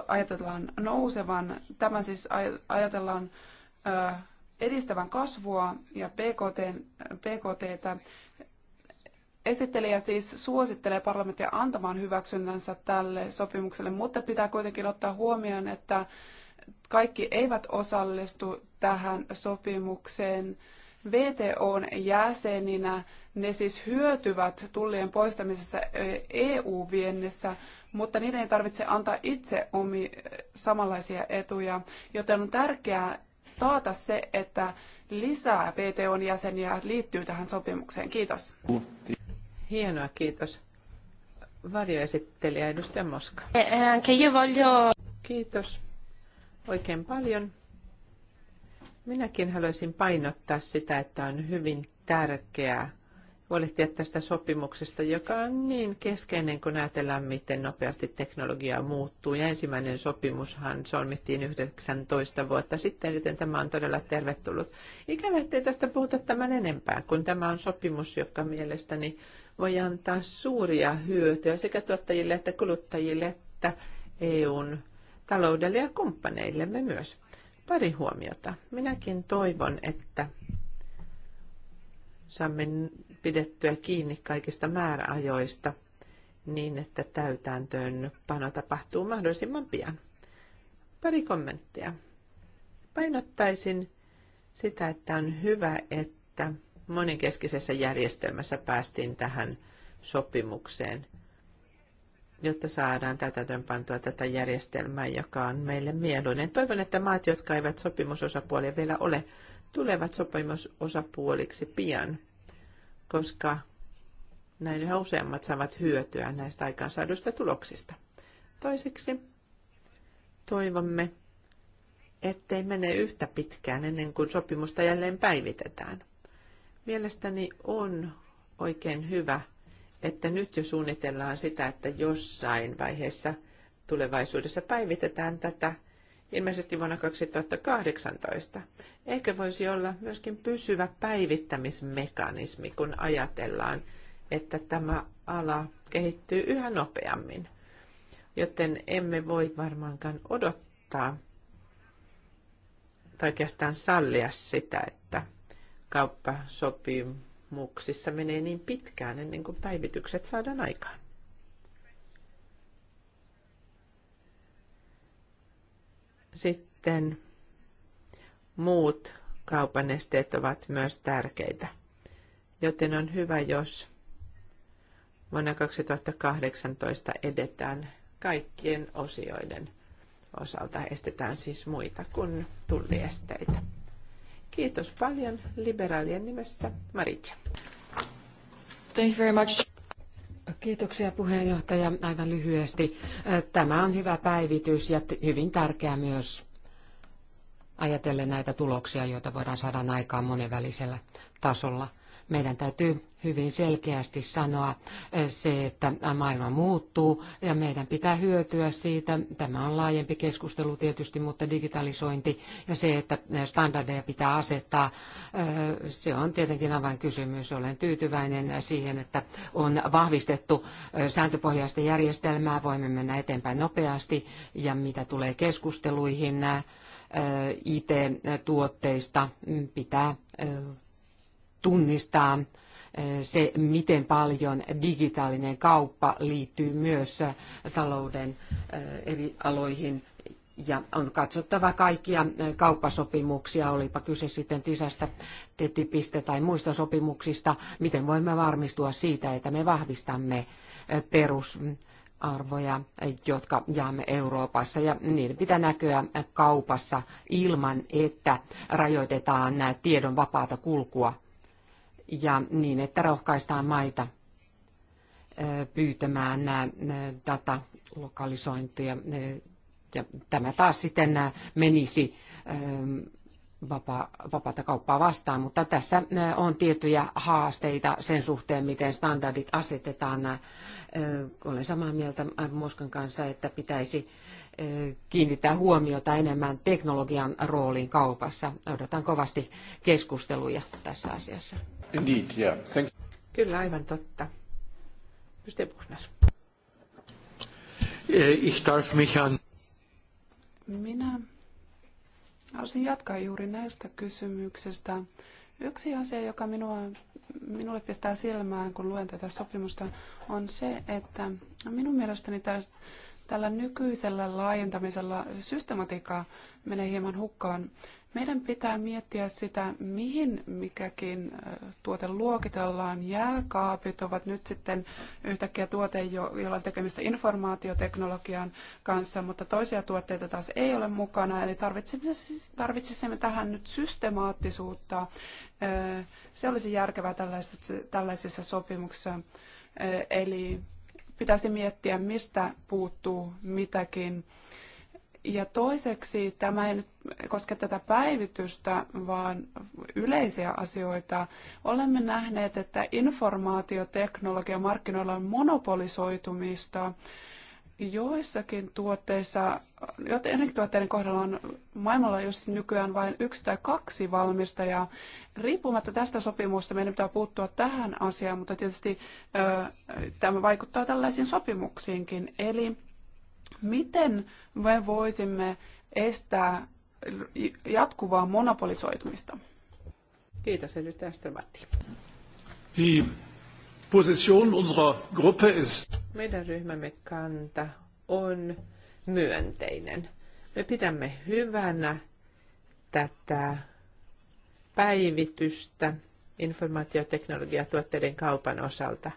ajatellaan nousevan, tämän siis ajatellaan edistävän kasvua ja PKT, PKTtä Esittelijä siis suosittelee parlamenttia antamaan hyväksynnänsä tälle sopimukselle, mutta pitää kuitenkin ottaa huomioon, että kaikki eivät osallistu tähän sopimukseen. VTOn jäseninä ne siis hyötyvät tullien poistamisessa EU-viennissä, e mutta niiden ei tarvitse antaa itse omi e, samanlaisia etuja, joten on tärkeää taata se, että lisää VTOn jäseniä liittyy tähän sopimukseen. Kiitos. Hienoa, kiitos. Varjoesittelijä edustaja Moska. Eh, eh, kiitos oikein paljon. Minäkin haluaisin painottaa sitä, että on hyvin tärkeää huolehtia tästä sopimuksesta, joka on niin keskeinen, kun ajatellaan, miten nopeasti teknologia muuttuu. Ja ensimmäinen sopimushan solmittiin 19 vuotta sitten, joten tämä on todella tervetullut. Ikävä, ettei tästä puhuta tämän enempää, kun tämä on sopimus, joka mielestäni voi antaa suuria hyötyjä sekä tuottajille että kuluttajille että EUn taloudelle ja kumppaneillemme myös. Pari huomiota. Minäkin toivon, että saamme pidettyä kiinni kaikista määräajoista niin, että täytäntöön pano tapahtuu mahdollisimman pian. Pari kommenttia. Painottaisin sitä, että on hyvä, että monikeskisessä järjestelmässä päästiin tähän sopimukseen, jotta saadaan tätä täytäntöönpantoa tätä järjestelmää, joka on meille mieluinen. Toivon, että maat, jotka eivät sopimusosapuolia vielä ole, tulevat sopimusosapuoliksi pian, koska näin yhä useammat saavat hyötyä näistä aikaansaaduista tuloksista. Toiseksi toivomme, ettei mene yhtä pitkään ennen kuin sopimusta jälleen päivitetään – Mielestäni on oikein hyvä, että nyt jo suunnitellaan sitä, että jossain vaiheessa tulevaisuudessa päivitetään tätä ilmeisesti vuonna 2018. Ehkä voisi olla myöskin pysyvä päivittämismekanismi, kun ajatellaan, että tämä ala kehittyy yhä nopeammin. Joten emme voi varmaankaan odottaa tai oikeastaan sallia sitä, että kauppasopimuksissa menee niin pitkään ennen kuin päivitykset saadaan aikaan. Sitten muut kaupan esteet ovat myös tärkeitä, joten on hyvä, jos vuonna 2018 edetään kaikkien osioiden osalta estetään siis muita kuin tulliesteitä. Kiitos paljon liberaalien nimessä Maritja. Thank you very much. Kiitoksia puheenjohtaja. Aivan lyhyesti. Äh, tämä on hyvä päivitys ja hyvin tärkeä myös ajatellen näitä tuloksia, joita voidaan saada aikaan monenvälisellä tasolla – meidän täytyy hyvin selkeästi sanoa eh, se, että maailma muuttuu ja meidän pitää hyötyä siitä. Tämä on laajempi keskustelu tietysti, mutta digitalisointi ja se, että standardeja pitää asettaa, eh, se on tietenkin avainkysymys. Olen tyytyväinen siihen, että on vahvistettu eh, sääntöpohjaista järjestelmää. Voimme mennä eteenpäin nopeasti ja mitä tulee keskusteluihin, IT-tuotteista mm, pitää tunnistaa eh, se, miten paljon digitaalinen kauppa liittyy myös eh, talouden eh, eri aloihin ja on katsottava kaikkia kauppasopimuksia, olipa kyse sitten TISAsta, TTIPistä tai muista sopimuksista, miten voimme varmistua siitä, että me vahvistamme perusarvoja, jotka jaamme Euroopassa, ja niiden pitää näkyä kaupassa ilman, että rajoitetaan tiedon vapaata kulkua ja niin, että rohkaistaan maita pyytämään datalokalisointia. Ja tämä taas sitten menisi vapaata kauppaa vastaan, mutta tässä on tiettyjä haasteita sen suhteen, miten standardit asetetaan. Olen samaa mieltä Moskan kanssa, että pitäisi kiinnittää huomiota enemmän teknologian rooliin kaupassa. Odotan kovasti keskusteluja tässä asiassa. Indeed, yeah. Thanks. Kyllä, aivan totta. Pystyy Buchner. Eh, ich darf mich an... Minä haluaisin jatkaa juuri näistä kysymyksistä. Yksi asia, joka minua, minulle pistää silmään, kun luen tätä sopimusta, on se, että minun mielestäni Tällä nykyisellä laajentamisella systematiikka menee hieman hukkaan. Meidän pitää miettiä sitä, mihin mikäkin tuote luokitellaan. Jääkaapit ovat nyt sitten yhtäkkiä tuote, jolla on tekemistä informaatioteknologian kanssa, mutta toisia tuotteita taas ei ole mukana. Eli tarvitsisimme tähän nyt systemaattisuutta. Se olisi järkevää tällaisissa sopimuksissa. Eli pitäisi miettiä, mistä puuttuu mitäkin. Ja toiseksi tämä ei nyt koske tätä päivitystä, vaan yleisiä asioita. Olemme nähneet, että informaatioteknologia markkinoilla on monopolisoitumista joissakin tuotteissa, joidenkin tuotteiden kohdalla on maailmalla just nykyään vain yksi tai kaksi valmistajaa. Riippumatta tästä sopimusta meidän pitää puuttua tähän asiaan, mutta tietysti ö, tämä vaikuttaa tällaisiin sopimuksiinkin. Eli miten me voisimme estää jatkuvaa monopolisoitumista? Kiitos, edustaja Stravatti. Niin, Position unserer Gruppe ist. Meidän ryhmämme kanta on myönteinen. Me pidämme hyvänä tätä päivitystä informaatioteknologiatuotteiden kaupan osalta.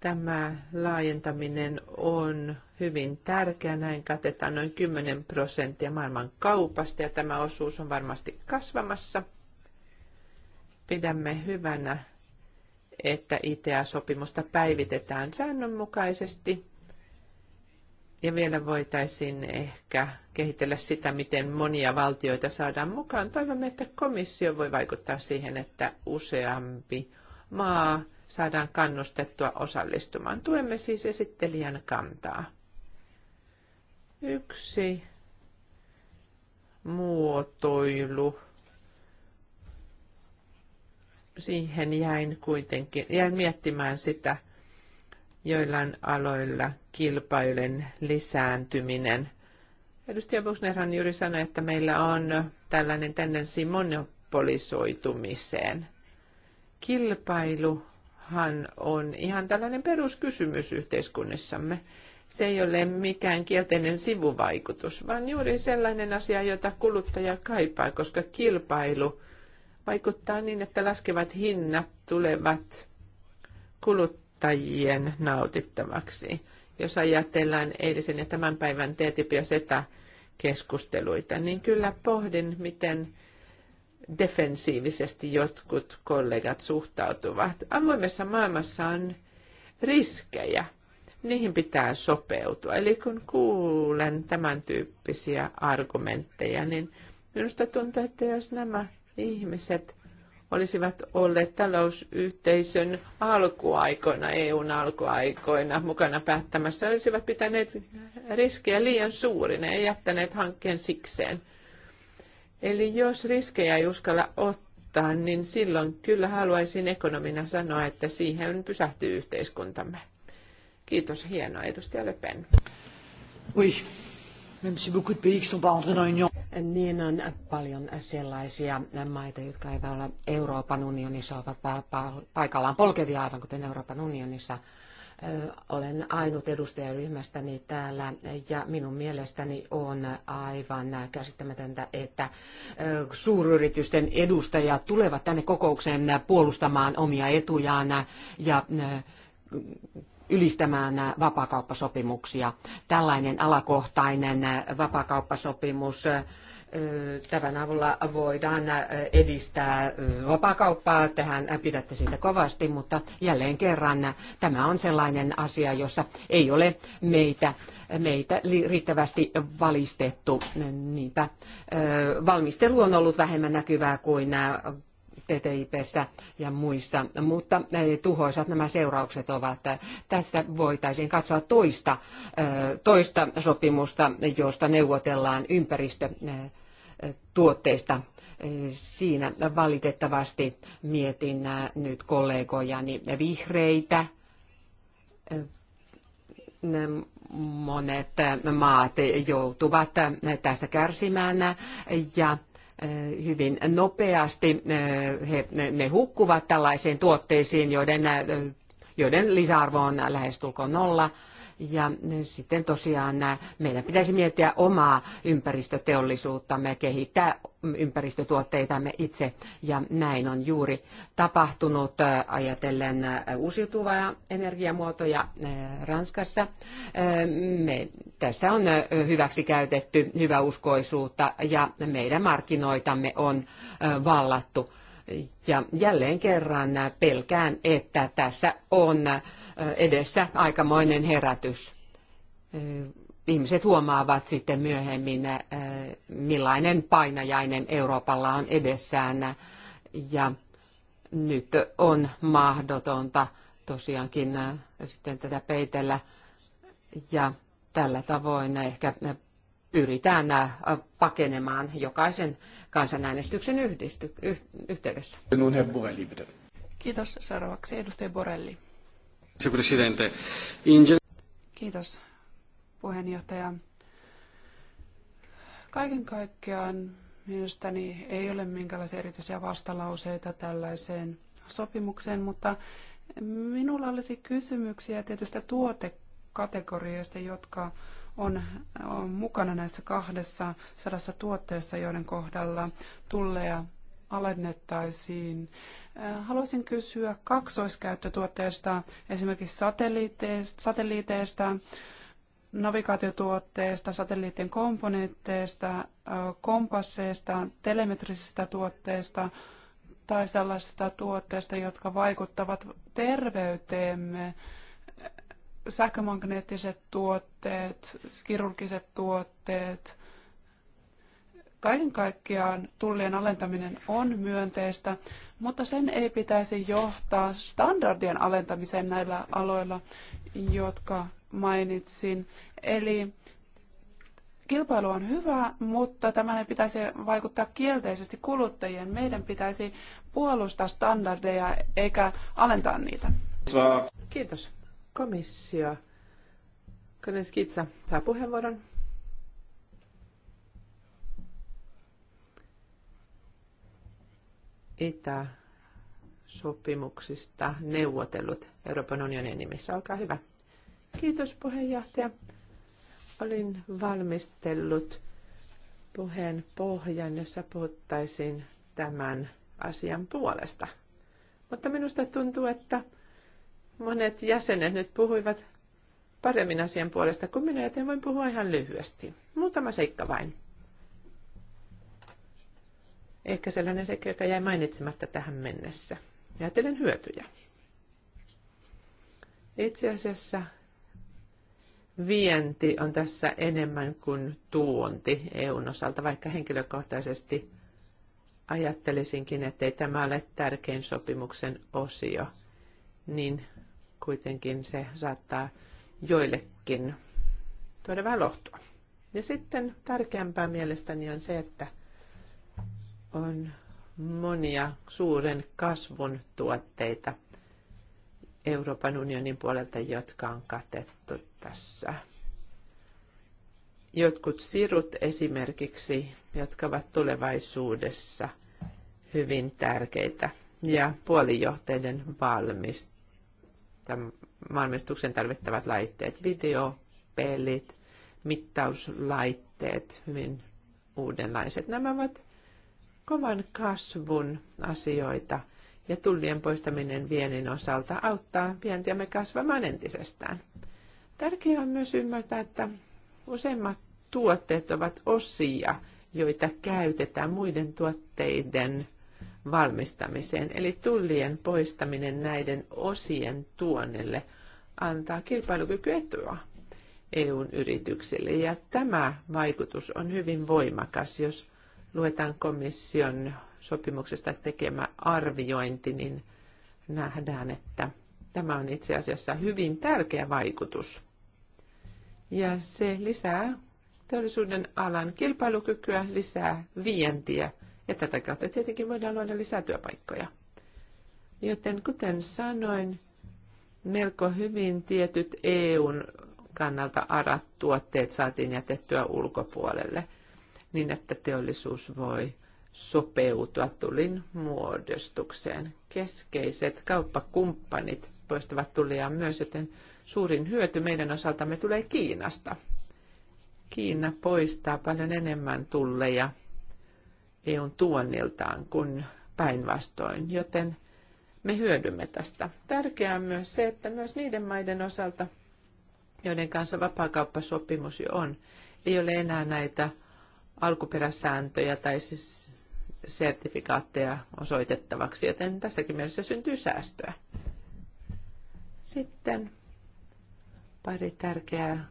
Tämä laajentaminen on hyvin tärkeä, näin katetaan noin 10 prosenttia maailman kaupasta ja tämä osuus on varmasti kasvamassa. Pidämme hyvänä että ITA-sopimusta päivitetään säännönmukaisesti. Ja vielä voitaisiin ehkä kehitellä sitä, miten monia valtioita saadaan mukaan. Toivomme, että komissio voi vaikuttaa siihen, että useampi maa saadaan kannustettua osallistumaan. Tuemme siis esittelijän kantaa. Yksi muotoilu siihen jäin kuitenkin, jäin miettimään sitä joillain aloilla kilpailun lisääntyminen. Edustaja Buchnerhan juuri sanoi, että meillä on tällainen tendenssi monopolisoitumiseen. Kilpailuhan on ihan tällainen peruskysymys yhteiskunnissamme. Se ei ole mikään kielteinen sivuvaikutus, vaan juuri sellainen asia, jota kuluttaja kaipaa, koska kilpailu – vaikuttaa niin, että laskevat hinnat tulevat kuluttajien nautittavaksi. Jos ajatellaan eilisen ja tämän päivän TTIP ja SETA-keskusteluita, niin kyllä pohdin, miten defensiivisesti jotkut kollegat suhtautuvat. Avoimessa maailmassa on riskejä. Niihin pitää sopeutua. Eli kun kuulen tämän tyyppisiä argumentteja, niin minusta tuntuu, että jos nämä ihmiset olisivat olleet talousyhteisön alkuaikoina, EUn alkuaikoina mukana päättämässä, olisivat pitäneet riskejä liian suurina ja jättäneet hankkeen sikseen. Eli jos riskejä ei uskalla ottaa, niin silloin kyllä haluaisin ekonomina sanoa, että siihen pysähtyy yhteiskuntamme. Kiitos, hienoa, edustaja Löpen. Même si beaucoup de pays qui sont pas entrés dans l'Union. Niin on paljon sellaisia maita, jotka eivät ole Euroopan unionissa, ovat paikallaan polkevia, aivan kuten Euroopan unionissa. Olen ainut edustajaryhmästäni täällä ja minun mielestäni on aivan käsittämätöntä, että suuryritysten edustajat tulevat tänne kokoukseen puolustamaan omia etujaan ja ylistämään vapaakauppasopimuksia. Tällainen alakohtainen vapaakauppasopimus Tämän avulla voidaan edistää vapaakauppaa. Tähän pidätte siitä kovasti, mutta jälleen kerran tämä on sellainen asia, jossa ei ole meitä, meitä riittävästi valistettu. Niinpä valmistelu on ollut vähemmän näkyvää kuin TTIPssä ja muissa, mutta tuhoisat nämä seuraukset ovat. Tässä voitaisiin katsoa toista, toista sopimusta, josta neuvotellaan ympäristötuotteista. Siinä valitettavasti mietin nyt kollegojani vihreitä, monet maat joutuvat tästä kärsimään ja Eh, hyvin nopeasti. Eh, he, ne, ne hukkuvat tällaisiin tuotteisiin, joiden, eh, joiden lisäarvo on lähestulkoon nolla. Ja sitten tosiaan äh, meidän pitäisi miettiä omaa ympäristöteollisuuttamme, kehittää ympäristötuotteitamme itse. Ja näin on juuri tapahtunut äh, ajatellen äh, uusiutuvaa energiamuotoja Ranskassa. Me, tässä on hyväksi käytetty hyväuskoisuutta ja meidän markkinoitamme on vallattu ja jälleen kerran pelkään, että tässä on edessä aikamoinen herätys. Ihmiset huomaavat sitten myöhemmin, millainen painajainen Euroopalla on edessään. Ja nyt on mahdotonta tosiaankin sitten tätä peitellä. Ja tällä tavoin ehkä pyritään pakenemaan jokaisen kansanäänestyksen yhdisty, yh, yhteydessä. Kiitos. Seuraavaksi edustaja Borelli. Kiitos puheenjohtaja. Kaiken kaikkiaan mielestäni ei ole minkäänlaisia erityisiä vastalauseita tällaiseen sopimukseen, mutta minulla olisi kysymyksiä tietystä tuotekategoriasta, jotka on, on mukana näissä kahdessa sadassa tuotteessa, joiden kohdalla tulleja alennettaisiin. Äh, haluaisin kysyä kaksoiskäyttötuotteesta, esimerkiksi satelliiteista, satelliiteista navigaatiotuotteista, satelliittien komponentteista, äh, kompasseista, telemetrisistä tuotteista tai sellaisista tuotteista, jotka vaikuttavat terveyteemme sähkömagneettiset tuotteet, kirurgiset tuotteet. Kaiken kaikkiaan tullien alentaminen on myönteistä, mutta sen ei pitäisi johtaa standardien alentamiseen näillä aloilla, jotka mainitsin. Eli kilpailu on hyvä, mutta tämän ei pitäisi vaikuttaa kielteisesti kuluttajien. Meidän pitäisi puolustaa standardeja eikä alentaa niitä. Kiitos komissio. Kanes saa puheenvuoron. Itä-sopimuksista neuvotellut Euroopan unionin nimissä. Olkaa hyvä. Kiitos puheenjohtaja. Olin valmistellut puheen pohjan, jossa puhuttaisiin tämän asian puolesta. Mutta minusta tuntuu, että Monet jäsenet nyt puhuivat paremmin asian puolesta kuin minä, joten voin puhua ihan lyhyesti. Muutama seikka vain. Ehkä sellainen seikka, joka jäi mainitsematta tähän mennessä. Ajattelen hyötyjä. Itse asiassa vienti on tässä enemmän kuin tuonti EUn osalta, vaikka henkilökohtaisesti ajattelisinkin, että ei tämä ole tärkein sopimuksen osio, niin kuitenkin se saattaa joillekin tuoda vähän lohtua. Ja sitten tärkeämpää mielestäni on se, että on monia suuren kasvun tuotteita Euroopan unionin puolelta, jotka on katettu tässä. Jotkut sirut esimerkiksi, jotka ovat tulevaisuudessa hyvin tärkeitä, ja puolijohteiden valmistaminen tämän maanmistuksen tarvittavat laitteet, videopelit, mittauslaitteet, hyvin uudenlaiset. Nämä ovat kovan kasvun asioita ja tullien poistaminen viennin osalta auttaa vientiämme kasvamaan entisestään. Tärkeää on myös ymmärtää, että useimmat tuotteet ovat osia, joita käytetään muiden tuotteiden valmistamiseen. Eli tullien poistaminen näiden osien tuonnelle antaa kilpailukykyetua EUn yrityksille. Ja tämä vaikutus on hyvin voimakas, jos luetaan komission sopimuksesta tekemä arviointi, niin nähdään, että tämä on itse asiassa hyvin tärkeä vaikutus. Ja se lisää teollisuuden alan kilpailukykyä, lisää vientiä ja tätä kautta tietenkin voidaan luoda lisää työpaikkoja. Joten kuten sanoin, melko hyvin tietyt EUn kannalta arat tuotteet saatiin jätettyä ulkopuolelle niin, että teollisuus voi sopeutua tulin muodostukseen. Keskeiset kauppakumppanit poistavat tulia myös, joten suurin hyöty meidän osaltamme tulee Kiinasta. Kiina poistaa paljon enemmän tulleja EUn tuonniltaan kuin päinvastoin, joten me hyödymme tästä. Tärkeää on myös se, että myös niiden maiden osalta, joiden kanssa vapaakauppasopimus jo on, ei ole enää näitä alkuperäsääntöjä tai siis sertifikaatteja osoitettavaksi, joten tässäkin mielessä syntyy säästöä. Sitten pari tärkeää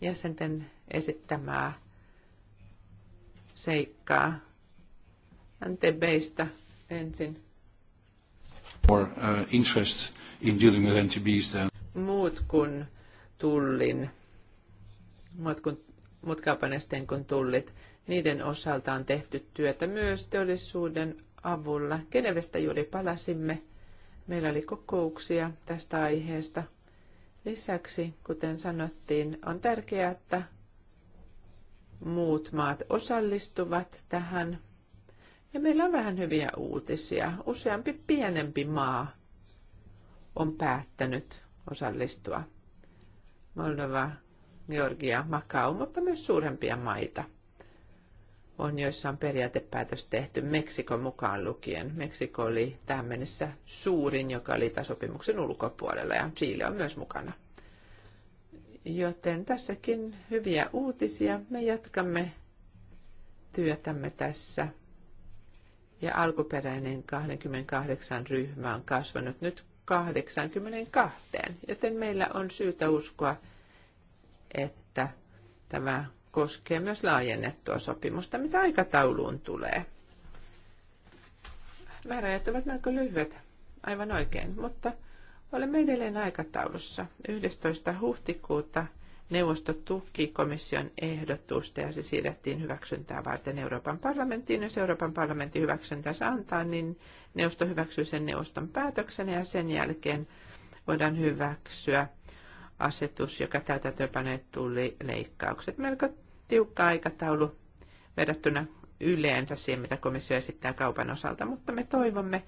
jäsenten esittämää seikkaa NTBistä ensin. More, uh, interest in dealing with NTBs than... Muut kuin tullin, muut, kuin, kuin tullit, niiden osalta on tehty työtä myös teollisuuden avulla. Genevestä juuri palasimme. Meillä oli kokouksia tästä aiheesta. Lisäksi, kuten sanottiin, on tärkeää, että muut maat osallistuvat tähän ja meillä on vähän hyviä uutisia. Useampi pienempi maa on päättänyt osallistua. Moldova, Georgia, Makau, mutta myös suurempia maita on, joissa on periaatepäätös tehty Meksikon mukaan lukien. Meksiko oli tähän mennessä suurin, joka oli tasopimuksen ulkopuolella ja Chile on myös mukana. Joten tässäkin hyviä uutisia. Me jatkamme työtämme tässä ja alkuperäinen 28 ryhmä on kasvanut nyt 82, joten meillä on syytä uskoa, että tämä koskee myös laajennettua sopimusta, mitä aikatauluun tulee. Määräajat ovat melko lyhyet, aivan oikein, mutta olemme edelleen aikataulussa. 11. huhtikuuta – Neuvosto tuki komission ehdotusta ja se siirrettiin hyväksyntää varten Euroopan parlamenttiin. Jos Euroopan parlamentti hyväksyntänsä antaa, niin neuvosto hyväksyy sen neuvoston päätöksen ja sen jälkeen voidaan hyväksyä asetus, joka täytäntöönpanee tuli leikkaukset. Melko tiukka aikataulu verrattuna yleensä siihen, mitä komissio esittää kaupan osalta, mutta me toivomme,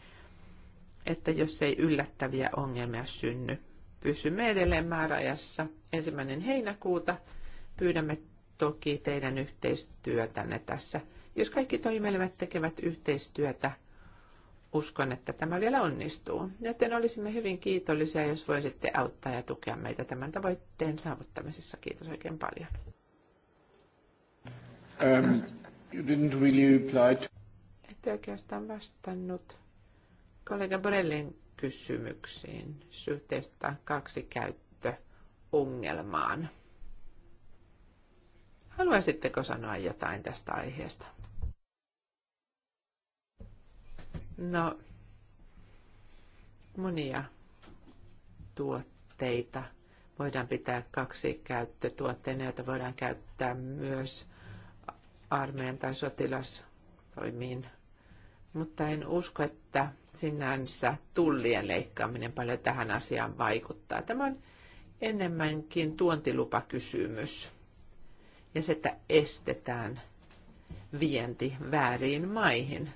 että jos ei yllättäviä ongelmia synny, pysymme edelleen määräajassa ensimmäinen heinäkuuta. Pyydämme toki teidän yhteistyötänne tässä. Jos kaikki toimielimet tekevät yhteistyötä, uskon, että tämä vielä onnistuu. Joten olisimme hyvin kiitollisia, jos voisitte auttaa ja tukea meitä tämän tavoitteen saavuttamisessa. Kiitos oikein paljon. Um, you didn't really reply to... Ette oikeastaan vastannut kollega Borellin kysymyksiin suhteesta kaksikäyttöongelmaan. Haluaisitteko sanoa jotain tästä aiheesta? No, monia tuotteita voidaan pitää kaksi käyttötuotteena, joita voidaan käyttää myös armeijan tai sotilastoimiin. Mutta en usko, että sinänsä tullien leikkaaminen paljon tähän asiaan vaikuttaa. Tämä on enemmänkin tuontilupakysymys ja se, että estetään vienti vääriin maihin.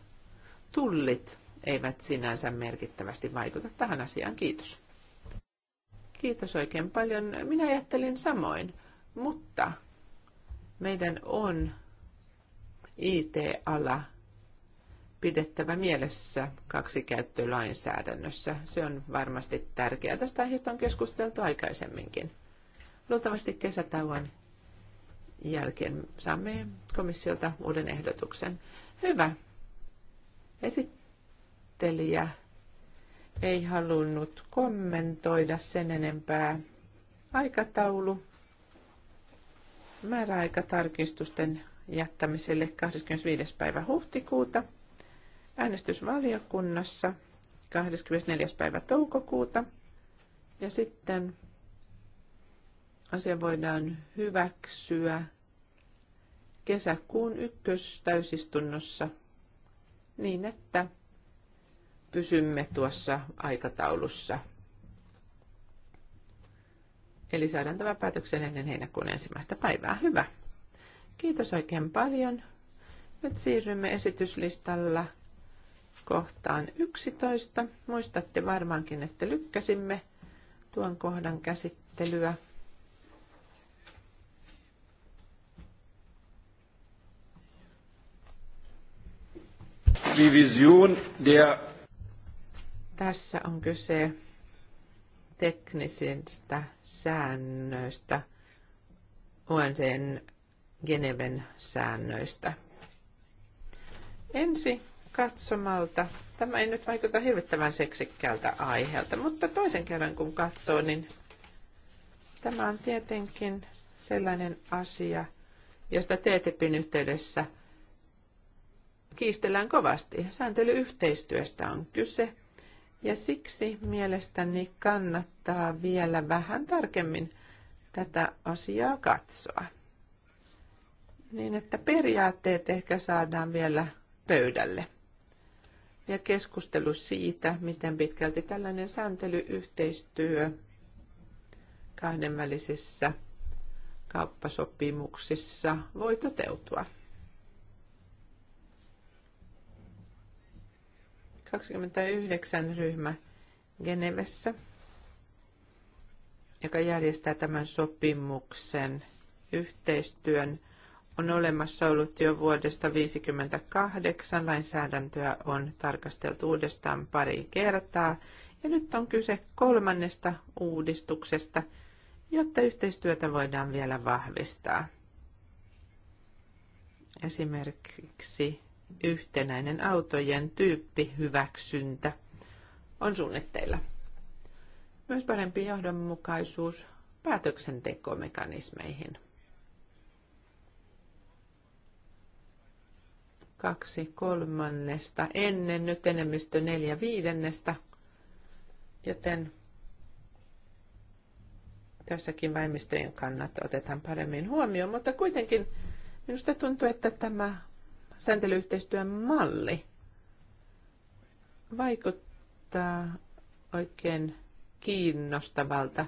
Tullit eivät sinänsä merkittävästi vaikuta tähän asiaan. Kiitos. Kiitos oikein paljon. Minä ajattelin samoin, mutta meidän on IT-ala pidettävä mielessä kaksikäyttölainsäädännössä. Se on varmasti tärkeää. Tästä aiheesta on keskusteltu aikaisemminkin. Luultavasti kesätauon jälkeen saamme komissiolta uuden ehdotuksen. Hyvä. Esittelijä ei halunnut kommentoida sen enempää. Aikataulu. Määräaikatarkistusten jättämiselle 25. päivä huhtikuuta – äänestysvaliokunnassa 24. päivä toukokuuta ja sitten asia voidaan hyväksyä kesäkuun ykköstäysistunnossa niin, että pysymme tuossa aikataulussa. Eli saadaan tämä päätöksen ennen heinäkuun ensimmäistä päivää. Hyvä. Kiitos oikein paljon. Nyt siirrymme esityslistalla kohtaan 11. Muistatte varmaankin, että lykkäsimme tuon kohdan käsittelyä. Division der Tässä on kyse teknisistä säännöistä, UNCn Geneven säännöistä. Ensi katsomalta. Tämä ei nyt vaikuta hirvittävän seksikkäältä aiheelta, mutta toisen kerran kun katsoo, niin tämä on tietenkin sellainen asia, josta TTIPin yhteydessä kiistellään kovasti. Sääntelyyhteistyöstä on kyse, ja siksi mielestäni kannattaa vielä vähän tarkemmin tätä asiaa katsoa. Niin, että periaatteet ehkä saadaan vielä pöydälle ja keskustelu siitä, miten pitkälti tällainen sääntelyyhteistyö kahdenvälisissä kauppasopimuksissa voi toteutua. 29 ryhmä Genevessä, joka järjestää tämän sopimuksen yhteistyön on olemassa ollut jo vuodesta 1958. Lainsäädäntöä on tarkasteltu uudestaan pari kertaa. Ja nyt on kyse kolmannesta uudistuksesta, jotta yhteistyötä voidaan vielä vahvistaa. Esimerkiksi yhtenäinen autojen tyyppihyväksyntä on suunnitteilla. Myös parempi johdonmukaisuus päätöksentekomekanismeihin – kaksi kolmannesta ennen, nyt enemmistö neljä viidennestä, joten tässäkin vähemmistöjen kannat otetaan paremmin huomioon, mutta kuitenkin minusta tuntuu, että tämä sääntelyyhteistyön malli vaikuttaa oikein kiinnostavalta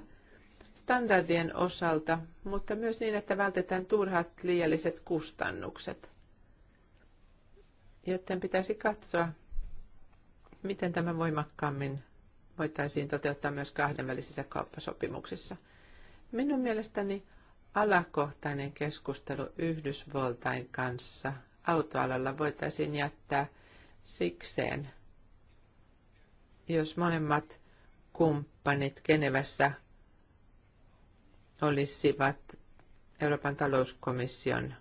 standardien osalta, mutta myös niin, että vältetään turhat liialliset kustannukset. Joten pitäisi katsoa, miten tämä voimakkaammin voitaisiin toteuttaa myös kahdenvälisissä kauppasopimuksissa. Minun mielestäni alakohtainen keskustelu Yhdysvaltain kanssa autoalalla voitaisiin jättää sikseen, jos molemmat kumppanit Genevässä olisivat Euroopan talouskomission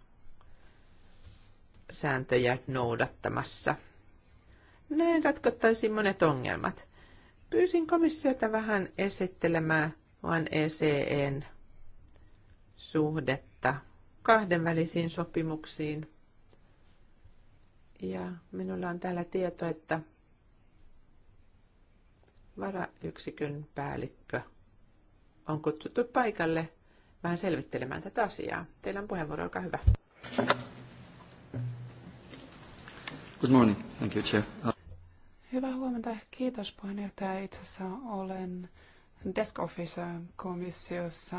sääntöjä noudattamassa. Näin ratkottaisiin monet ongelmat. Pyysin komissiota vähän esittelemään vain ECEn suhdetta kahdenvälisiin sopimuksiin. Ja minulla on täällä tieto, että varayksikön päällikkö on kutsuttu paikalle vähän selvittelemään tätä asiaa. Teillä on puheenvuoro, olkaa hyvä. Good morning. Thank you, Chair. Uh, Hyvää huomenta. Kiitos puheenjohtaja. Itse asiassa olen desk officer komissiossa.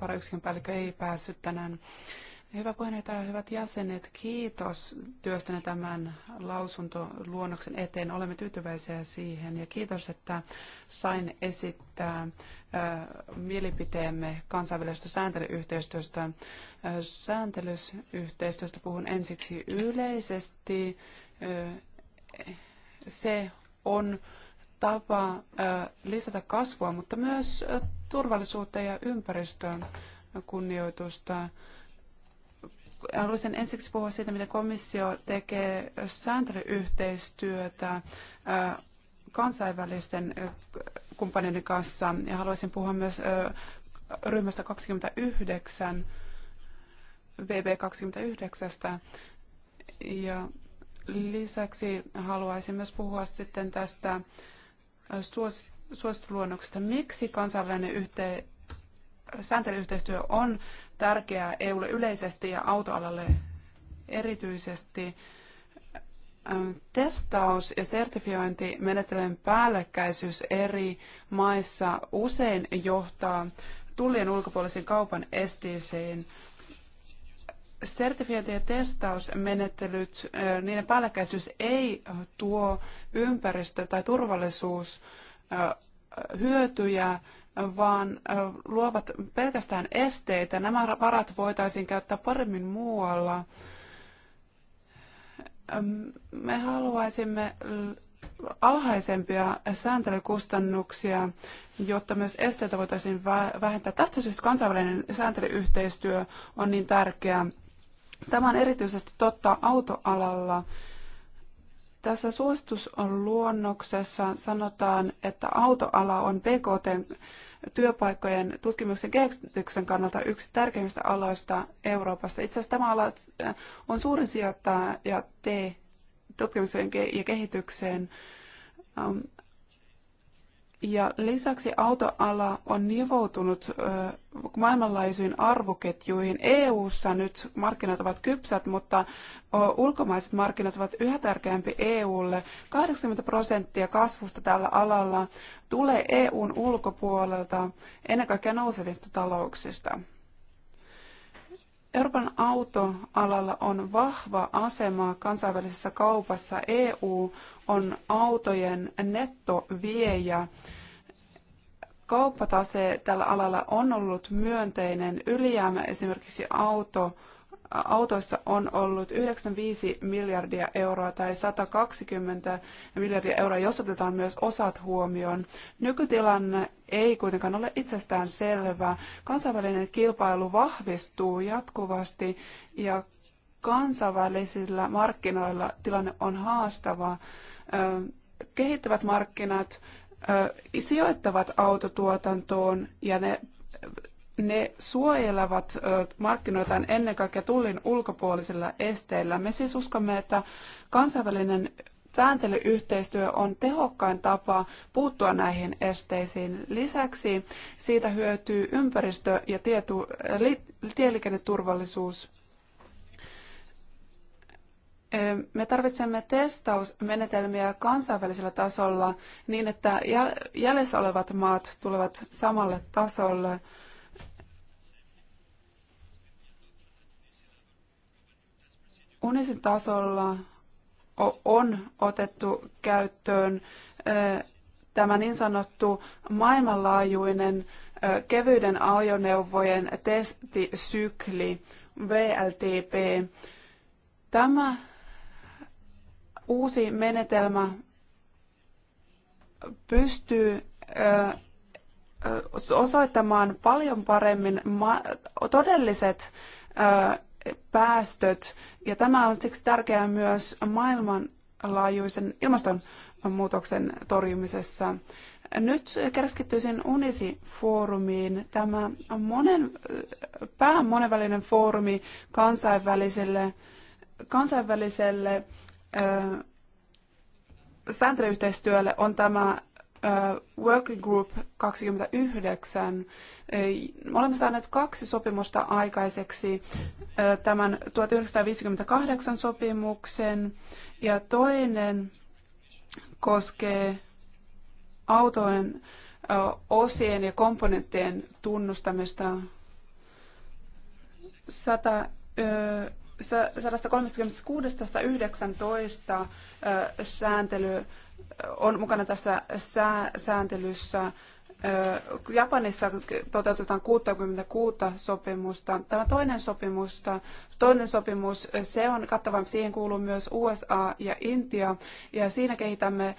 Varayksikön päällikkö ei päässyt tänään. Hyvä puheenjohtaja, hyvät jäsenet, kiitos työstänne tämän lausuntoluonnoksen eteen. Olemme tyytyväisiä siihen ja kiitos, että sain esittää mielipiteemme kansainvälisestä sääntelyyhteistyöstä. Sääntelyyhteistyöstä puhun ensiksi yleisesti se on tapa lisätä kasvua, mutta myös turvallisuutta ja ympäristöä, kunnioitusta. Haluaisin ensiksi puhua siitä, miten komissio tekee sääntelyyhteistyötä kansainvälisten kumppaneiden kanssa. Ja haluaisin puhua myös ryhmästä 29, VB29. Ja lisäksi haluaisin myös puhua sitten tästä suos, suosituluonnoksesta, miksi kansainvälinen yhte, sääntelyyhteistyö on tärkeää EUlle yleisesti ja autoalalle erityisesti. Testaus- ja sertifiointimenettelyjen päällekkäisyys eri maissa usein johtaa tullien ulkopuolisen kaupan esteisiin sertifiointi- ja testausmenettelyt, niiden päällekkäisyys ei tuo ympäristö- tai turvallisuus hyötyjä vaan luovat pelkästään esteitä. Nämä varat voitaisiin käyttää paremmin muualla. Me haluaisimme alhaisempia sääntelykustannuksia, jotta myös esteitä voitaisiin vähentää. Tästä syystä kansainvälinen sääntelyyhteistyö on niin tärkeää. Tämä on erityisesti totta autoalalla. Tässä suositusluonnoksessa sanotaan, että autoala on PKT työpaikkojen tutkimuksen kehityksen kannalta yksi tärkeimmistä aloista Euroopassa. Itse asiassa tämä ala äh, on suurin sijoittaja te tutkimukseen ja kehitykseen. Ähm, ja lisäksi autoala on nivoutunut maailmanlaajuisiin arvoketjuihin. EU-ssa nyt markkinat ovat kypsät, mutta ulkomaiset markkinat ovat yhä tärkeämpi EUlle. 80 prosenttia kasvusta tällä alalla tulee EUn ulkopuolelta, ennen kaikkea nousevista talouksista. Euroopan autoalalla on vahva asema kansainvälisessä kaupassa. EU on autojen nettoviejä. Kauppatase tällä alalla on ollut myönteinen. Ylijäämä esimerkiksi auto autoissa on ollut 95 miljardia euroa tai 120 miljardia euroa, jos otetaan myös osat huomioon. Nykytilanne ei kuitenkaan ole itsestään selvä. Kansainvälinen kilpailu vahvistuu jatkuvasti ja kansainvälisillä markkinoilla tilanne on haastava. Kehittyvät markkinat sijoittavat autotuotantoon ja ne ne suojelevat markkinoitaan ennen kaikkea tullin ulkopuolisilla esteillä. Me siis uskomme, että kansainvälinen sääntelyyhteistyö on tehokkain tapa puuttua näihin esteisiin. Lisäksi siitä hyötyy ympäristö- ja tietu- li- tieliikenneturvallisuus. Me tarvitsemme testausmenetelmiä kansainvälisellä tasolla niin, että jäljessä olevat maat tulevat samalle tasolle. Unisin tasolla on otettu käyttöön tämä niin sanottu maailmanlaajuinen kevyiden ajoneuvojen testisykli, VLTP. Tämä uusi menetelmä pystyy osoittamaan paljon paremmin todelliset päästöt. Ja tämä on siksi tärkeää myös maailmanlaajuisen ilmastonmuutoksen torjumisessa. Nyt keskittyisin UNISI-foorumiin. Tämä on monen, pää monenvälinen foorumi kansainväliselle, kansainväliselle ö, sääntelyyhteistyölle on tämä Working Group 29. Olemme saaneet kaksi sopimusta aikaiseksi, tämän 1958 sopimuksen ja toinen koskee autojen osien ja komponenttien tunnustamista 100, 136-119 sääntely on mukana tässä sääntelyssä. Japanissa toteutetaan 66 sopimusta. Tämä toinen, sopimus toinen sopimus, se on kattava, siihen kuuluu myös USA ja Intia, ja siinä kehitämme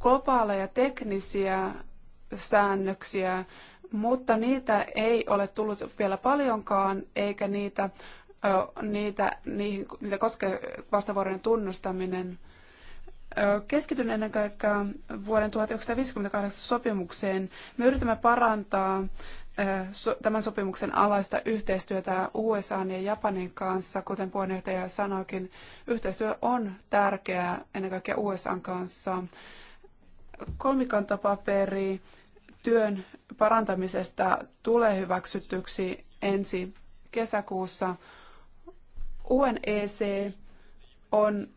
globaaleja teknisiä säännöksiä, mutta niitä ei ole tullut vielä paljonkaan, eikä niitä, niitä, niitä koske vastavuoroinen tunnustaminen – Keskityn ennen kaikkea vuoden 1958 sopimukseen. Me yritämme parantaa tämän sopimuksen alaista yhteistyötä USA ja Japanin kanssa, kuten puheenjohtaja sanoikin, yhteistyö on tärkeää ennen kaikkea USA kanssa. Kolmikantapaperi työn parantamisesta tulee hyväksytyksi ensi kesäkuussa. UNEC on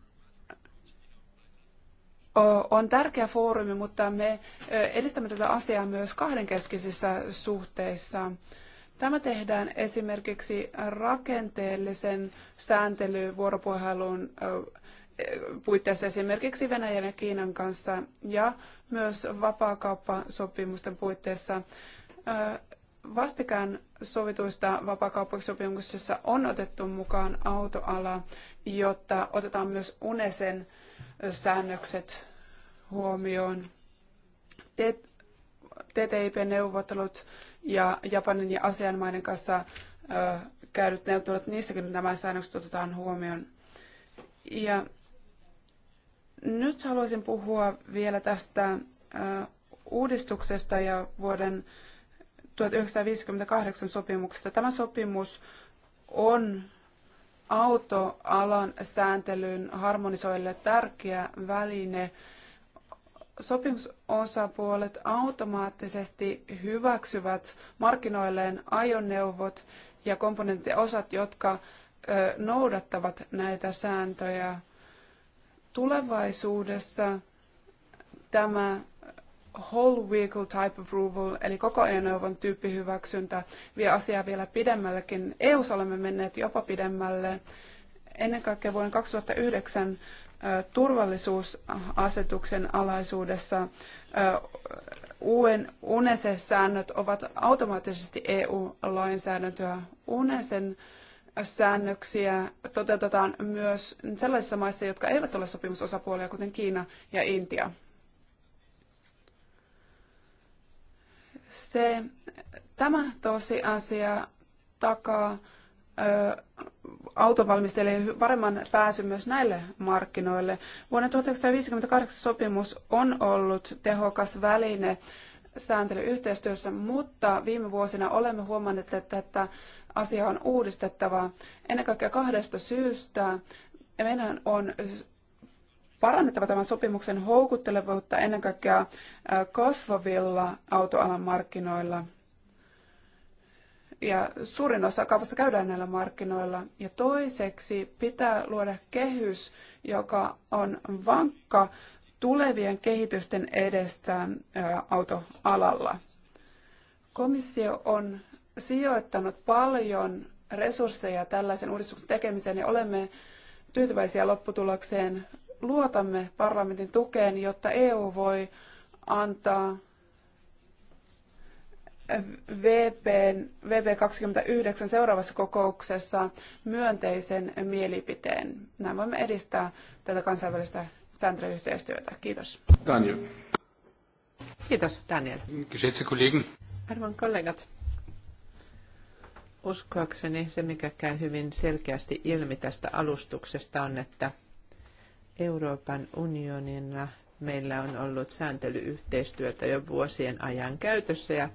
on tärkeä foorumi, mutta me edistämme tätä asiaa myös kahdenkeskisissä suhteissa. Tämä tehdään esimerkiksi rakenteellisen sääntelyvuoropuhelun puitteissa esimerkiksi Venäjän ja Kiinan kanssa ja myös vapaakauppasopimusten puitteissa. Vastikään sovituista vapaakauppasopimuksissa on otettu mukaan autoala, jotta otetaan myös UNESen säännökset huomioon. TTIP-neuvottelut ja Japanin ja ASEAN maiden kanssa käydyt neuvottelut, niissäkin nämä säännökset otetaan huomioon. Ja nyt haluaisin puhua vielä tästä uudistuksesta ja vuoden 1958 sopimuksesta. Tämä sopimus on autoalan sääntelyn harmonisoille tärkeä väline. Sopimusosapuolet automaattisesti hyväksyvät markkinoilleen ajoneuvot ja komponenttiosat, jotka noudattavat näitä sääntöjä. Tulevaisuudessa tämä whole vehicle type approval, eli koko ajoneuvon tyyppihyväksyntä, vie asiaa vielä pidemmällekin. eu olemme menneet jopa pidemmälle. Ennen kaikkea vuoden 2009 turvallisuusasetuksen alaisuudessa uuden UNESE-säännöt ovat automaattisesti EU-lainsäädäntöä. UNESEn säännöksiä toteutetaan myös sellaisissa maissa, jotka eivät ole sopimusosapuolia, kuten Kiina ja Intia. Se, tämä tosiasia takaa autovalmistajille paremman pääsyn myös näille markkinoille. Vuonna 1958 sopimus on ollut tehokas väline sääntelyyhteistyössä, mutta viime vuosina olemme huomanneet, että että asia on uudistettava ennen kaikkea kahdesta syystä. Meidän on parannettava tämän sopimuksen houkuttelevuutta ennen kaikkea kasvavilla autoalan markkinoilla. Ja suurin osa kaupasta käydään näillä markkinoilla. Ja toiseksi pitää luoda kehys, joka on vankka tulevien kehitysten edestään autoalalla. Komissio on sijoittanut paljon resursseja tällaisen uudistuksen tekemiseen ja olemme tyytyväisiä lopputulokseen luotamme parlamentin tukeen, jotta EU voi antaa VP, VP29 seuraavassa kokouksessa myönteisen mielipiteen. Näin voimme edistää tätä kansainvälistä sääntelyyhteistyötä. Kiitos. Daniel. Kiitos, Daniel. Geschätzte Kollegen. Arvon kollegat. Uskoakseni se, mikä käy hyvin selkeästi ilmi tästä alustuksesta, on, että – Euroopan unionina meillä on ollut sääntelyyhteistyötä jo vuosien ajan käytössä ja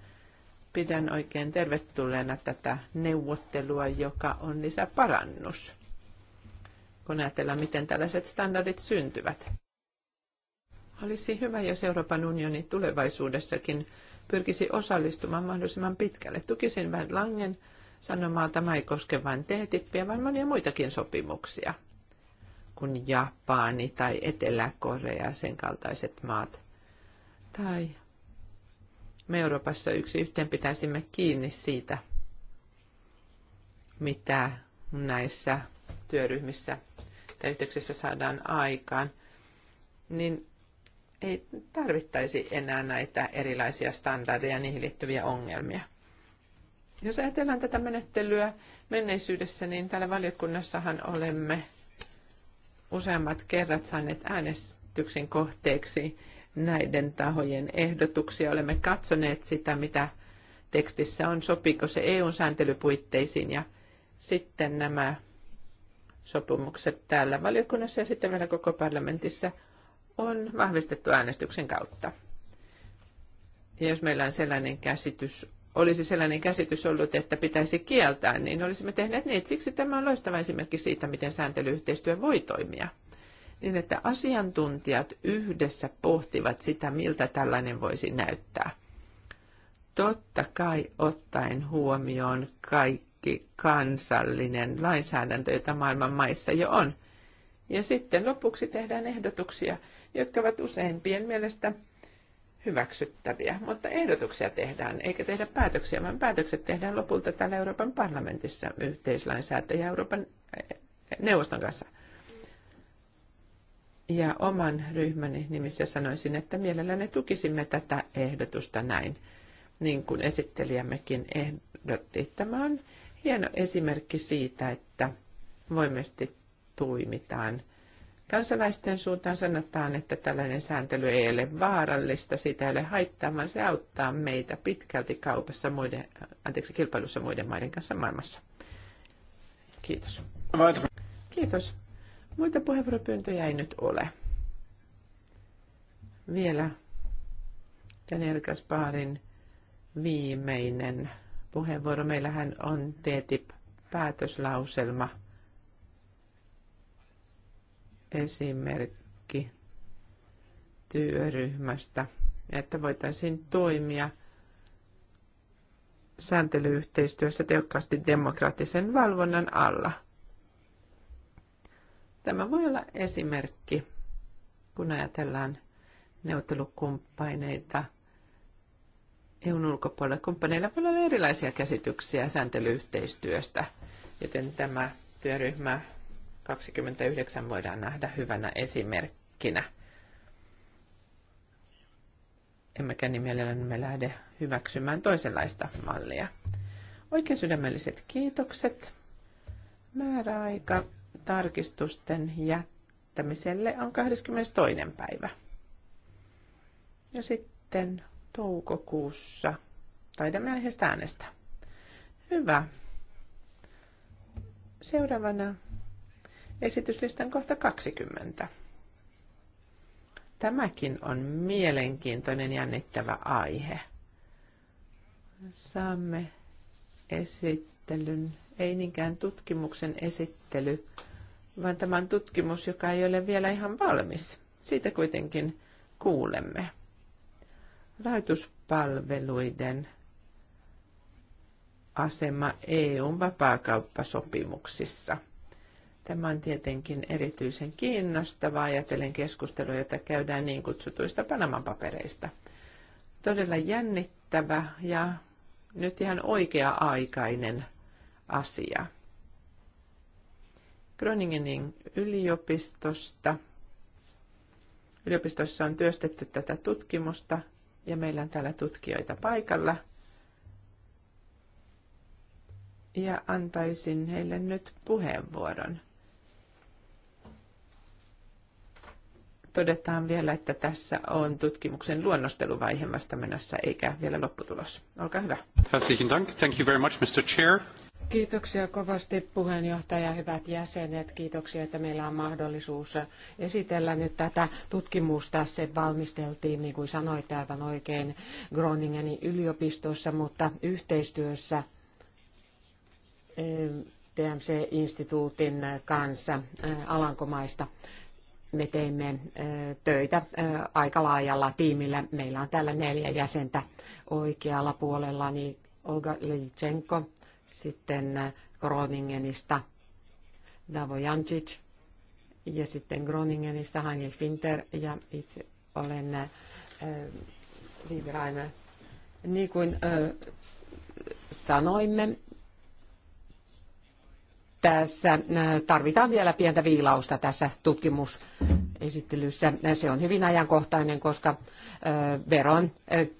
pidän oikein tervetulleena tätä neuvottelua, joka on lisäparannus, kun ajatellaan, miten tällaiset standardit syntyvät. Olisi hyvä, jos Euroopan unioni tulevaisuudessakin pyrkisi osallistumaan mahdollisimman pitkälle. Tukisin vähän Langen sanomaa, tämä ei koske vain TTIPiä, vaan monia muitakin sopimuksia – kuin Japani tai Etelä-Korea, sen kaltaiset maat. Tai me Euroopassa yksi yhteen pitäisimme kiinni siitä, mitä näissä työryhmissä tai yhteyksissä saadaan aikaan, niin ei tarvittaisi enää näitä erilaisia standardeja ja niihin liittyviä ongelmia. Jos ajatellaan tätä menettelyä menneisyydessä, niin täällä valiokunnassahan olemme useammat kerrat saaneet äänestyksen kohteeksi näiden tahojen ehdotuksia. Olemme katsoneet sitä, mitä tekstissä on, sopiiko se EU-sääntelypuitteisiin ja sitten nämä sopimukset täällä valiokunnassa ja sitten vielä koko parlamentissa on vahvistettu äänestyksen kautta. Ja jos meillä on sellainen käsitys olisi sellainen käsitys ollut, että pitäisi kieltää, niin olisimme tehneet niin. Siksi tämä on loistava esimerkki siitä, miten sääntelyyhteistyö voi toimia. Niin, että asiantuntijat yhdessä pohtivat sitä, miltä tällainen voisi näyttää. Totta kai ottaen huomioon kaikki kansallinen lainsäädäntö, jota maailman maissa jo on. Ja sitten lopuksi tehdään ehdotuksia, jotka ovat useimpien mielestä – hyväksyttäviä, mutta ehdotuksia tehdään, eikä tehdä päätöksiä, vaan päätökset tehdään lopulta täällä Euroopan parlamentissa yhteislainsäätäjä Euroopan eh, eh, neuvoston kanssa. Ja oman ryhmäni nimissä sanoisin, että mielelläni tukisimme tätä ehdotusta näin, niin kuin esittelijämmekin ehdotti. Tämä on hieno esimerkki siitä, että voimesti tuimitaan – Kansalaisten suuntaan sanotaan, että tällainen sääntely ei ole vaarallista, sitä ei ole haittaa, vaan se auttaa meitä pitkälti kaupassa muiden, anteeksi, kilpailussa muiden maiden kanssa maailmassa. Kiitos. Kiitos. Muita puheenvuoropyyntöjä ei nyt ole. Vielä Daniel Kasparin viimeinen puheenvuoro. Meillähän on TTIP-päätöslauselma esimerkki työryhmästä, että voitaisiin toimia sääntelyyhteistyössä tehokkaasti demokraattisen valvonnan alla. Tämä voi olla esimerkki, kun ajatellaan neuvottelukumppaneita. EUn ulkopuolella kumppaneilla voi olla erilaisia käsityksiä sääntelyyhteistyöstä, joten tämä työryhmä 29 voidaan nähdä hyvänä esimerkkinä. Emmekä niin me lähde hyväksymään toisenlaista mallia. Oikein sydämelliset kiitokset. Määräaika tarkistusten jättämiselle on 22. päivä. Ja sitten toukokuussa taidamme aiheesta äänestää. Hyvä. Seuraavana esityslistan kohta 20. Tämäkin on mielenkiintoinen jännittävä aihe. Saamme esittelyn, ei niinkään tutkimuksen esittely, vaan tämä on tutkimus, joka ei ole vielä ihan valmis. Siitä kuitenkin kuulemme. Rahoituspalveluiden asema eu vapaakauppasopimuksissa – Tämä on tietenkin erityisen kiinnostavaa ajatellen keskustelua, jota käydään niin kutsutuista Panaman papereista. Todella jännittävä ja nyt ihan oikea-aikainen asia. Groningenin yliopistosta. Yliopistossa on työstetty tätä tutkimusta ja meillä on täällä tutkijoita paikalla. Ja antaisin heille nyt puheenvuoron. todetaan vielä, että tässä on tutkimuksen luonnosteluvaihe vasta menossa, eikä vielä lopputulos. Olkaa hyvä. Herzlichen Dank. Thank you very much, Mr. Chair. Kiitoksia kovasti puheenjohtaja, hyvät jäsenet. Kiitoksia, että meillä on mahdollisuus esitellä nyt tätä tutkimusta. Se valmisteltiin, niin kuin sanoit aivan oikein, Groningenin yliopistossa, mutta yhteistyössä eh, TMC-instituutin kanssa eh, Alankomaista me teemme töitä aika laajalla tiimillä. Meillä on täällä neljä jäsentä oikealla puolella, niin Olga Lijenko, sitten Groningenista Davo Jancic ja sitten Groningenista Heinrich Winter ja itse olen Viivi Niin kuin sanoimme, tässä tarvitaan vielä pientä viilausta tässä tutkimusesittelyssä. Se on hyvin ajankohtainen, koska veron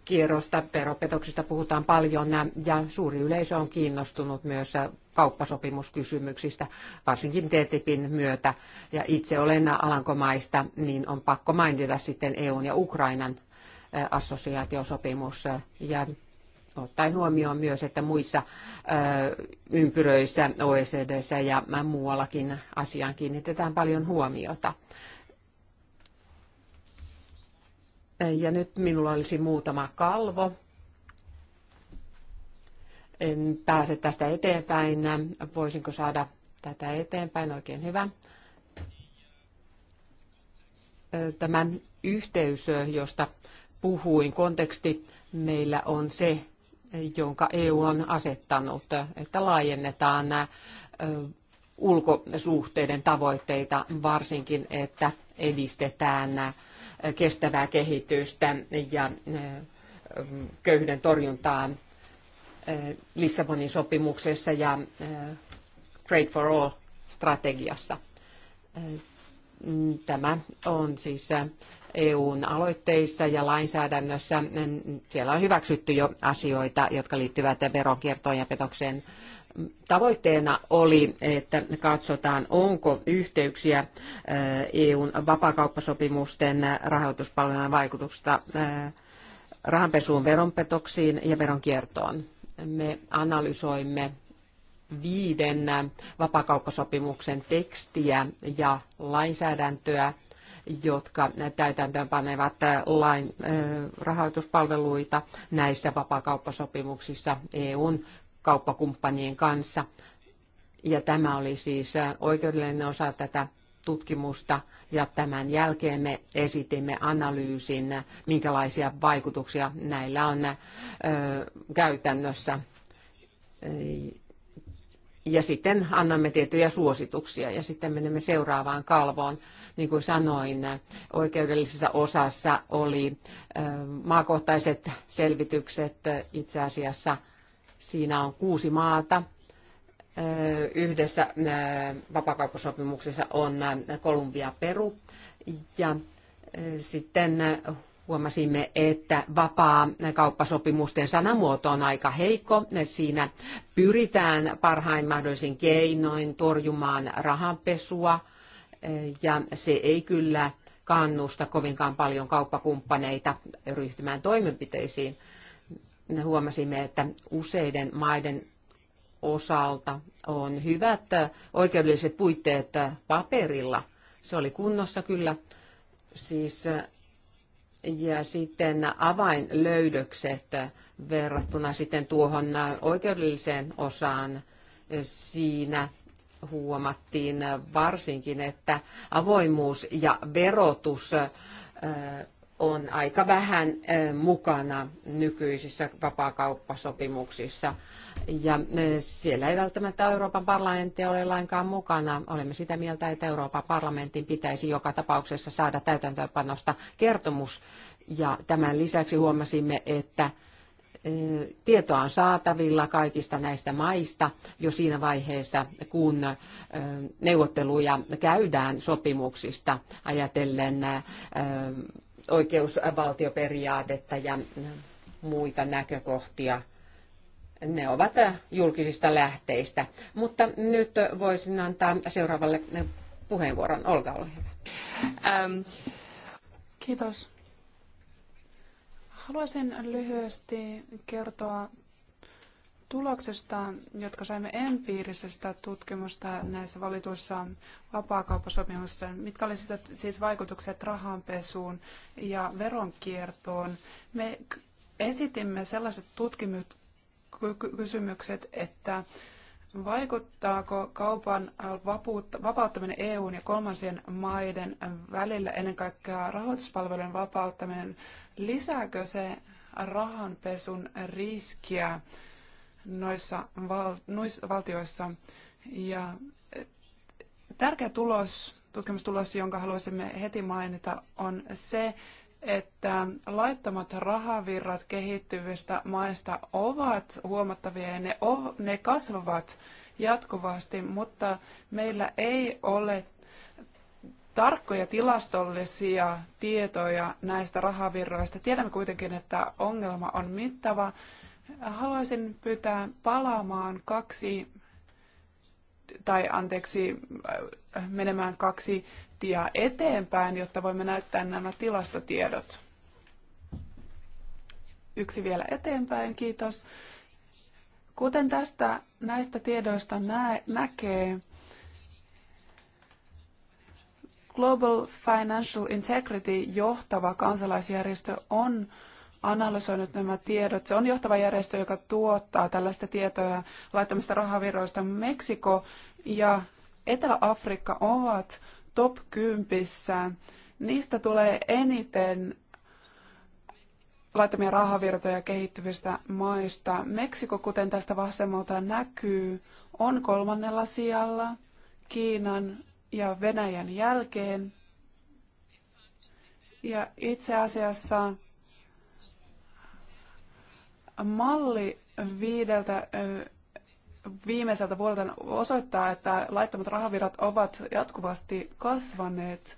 kierrosta, veropetoksista puhutaan paljon ja suuri yleisö on kiinnostunut myös kauppasopimuskysymyksistä, varsinkin TTIPin myötä. Ja itse olen Alankomaista, niin on pakko mainita sitten EUn ja Ukrainan assosiaatiosopimus. Ja ottaen huomioon myös, että muissa ympyröissä, OECDssä ja muuallakin asiaan kiinnitetään paljon huomiota. Ja nyt minulla olisi muutama kalvo. En pääse tästä eteenpäin. Voisinko saada tätä eteenpäin? Oikein hyvä. Tämän yhteys, josta puhuin, konteksti meillä on se, jonka EU on asettanut, että laajennetaan ulkosuhteiden tavoitteita varsinkin, että edistetään kestävää kehitystä ja köyhyyden torjuntaa Lissabonin sopimuksessa ja Trade for All strategiassa. Tämä on siis EUn aloitteissa ja lainsäädännössä. Siellä on hyväksytty jo asioita, jotka liittyvät veronkiertoon ja petokseen. Tavoitteena oli, että katsotaan, onko yhteyksiä eh, EUn vapaakauppasopimusten rahoituspalvelujen vaikutuksesta eh, rahanpesuun, veronpetoksiin ja veronkiertoon. Me analysoimme viiden vapakauppasopimuksen tekstiä ja lainsäädäntöä jotka täytäntöön panevat äh, lain äh, rahoituspalveluita näissä vapaakauppasopimuksissa EUn kauppakumppanien kanssa. Ja tämä oli siis äh, oikeudellinen osa tätä tutkimusta ja tämän jälkeen me esitimme analyysin, minkälaisia vaikutuksia näillä on käytännössä ja sitten annamme tiettyjä suosituksia ja sitten menemme seuraavaan kalvoon. Niin kuin sanoin, oikeudellisessa osassa oli maakohtaiset selvitykset itse asiassa. Siinä on kuusi maata. Yhdessä vapakauppasopimuksessa on Kolumbia Peru ja sitten huomasimme, että vapaa kauppasopimusten sanamuoto on aika heikko. Siinä pyritään parhain mahdollisin keinoin torjumaan rahanpesua eh, ja se ei kyllä kannusta kovinkaan paljon kauppakumppaneita ryhtymään toimenpiteisiin. Huomasimme, että useiden maiden osalta on hyvät oikeudelliset puitteet paperilla. Se oli kunnossa kyllä. Siis eh, ja sitten avainlöydökset verrattuna sitten tuohon oikeudelliseen osaan siinä huomattiin varsinkin, että avoimuus ja verotus on aika vähän mukana nykyisissä vapaakauppasopimuksissa. Ja siellä ei välttämättä Euroopan parlamentti ole lainkaan mukana. Olemme sitä mieltä, että Euroopan parlamentin pitäisi joka tapauksessa saada täytäntöönpanosta kertomus. Ja tämän lisäksi huomasimme, että tietoa on saatavilla kaikista näistä maista jo siinä vaiheessa, kun neuvotteluja käydään sopimuksista ajatellen oikeusvaltioperiaatetta ja muita näkökohtia. Ne ovat julkisista lähteistä. Mutta nyt voisin antaa seuraavalle puheenvuoron. Olga, ole hyvä. Ähm, kiitos. Haluaisin lyhyesti kertoa tuloksesta, jotka saimme empiirisestä tutkimusta näissä valituissa vapaakauppasopimuksissa, mitkä olisivat siis vaikutukset rahanpesuun ja veronkiertoon. Me esitimme sellaiset tutkimuskysymykset, että Vaikuttaako kaupan vapauttaminen EUn ja kolmansien maiden välillä ennen kaikkea rahoituspalvelujen vapauttaminen, lisääkö se rahanpesun riskiä? noissa, val, noissa valtioissa. Ja eh, tärkeä tulos, tutkimustulos, jonka haluaisimme heti mainita, on se, että laittomat rahavirrat kehittyvistä maista ovat huomattavia ja ne, ne kasvavat jatkuvasti, mutta meillä ei ole tarkkoja tilastollisia tietoja näistä rahavirroista. Tiedämme kuitenkin, että ongelma on mittava Haluaisin pyytää palaamaan kaksi, tai anteeksi, menemään kaksi dia eteenpäin, jotta voimme näyttää nämä tilastotiedot. Yksi vielä eteenpäin, kiitos. Kuten tästä näistä tiedoista nä- näkee, Global Financial Integrity johtava kansalaisjärjestö on analysoinut nämä tiedot. Se on johtava järjestö, joka tuottaa tällaista tietoa laittamista rahavirroista. Meksiko ja Etelä-Afrikka ovat top 10. Niistä tulee eniten laittamia rahavirtoja kehittyvistä maista. Meksiko, kuten tästä vasemmalta näkyy, on kolmannella sijalla Kiinan ja Venäjän jälkeen. Ja itse asiassa malli viideltä viimeiseltä vuodelta osoittaa, että laittomat rahavirrat ovat jatkuvasti kasvaneet.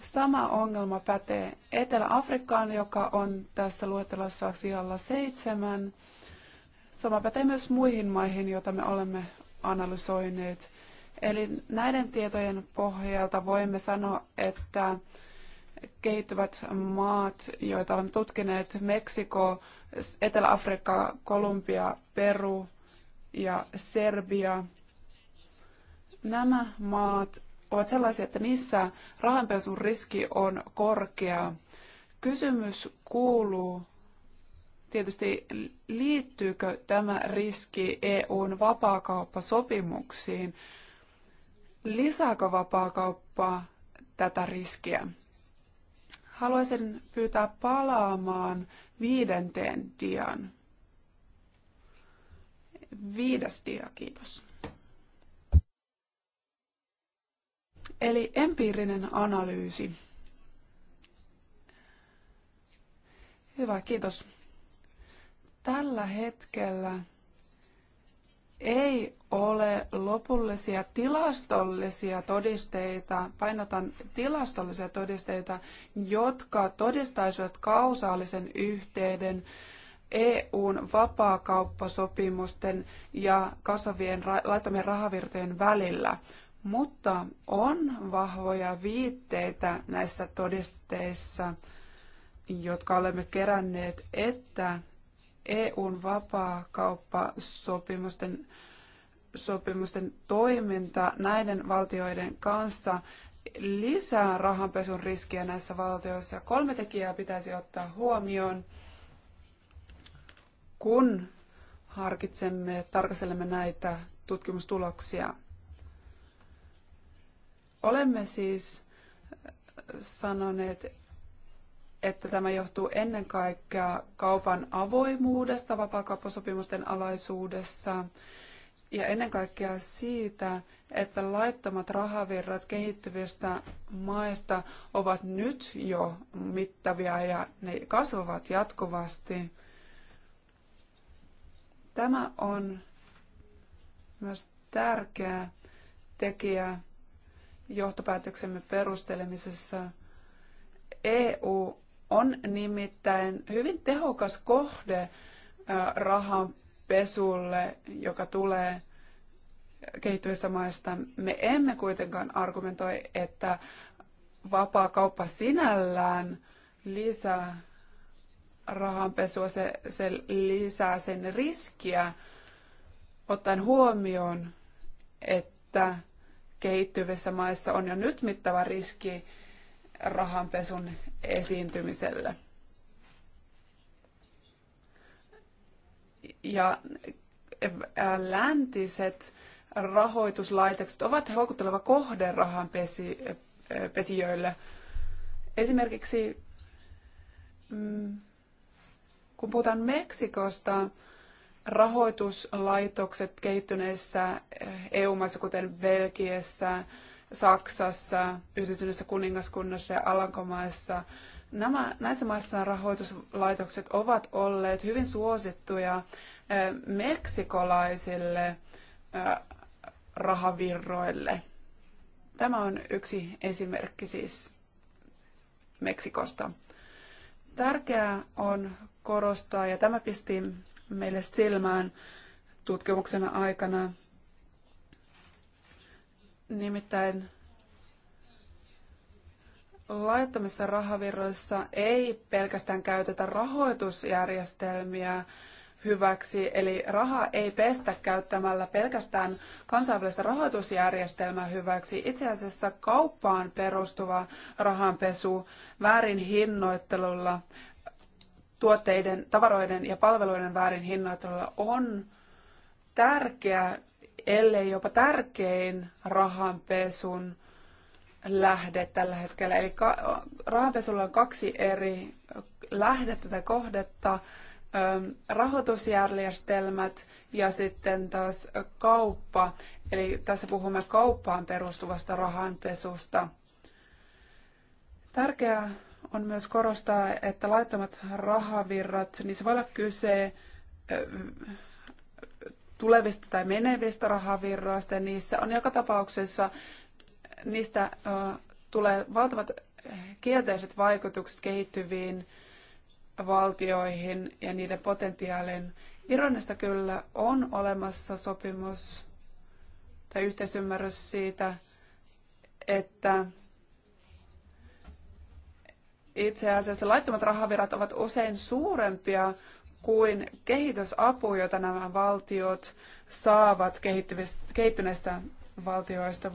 Sama ongelma pätee Etelä-Afrikkaan, joka on tässä luettelossa sijalla seitsemän. Sama pätee myös muihin maihin, joita me olemme analysoineet. Eli näiden tietojen pohjalta voimme sanoa, että kehittyvät maat, joita olemme tutkineet, Meksiko, Etelä-Afrikka, Kolumbia, Peru ja Serbia, nämä maat ovat sellaisia, että niissä rahanpesun riski on korkea. Kysymys kuuluu tietysti, liittyykö tämä riski EUn vapaakauppasopimuksiin? Lisääkö vapaakauppa tätä riskiä? Haluaisin pyytää palaamaan viidenteen dian. Viides dia, kiitos. Eli empiirinen analyysi. Hyvä, kiitos. Tällä hetkellä ei ole lopullisia tilastollisia todisteita, painotan tilastollisia todisteita, jotka todistaisivat kausaalisen yhteyden EUn vapaakauppasopimusten ja kasvavien laittomien rahavirtojen välillä. Mutta on vahvoja viitteitä näissä todisteissa, jotka olemme keränneet, että EUn vapaakauppasopimusten sopimusten toiminta näiden valtioiden kanssa lisää rahanpesun riskiä näissä valtioissa. Kolme tekijää pitäisi ottaa huomioon, kun harkitsemme, tarkastelemme näitä tutkimustuloksia. Olemme siis sanoneet, että tämä johtuu ennen kaikkea kaupan avoimuudesta vapaakauppasopimusten alaisuudessa ja ennen kaikkea siitä, että laittomat rahavirrat kehittyvistä maista ovat nyt jo mittavia ja ne kasvavat jatkuvasti. Tämä on myös tärkeä tekijä johtopäätöksemme perustelemisessa. EU on nimittäin hyvin tehokas kohde rahanpesulle, joka tulee kehittyvistä maista. Me emme kuitenkaan argumentoi, että vapaa kauppa sinällään lisää rahanpesua, se, se lisää sen riskiä, ottaen huomioon, että kehittyvissä maissa on jo nyt mittava riski rahanpesun esiintymiselle. Ja äh, läntiset rahoituslaitokset ovat houkutteleva kohde rahanpesijöille. Äh, Esimerkiksi mm, kun puhutaan Meksikosta, rahoituslaitokset kehittyneissä äh, EU-maissa, kuten Belgiassa, Saksassa, Yhdistyneessä kuningaskunnassa ja Alankomaissa. Nämä, näissä maissa rahoituslaitokset ovat olleet hyvin suosittuja eh, meksikolaisille eh, rahavirroille. Tämä on yksi esimerkki siis Meksikosta. Tärkeää on korostaa, ja tämä pisti meille silmään tutkimuksen aikana, Nimittäin laittamissa rahavirroissa ei pelkästään käytetä rahoitusjärjestelmiä hyväksi, eli raha ei pestä käyttämällä pelkästään kansainvälistä rahoitusjärjestelmää hyväksi. Itse asiassa kauppaan perustuva rahanpesu väärin hinnoittelulla, tuotteiden, tavaroiden ja palveluiden väärin hinnoittelulla on tärkeä ellei jopa tärkein rahanpesun lähde tällä hetkellä. Eli ka- rahanpesulla on kaksi eri lähdettä tai kohdetta, rahoitusjärjestelmät ja sitten taas kauppa. Eli tässä puhumme kauppaan perustuvasta rahanpesusta. Tärkeää on myös korostaa, että laittomat rahavirrat, se voi olla kyse tulevista tai menevistä rahavirroista, niissä on joka tapauksessa, niistä tulee valtavat kielteiset vaikutukset kehittyviin valtioihin ja niiden potentiaaliin. Ironista kyllä on olemassa sopimus tai yhteisymmärrys siitä, että itse asiassa laittomat rahavirrat ovat usein suurempia kuin kehitysapu, jota nämä valtiot saavat kehittyneistä valtioista.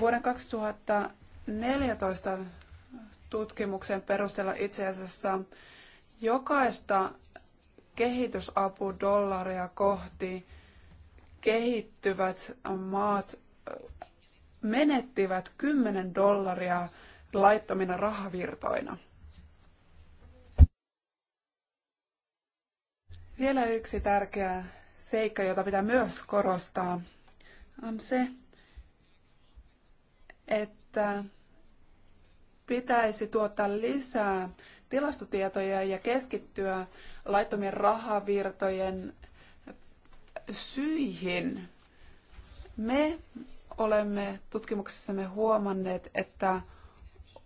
Vuoden 2014 tutkimuksen perusteella itse asiassa jokaista kehitysapudollaria kohti kehittyvät maat menettivät 10 dollaria laittomina rahavirtoina. Vielä yksi tärkeä seikka, jota pitää myös korostaa, on se, että pitäisi tuottaa lisää tilastotietoja ja keskittyä laittomien rahavirtojen syihin. Me olemme tutkimuksessamme huomanneet, että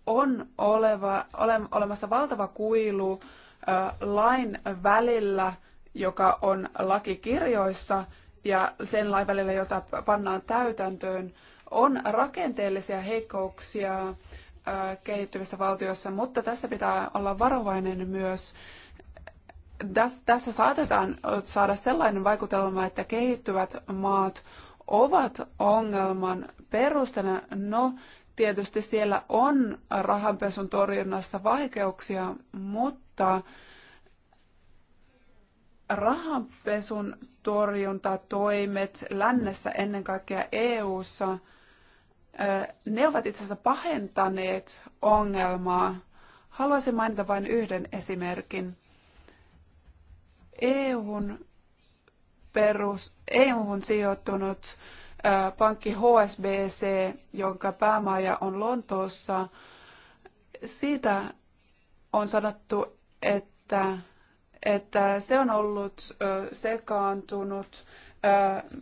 on oleva, ole, olemassa valtava kuilu ö, lain välillä – joka on lakikirjoissa ja sen lain välillä, jota pannaan täytäntöön, on rakenteellisia heikkouksia äh, kehittyvissä valtioissa, mutta tässä pitää olla varovainen myös. Tässä saatetaan saada sellainen vaikutelma, että kehittyvät maat ovat ongelman perustana. No, tietysti siellä on rahanpesun torjunnassa vaikeuksia, mutta rahanpesun torjuntatoimet lännessä, ennen kaikkea EU:ssa, ne ovat itse asiassa pahentaneet ongelmaa. Haluaisin mainita vain yhden esimerkin. EU:n perus, EU:hun sijoittunut pankki HSBC, jonka päämaja on Lontoossa, siitä on sanottu, että että se on ollut sekaantunut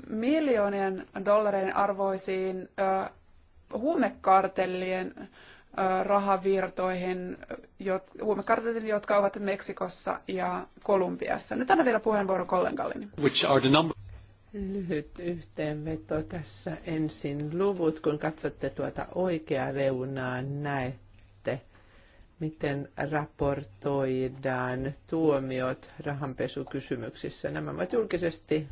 miljoonien dollareiden arvoisiin huumekartellien rahavirtoihin, huumekartellien, jotka ovat Meksikossa ja Kolumbiassa. Nyt annan vielä puheenvuoron kollegalleni. Lyhyt yhteenveto tässä ensin luvut. Kun katsotte tuota oikeaa reunaa, näette miten raportoidaan tuomiot rahanpesukysymyksissä. Nämä ovat julkisesti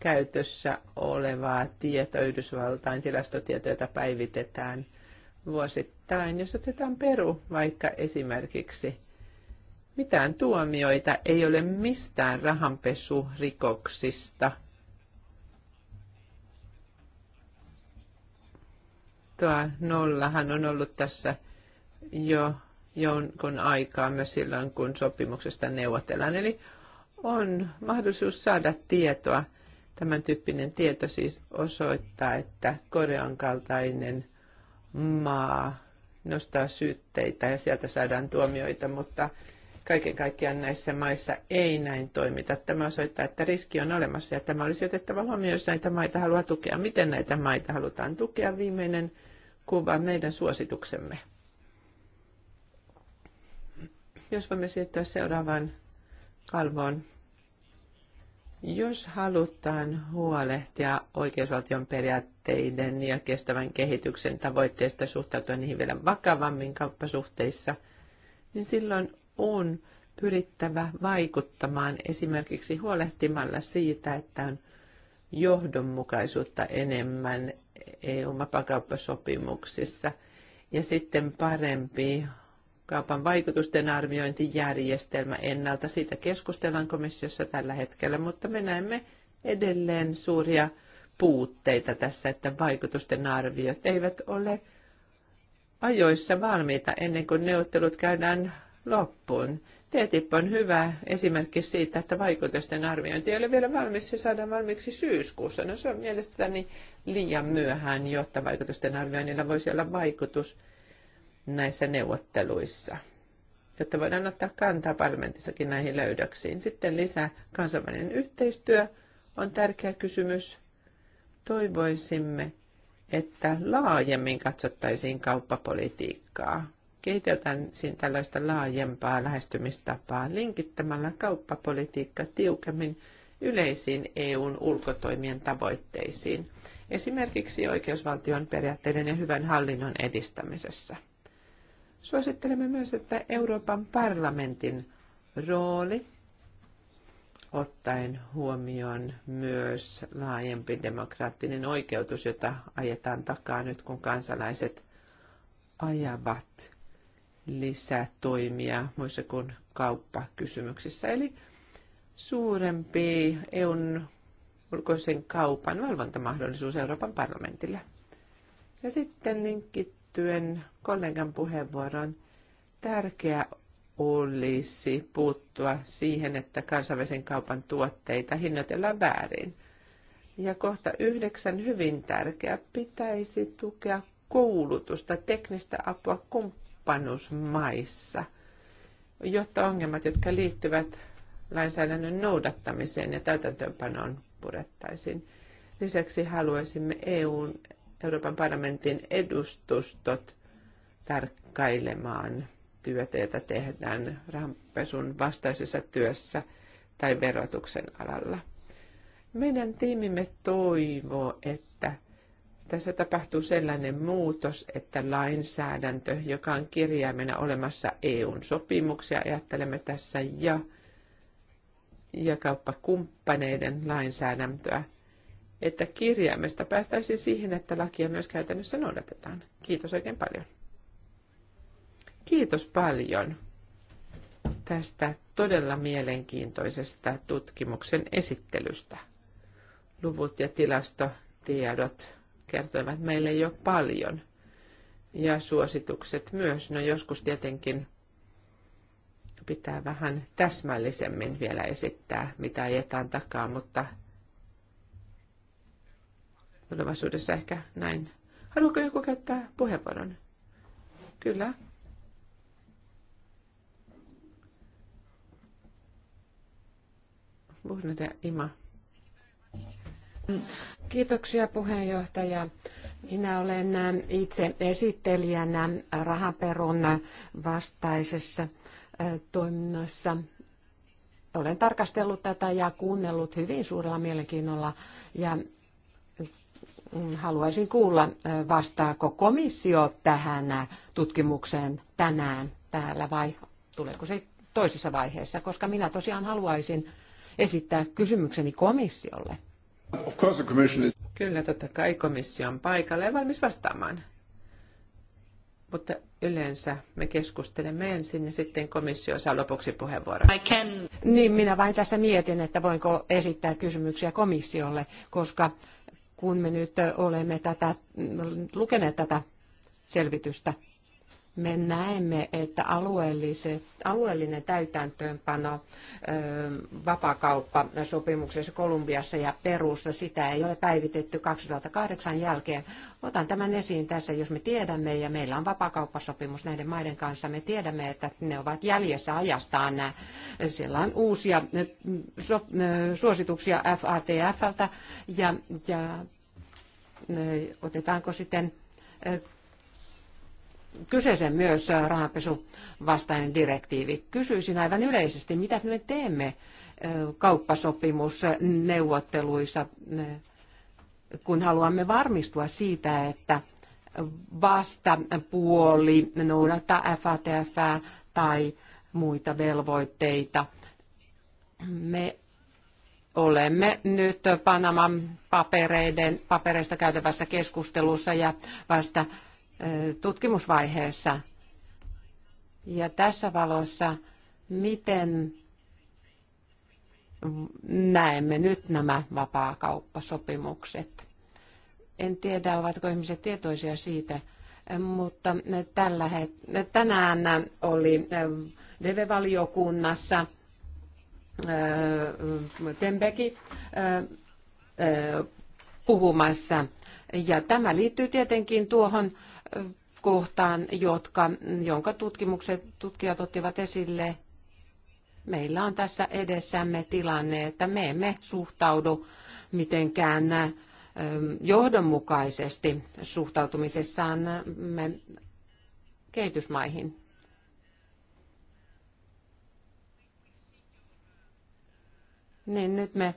käytössä olevaa tietoa Yhdysvaltain tilastotietoa, jota päivitetään vuosittain. Jos otetaan Peru vaikka esimerkiksi, mitään tuomioita ei ole mistään rahanpesurikoksista. Tuo nollahan on ollut tässä jo jonkun aikaa myös silloin, kun sopimuksesta neuvotellaan. Eli on mahdollisuus saada tietoa. Tämän tyyppinen tieto siis osoittaa, että Korean kaltainen maa nostaa syytteitä ja sieltä saadaan tuomioita, mutta kaiken kaikkiaan näissä maissa ei näin toimita. Tämä osoittaa, että riski on olemassa ja tämä olisi otettava huomioon, jos näitä maita haluaa tukea. Miten näitä maita halutaan tukea? Viimeinen kuva meidän suosituksemme. Jos voimme siirtyä seuraavaan kalvoon. Jos halutaan huolehtia oikeusvaltion periaatteiden ja kestävän kehityksen tavoitteista suhtautua niihin vielä vakavammin kauppasuhteissa, niin silloin on pyrittävä vaikuttamaan esimerkiksi huolehtimalla siitä, että on johdonmukaisuutta enemmän EU-mapakauppasopimuksissa ja sitten parempi kaupan vaikutusten arviointijärjestelmä ennalta. Siitä keskustellaan komissiossa tällä hetkellä, mutta me näemme edelleen suuria puutteita tässä, että vaikutusten arviot eivät ole ajoissa valmiita ennen kuin neuvottelut käydään loppuun. TTIP on hyvä esimerkki siitä, että vaikutusten arviointi ei ole vielä valmis, se saadaan valmiiksi syyskuussa. No se on mielestäni liian myöhään, jotta vaikutusten arvioinnilla voisi olla vaikutus näissä neuvotteluissa, jotta voidaan ottaa kantaa parlamentissakin näihin löydöksiin. Sitten lisää kansainvälinen yhteistyö on tärkeä kysymys. Toivoisimme, että laajemmin katsottaisiin kauppapolitiikkaa. Kehiteltään tällaista laajempaa lähestymistapaa linkittämällä kauppapolitiikka tiukemmin yleisiin EUn ulkotoimien tavoitteisiin, esimerkiksi oikeusvaltion periaatteiden ja hyvän hallinnon edistämisessä. Suosittelemme myös, että Euroopan parlamentin rooli, ottaen huomioon myös laajempi demokraattinen oikeutus, jota ajetaan takaa nyt, kun kansalaiset ajavat lisätoimia muissa kuin kauppakysymyksissä. Eli suurempi EUn ulkoisen kaupan valvontamahdollisuus Euroopan parlamentille. Ja sitten linkit liittyen kollegan puheenvuoroon, tärkeää olisi puuttua siihen, että kansainvälisen kaupan tuotteita hinnoitellaan väärin. Ja kohta yhdeksän hyvin tärkeä pitäisi tukea koulutusta, teknistä apua kumppanuusmaissa, jotta ongelmat, jotka liittyvät lainsäädännön noudattamiseen ja täytäntöönpanoon purettaisiin. Lisäksi haluaisimme EUn Euroopan parlamentin edustustot tarkkailemaan työtä, jota tehdään rahanpesun vastaisessa työssä tai verotuksen alalla. Meidän tiimimme toivoo, että tässä tapahtuu sellainen muutos, että lainsäädäntö, joka on kirjaimena olemassa eu sopimuksia, ajattelemme tässä ja, ja kauppakumppaneiden lainsäädäntöä, että kirjaimesta päästäisiin siihen, että lakia myös käytännössä noudatetaan. Kiitos oikein paljon. Kiitos paljon tästä todella mielenkiintoisesta tutkimuksen esittelystä. Luvut ja tilastotiedot kertoivat meille jo paljon ja suositukset myös. No joskus tietenkin pitää vähän täsmällisemmin vielä esittää, mitä ajetaan takaa, mutta tulevaisuudessa ehkä näin. Haluatko joku käyttää puheenvuoron? Kyllä. Buhnut Ima. Kiitoksia puheenjohtaja. Minä olen äh, itse esittelijänä rahaperun vastaisessa äh, toiminnassa. Olen tarkastellut tätä ja kuunnellut hyvin suurella mielenkiinnolla ja Haluaisin kuulla, vastaako komissio tähän tutkimukseen tänään täällä vai tuleeko se toisessa vaiheessa, koska minä tosiaan haluaisin esittää kysymykseni komissiolle. Of course the commission is... Kyllä, totta kai komissio on paikalla ja valmis vastaamaan. Mutta yleensä me keskustelemme ensin ja sitten komissio saa lopuksi puheenvuoron. I can... Niin, minä vain tässä mietin, että voinko esittää kysymyksiä komissiolle, koska kun me nyt olemme tätä, lukeneet tätä selvitystä me näemme, että alueelliset, alueellinen täytäntöönpano vapakauppasopimuksessa Kolumbiassa ja Perussa, sitä ei ole päivitetty 2008 jälkeen. Otan tämän esiin tässä, jos me tiedämme, ja meillä on vapakauppasopimus näiden maiden kanssa, me tiedämme, että ne ovat jäljessä ajastaan. Nämä. Siellä on uusia so, suosituksia FATFltä, ja, ja otetaanko sitten kyseeseen myös äh, rahanpesu vastainen direktiivi. Kysyisin aivan yleisesti, mitä me teemme äh, kauppasopimusneuvotteluissa, äh, kun haluamme varmistua siitä, että vastapuoli noudattaa FATF tai muita velvoitteita. Me olemme nyt Panaman papereiden, papereista käytävässä keskustelussa ja vasta tutkimusvaiheessa. Ja tässä valossa, miten näemme nyt nämä vapaakauppasopimukset? En tiedä, ovatko ihmiset tietoisia siitä, mutta tällä het- tänään oli DEVE-valiokunnassa Tembeki puhumassa. Ja tämä liittyy tietenkin tuohon kohtaan, jotka, jonka tutkimukset tutkijat ottivat esille. Meillä on tässä edessämme tilanne, että me emme suhtaudu mitenkään johdonmukaisesti suhtautumisessaan me kehitysmaihin. Niin nyt me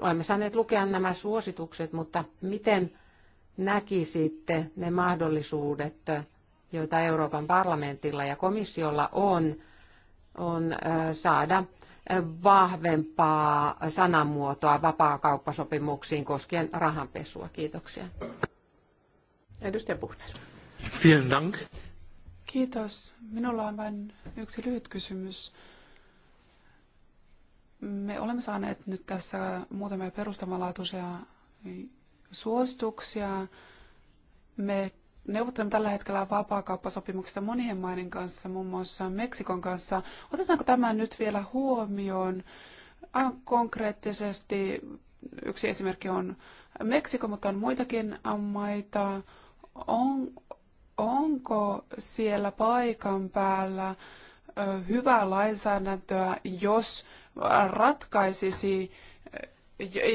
olemme saaneet lukea nämä suositukset, mutta miten näkisitte ne mahdollisuudet, joita Euroopan parlamentilla ja komissiolla on, on saada vahvempaa sanamuotoa vapaakauppasopimuksiin koskien rahanpesua. Kiitoksia. Edustaja Puhner. Vielen Dank. Kiitos. Minulla on vain yksi lyhyt kysymys. Me olemme saaneet nyt tässä muutamia perustavanlaatuisia suosituksia. Me neuvottelemme tällä hetkellä vapaakauppasopimuksesta monien maiden kanssa, muun muassa Meksikon kanssa. Otetaanko tämä nyt vielä huomioon? Aivan ah, konkreettisesti yksi esimerkki on Meksiko, mutta on muitakin maita. On, onko siellä paikan päällä hyvää lainsäädäntöä, jos ratkaisisi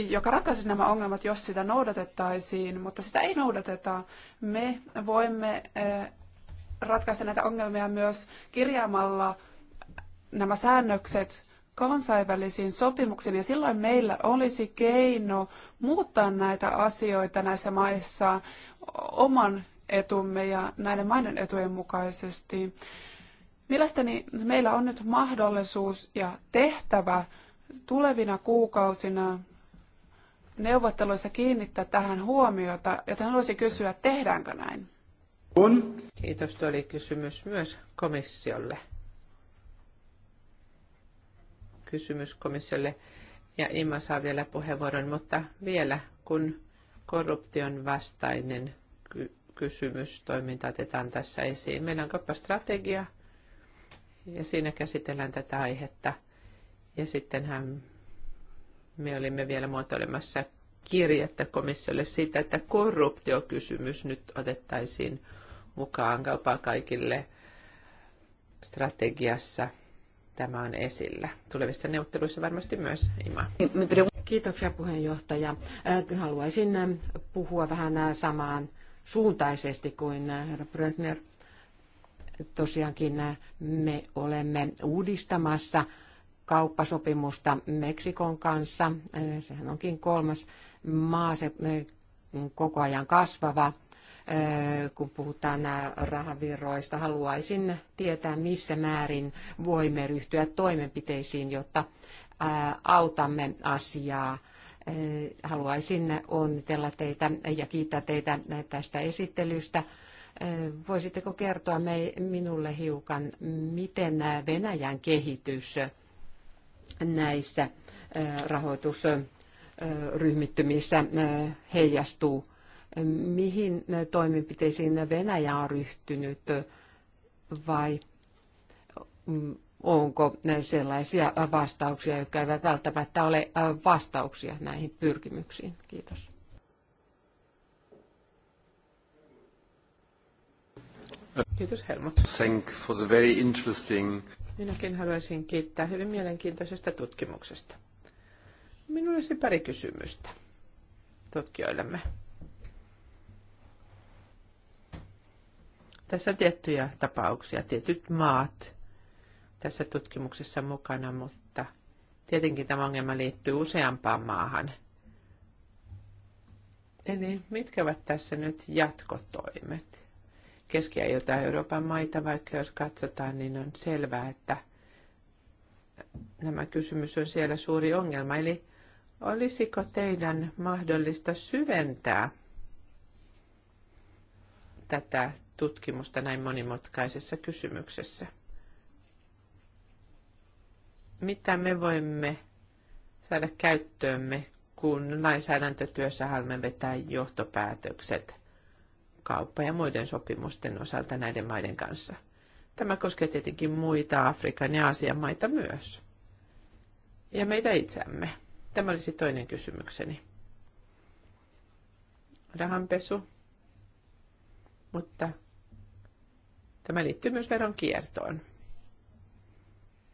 joka ratkaisi nämä ongelmat, jos sitä noudatettaisiin, mutta sitä ei noudateta. Me voimme eh, ratkaista näitä ongelmia myös kirjaamalla nämä säännökset kansainvälisiin sopimuksiin, ja silloin meillä olisi keino muuttaa näitä asioita näissä maissa oman etumme ja näiden maiden etujen mukaisesti. Mielestäni meillä on nyt mahdollisuus ja tehtävä tulevina kuukausina neuvotteluissa kiinnittää tähän huomiota, joten haluaisin kysyä, tehdäänkö näin? On. Kiitos, tuo oli kysymys myös komissiolle. Kysymys komissiolle. Ja Imma saa vielä puheenvuoron, mutta vielä kun korruption vastainen ky- kysymys toiminta otetaan tässä esiin. Meillä on kauppastrategia ja siinä käsitellään tätä aihetta. Ja sittenhän me olimme vielä muotoilemassa kirjettä komissiolle siitä, että korruptiokysymys nyt otettaisiin mukaan kaupaa kaikille strategiassa. Tämä on esillä. Tulevissa neuvotteluissa varmasti myös Ima. Kiitoksia puheenjohtaja. Äh, haluaisin äh, puhua vähän äh, samaan suuntaisesti kuin herra Brötner. Tosiaankin me olemme uudistamassa kauppasopimusta Meksikon kanssa. Äh, sehän onkin kolmas maa, se äh, koko ajan kasvava. Äh, kun puhutaan nämä rahavirroista, haluaisin tietää, missä määrin voimme ryhtyä toimenpiteisiin, jotta autamme asiaa. Haluaisin onnitella teitä ja kiittää teitä tästä esittelystä. Voisitteko kertoa minulle hiukan, miten Venäjän kehitys näissä äh, rahoitusryhmittymissä äh, heijastuu. Mihin äh, toimenpiteisiin Venäjä on ryhtynyt vai mm, onko sellaisia vastauksia, jotka eivät välttämättä ole vastauksia näihin pyrkimyksiin? Kiitos. Kiitos Helmut. Thank for the very interesting Minäkin haluaisin kiittää hyvin mielenkiintoisesta tutkimuksesta. Minulla olisi pari kysymystä tutkijoillemme. Tässä on tiettyjä tapauksia, tietyt maat tässä tutkimuksessa mukana, mutta tietenkin tämä ongelma liittyy useampaan maahan. Eli mitkä ovat tässä nyt jatkotoimet? Keski- ja Itä-Euroopan maita, vaikka jos katsotaan, niin on selvää, että nämä kysymys on siellä suuri ongelma. Eli olisiko teidän mahdollista syventää tätä tutkimusta näin monimutkaisessa kysymyksessä? Mitä me voimme saada käyttöömme, kun lainsäädäntötyössä haluamme vetää johtopäätökset – kauppa ja muiden sopimusten osalta näiden maiden kanssa. Tämä koskee tietenkin muita Afrikan ja Aasian maita myös. Ja meitä itseämme. Tämä olisi toinen kysymykseni. Rahanpesu. Mutta tämä liittyy myös veronkiertoon.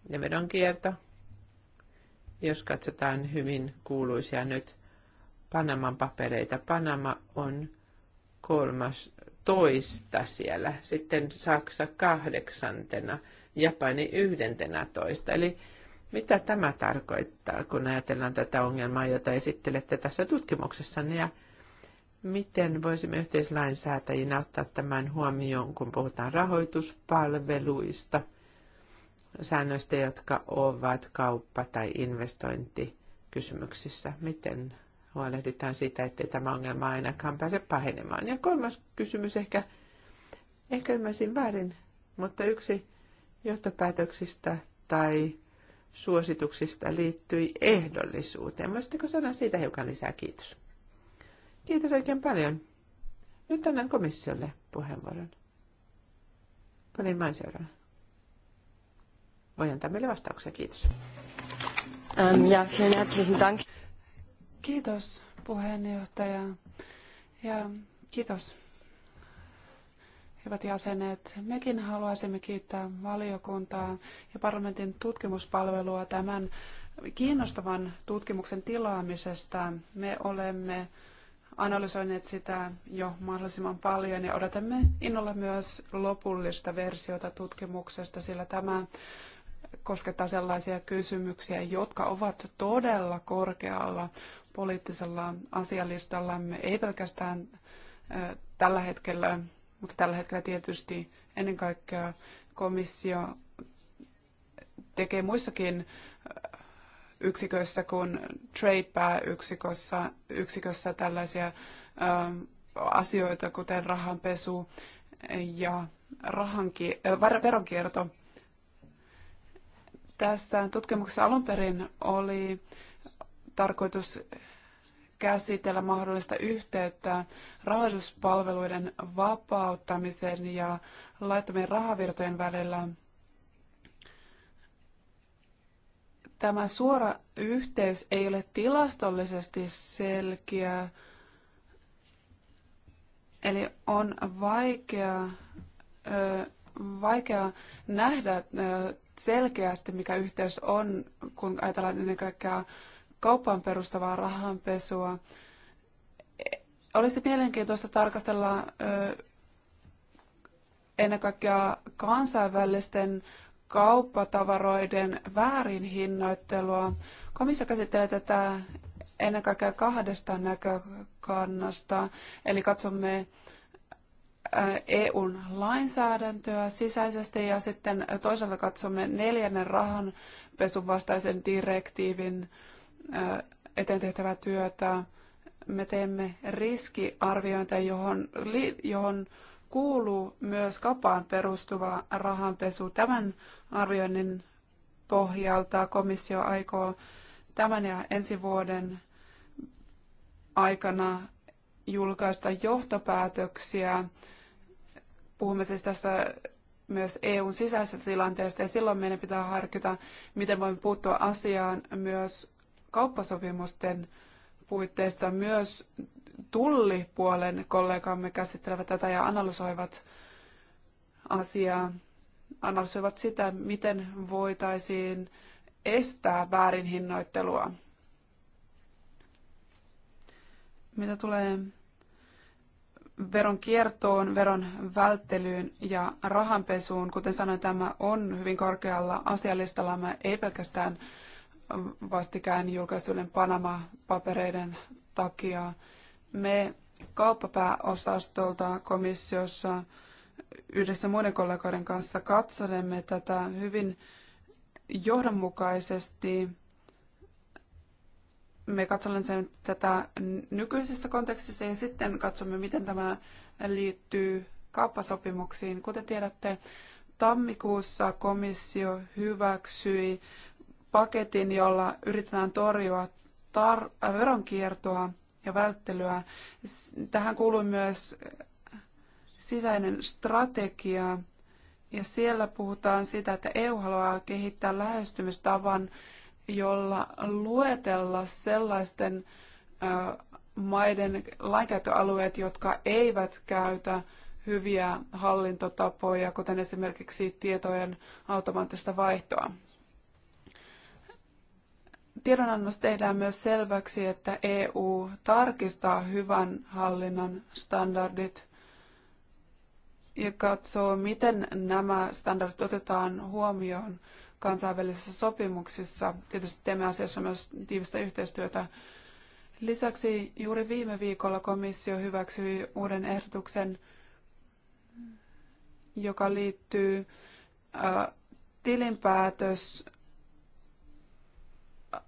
Ja veronkierto, jos katsotaan hyvin kuuluisia nyt Panaman papereita, Panama on kolmas toista siellä, sitten Saksa kahdeksantena, Japani yhdentenä toista. Eli mitä tämä tarkoittaa, kun ajatellaan tätä ongelmaa, jota esittelette tässä tutkimuksessanne ja miten voisimme yhteislainsäätäjinä ottaa tämän huomioon, kun puhutaan rahoituspalveluista, säännöistä, jotka ovat kauppa- tai investointikysymyksissä? Miten huolehditaan siitä, ettei tämä ongelma ainakaan pääse pahenemaan. Ja kolmas kysymys ehkä, ehkä ymmärsin väärin, mutta yksi johtopäätöksistä tai suosituksista liittyi ehdollisuuteen. Voisitteko sanoa siitä hiukan lisää? Kiitos. Kiitos oikein paljon. Nyt annan komissiolle puheenvuoron. Panin main seuraavana. Voi antaa meille vastauksia. Kiitos. Ähm, ja, vielen herzlichen Dank. Kiitos puheenjohtaja ja kiitos hyvät jäsenet. Mekin haluaisimme kiittää valiokuntaa ja parlamentin tutkimuspalvelua tämän kiinnostavan tutkimuksen tilaamisesta. Me olemme analysoineet sitä jo mahdollisimman paljon ja odotamme innolla myös lopullista versiota tutkimuksesta, sillä tämä koskettaa sellaisia kysymyksiä, jotka ovat todella korkealla poliittisella asialistallamme, ei pelkästään tällä hetkellä, mutta tällä hetkellä tietysti ennen kaikkea komissio tekee muissakin yksiköissä kuin trade-pääyksikössä yksikössä tällaisia asioita, kuten rahanpesu ja rahanki, veronkierto. Tässä tutkimuksessa alun perin oli tarkoitus käsitellä mahdollista yhteyttä rahoituspalveluiden vapauttamisen ja laittomien rahavirtojen välillä. Tämä suora yhteys ei ole tilastollisesti selkeä, eli on vaikea, vaikea nähdä selkeästi, mikä yhteys on, kun ajatellaan ennen kaikkea kauppaan perustuvaa rahanpesua. E, olisi mielenkiintoista tarkastella ennen kaikkea kansainvälisten kauppatavaroiden väärin hinnoittelua. Komissio käsittelee tätä ennen kaikkea kahdesta näkökannasta, eli katsomme EUn lainsäädäntöä sisäisesti ja sitten toisaalta katsomme neljännen rahanpesun vastaisen direktiivin eteen tehtävää työtä. Me teemme riskiarviointia, johon, johon kuuluu myös kapaan perustuva rahanpesu. Tämän arvioinnin pohjalta komissio aikoo tämän ja ensi vuoden aikana julkaista johtopäätöksiä. Puhumme siis tässä myös EUn sisäisestä tilanteesta ja silloin meidän pitää harkita, miten voimme puuttua asiaan myös kauppasopimusten puitteissa myös tullipuolen kollegamme käsittelevät tätä ja analysoivat asiaa, analysoivat sitä, miten voitaisiin estää väärin hinnoittelua. Mitä tulee veron kiertoon, veron välttelyyn ja rahanpesuun, kuten sanoin, tämä on hyvin korkealla asialistallamme, ei pelkästään vastikään julkaisuiden Panama-papereiden takia. Me kauppapääosastolta komissiossa yhdessä muiden kollegoiden kanssa katselemme tätä hyvin johdonmukaisesti. Me katsomme sen tätä nykyisessä kontekstissa ja sitten katsomme, miten tämä liittyy kauppasopimuksiin. Kuten tiedätte, tammikuussa komissio hyväksyi paketin, jolla yritetään torjua tar- äh, veronkiertoa ja välttelyä. Tähän kuuluu myös sisäinen strategia, ja siellä puhutaan sitä, että EU haluaa kehittää lähestymistavan, jolla luetella sellaisten ö, äh, maiden lainkäyttöalueet, jotka eivät käytä hyviä hallintotapoja, kuten esimerkiksi tietojen automaattista vaihtoa. Tiedonannossa tehdään myös selväksi, että EU tarkistaa hyvän hallinnon standardit ja katsoo, miten nämä standardit otetaan huomioon kansainvälisissä sopimuksissa. Tietysti teemme asiassa myös tiivistä yhteistyötä. Lisäksi juuri viime viikolla komissio hyväksyi uuden ehdotuksen, joka liittyy äh, tilinpäätös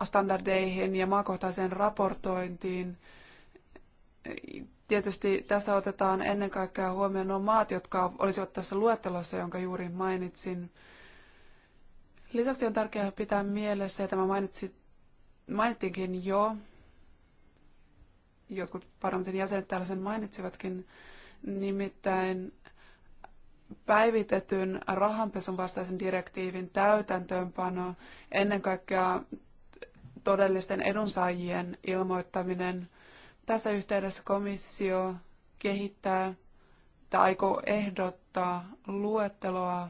standardeihin ja maakohtaiseen raportointiin. Tietysti tässä otetaan ennen kaikkea huomioon nuo maat, jotka olisivat tässä luettelossa, jonka juuri mainitsin. Lisäksi on tärkeää pitää mielessä, ja tämä mainitsi, mainittiinkin jo, jotkut parlamentin jäsenet sen mainitsivatkin, nimittäin päivitetyn rahanpesun vastaisen direktiivin täytäntöönpano, ennen kaikkea todellisten edunsaajien ilmoittaminen. Tässä yhteydessä komissio kehittää tai aikoo ehdottaa luetteloa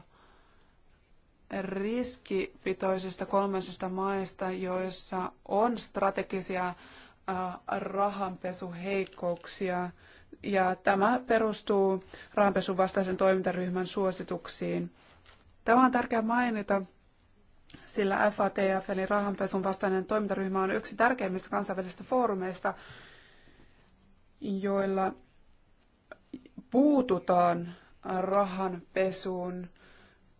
riskipitoisista kolmansista maista, joissa on strategisia rahanpesuheikkouksia. Ja tämä perustuu rahanpesun vastaisen toimintaryhmän suosituksiin. Tämä on tärkeää mainita, sillä FATF eli rahanpesun vastainen toimintaryhmä on yksi tärkeimmistä kansainvälisistä foorumeista, joilla puututaan rahanpesuun.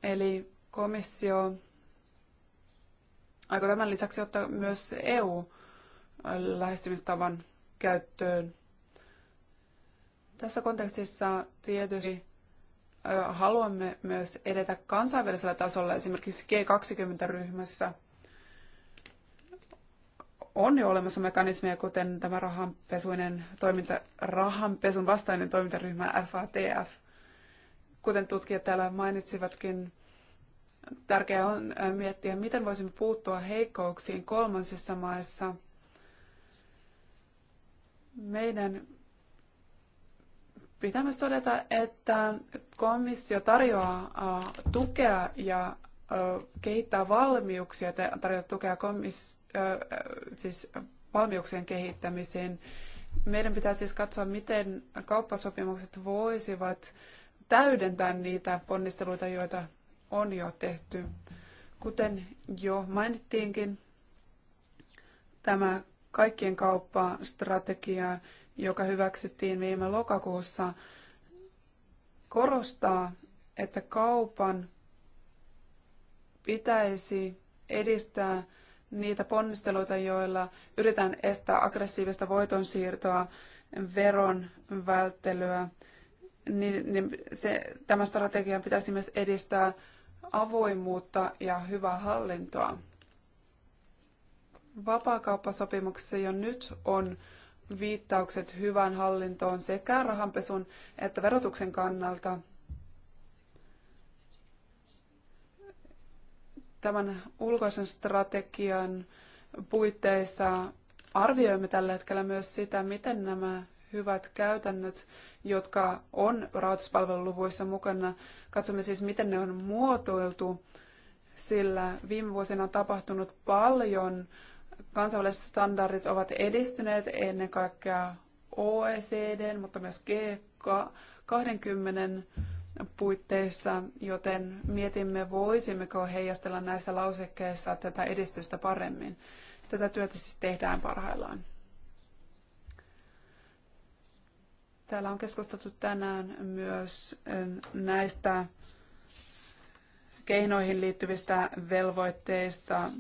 Eli komissio aikoo tämän lisäksi ottaa myös EU-lähestymistavan käyttöön. Tässä kontekstissa tietysti haluamme myös edetä kansainvälisellä tasolla, esimerkiksi G20-ryhmässä on jo olemassa mekanismeja, kuten tämä rahanpesuinen toiminta, rahanpesun vastainen toimintaryhmä FATF. Kuten tutkijat täällä mainitsivatkin, tärkeää on miettiä, miten voisimme puuttua heikkouksiin kolmansissa maissa. Meidän Pitää myös todeta, että komissio tarjoaa tukea ja kehittää valmiuksia, tarjoaa tukea komis, siis valmiuksien kehittämiseen. Meidän pitää siis katsoa, miten kauppasopimukset voisivat täydentää niitä ponnisteluita, joita on jo tehty. Kuten jo mainittiinkin, tämä kaikkien kauppastrategia joka hyväksyttiin viime lokakuussa, korostaa, että kaupan pitäisi edistää niitä ponnisteluita, joilla yritetään estää aggressiivista voitonsiirtoa, veron välttelyä. Niin, niin se, tämän strategian pitäisi myös edistää avoimuutta ja hyvää hallintoa. Vapaakauppasopimuksessa jo nyt on viittaukset hyvään hallintoon sekä rahanpesun että verotuksen kannalta. Tämän ulkoisen strategian puitteissa arvioimme tällä hetkellä myös sitä, miten nämä hyvät käytännöt, jotka on rahoituspalveluluvuissa mukana. Katsomme siis, miten ne on muotoiltu, sillä viime vuosina on tapahtunut paljon Kansainväliset standardit ovat edistyneet ennen kaikkea OECDn, mutta myös G20 puitteissa, joten mietimme, voisimmeko heijastella näissä lausekkeissa tätä edistystä paremmin. Tätä työtä siis tehdään parhaillaan. Täällä on keskusteltu tänään myös eh, näistä keinoihin liittyvistä velvoitteista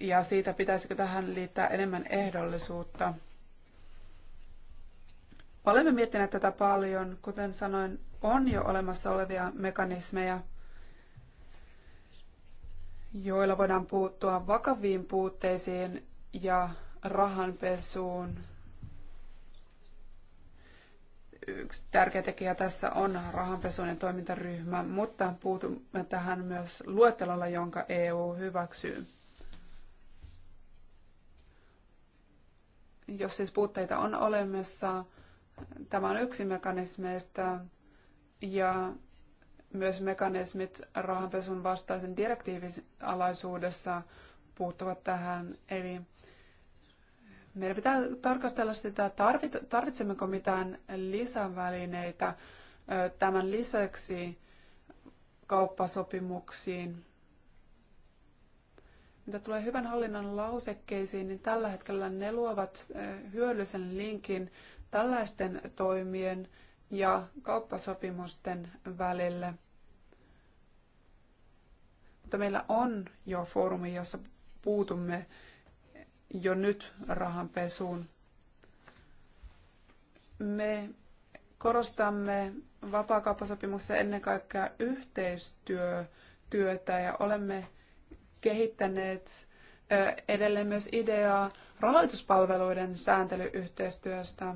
ja siitä, pitäisikö tähän liittää enemmän ehdollisuutta. Olemme miettineet tätä paljon. Kuten sanoin, on jo olemassa olevia mekanismeja, joilla voidaan puuttua vakaviin puutteisiin ja rahanpesuun. Yksi tärkeä tekijä tässä on rahanpesuinen toimintaryhmä, mutta puutumme tähän myös luettelolla, jonka EU hyväksyy. jos siis puutteita on olemassa, tämä on yksi mekanismeista ja myös mekanismit rahanpesun vastaisen direktiivin alaisuudessa puuttuvat tähän. Eli meidän pitää tarkastella sitä, tarvitsemmeko mitään lisävälineitä tämän lisäksi kauppasopimuksiin. Mitä tulee hyvän hallinnon lausekkeisiin, niin tällä hetkellä ne luovat eh, hyödyllisen linkin tällaisten toimien ja kauppasopimusten välille. Mutta meillä on jo foorumi, jossa puutumme jo nyt rahanpesuun. Me korostamme vapaakauppasopimuksessa ennen kaikkea yhteistyötä ja olemme kehittäneet edelleen myös ideaa rahoituspalveluiden sääntelyyhteistyöstä.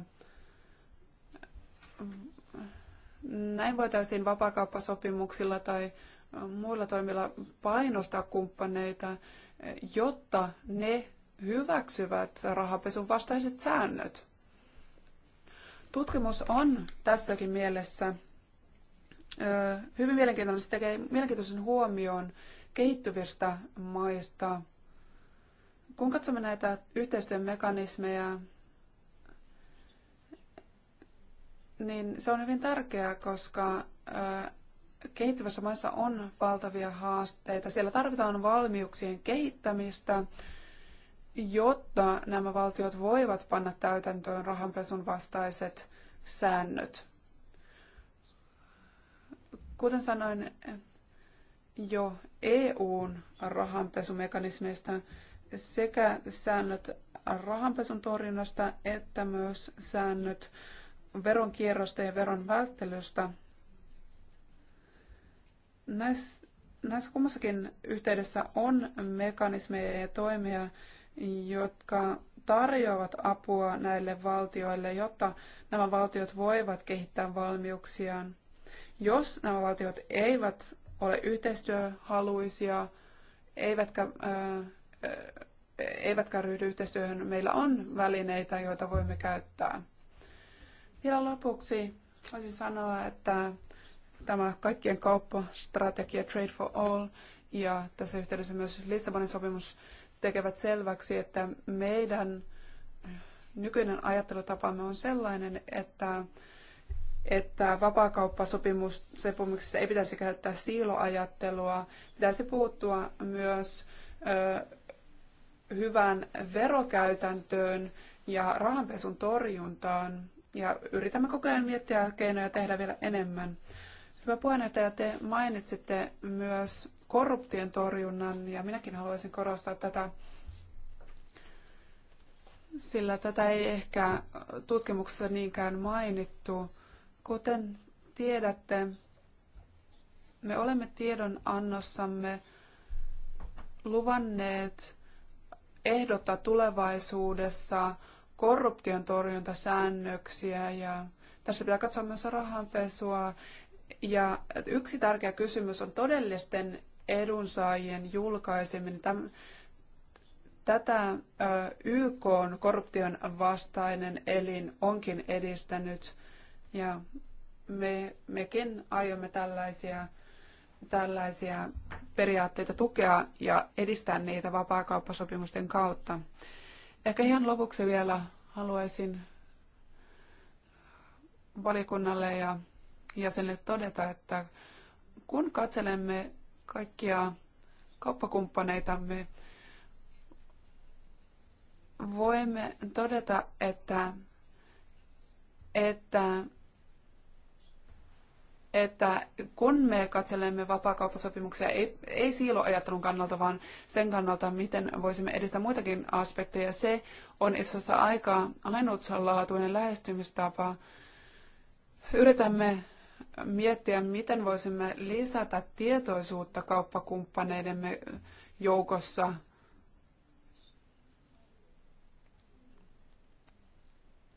Näin voitaisiin vapakauppasopimuksilla tai muilla toimilla painostaa kumppaneita, jotta ne hyväksyvät rahapesun vastaiset säännöt. Tutkimus on tässäkin mielessä hyvin mielenkiintoinen. Se tekee mielenkiintoisen huomioon kehittyvistä maista. Kun katsomme näitä yhteistyön mekanismeja, niin se on hyvin tärkeää, koska kehittyvissä maissa on valtavia haasteita. Siellä tarvitaan valmiuksien kehittämistä, jotta nämä valtiot voivat panna täytäntöön rahanpesun vastaiset säännöt. Kuten sanoin, jo EUn rahanpesumekanismeista sekä säännöt rahanpesun torjunnasta että myös säännöt veronkierrosta ja veron välttelystä. Näissä, näissä kummassakin yhteydessä on mekanismeja ja toimia, jotka tarjoavat apua näille valtioille, jotta nämä valtiot voivat kehittää valmiuksiaan. Jos nämä valtiot eivät ole yhteistyöhaluisia, eivätkä, eivätkä ryhdy yhteistyöhön. Meillä on välineitä, joita voimme käyttää. Vielä lopuksi voisin sanoa, että tämä kaikkien kauppastrategia Trade for All ja tässä yhteydessä myös Lissabonin sopimus tekevät selväksi, että meidän nykyinen ajattelutapamme on sellainen, että että vapaakauppasopimuksessa ei pitäisi käyttää siiloajattelua. Pitäisi puuttua myös ö, hyvään verokäytäntöön ja rahanpesun torjuntaan. Ja yritämme koko ajan miettiä keinoja tehdä vielä enemmän. Hyvä puheenjohtaja, te mainitsitte myös korruption torjunnan ja minäkin haluaisin korostaa tätä, sillä tätä ei ehkä tutkimuksessa niinkään mainittu Kuten tiedätte, me olemme tiedonannossamme luvanneet ehdottaa tulevaisuudessa korruption torjuntasäännöksiä ja tässä pitää katsoa myös rahanpesua. Ja yksi tärkeä kysymys on todellisten edunsaajien julkaiseminen. Täm, tätä YK on korruption vastainen elin onkin edistänyt. Ja me, mekin aiomme tällaisia, tällaisia periaatteita tukea ja edistää niitä vapaakauppasopimusten kautta. Ehkä ihan lopuksi vielä haluaisin valikunnalle ja jäsenille todeta, että kun katselemme kaikkia kauppakumppaneitamme, voimme todeta, että, että että kun me katselemme vapaakauppasopimuksia, ei, ei siiloajattelun kannalta, vaan sen kannalta, miten voisimme edistää muitakin aspekteja, se on itse asiassa aika ainutsanlaatuinen lähestymistapa. Yritämme miettiä, miten voisimme lisätä tietoisuutta kauppakumppaneidemme joukossa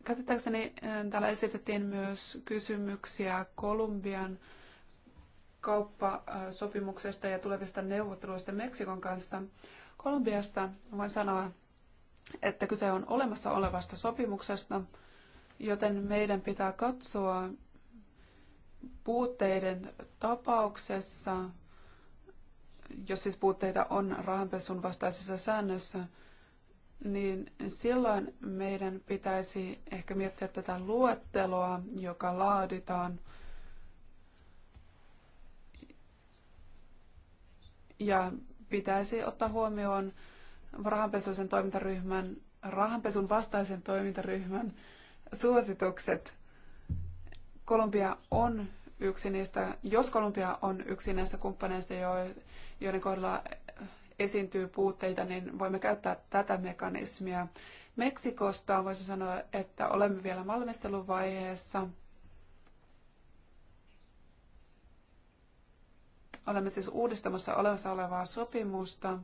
Käsittääkseni eh, täällä esitettiin myös kysymyksiä Kolumbian kauppasopimuksesta ja tulevista neuvotteluista Meksikon kanssa. Kolumbiasta voin sanoa, että kyse on olemassa olevasta sopimuksesta, joten meidän pitää katsoa puutteiden tapauksessa, jos siis puutteita on rahanpesun vastaisessa säännössä, niin silloin meidän pitäisi ehkä miettiä tätä luetteloa, joka laaditaan. Ja pitäisi ottaa huomioon rahanpesuisen toimintaryhmän, rahanpesun vastaisen toimintaryhmän suositukset. Kolumbia on yksi niistä, jos Kolumbia on yksi näistä kumppaneista, joiden kohdalla esiintyy puutteita, niin voimme käyttää tätä mekanismia. Meksikosta voisi sanoa, että olemme vielä valmisteluvaiheessa. Olemme siis uudistamassa olemassa olevaa sopimusta.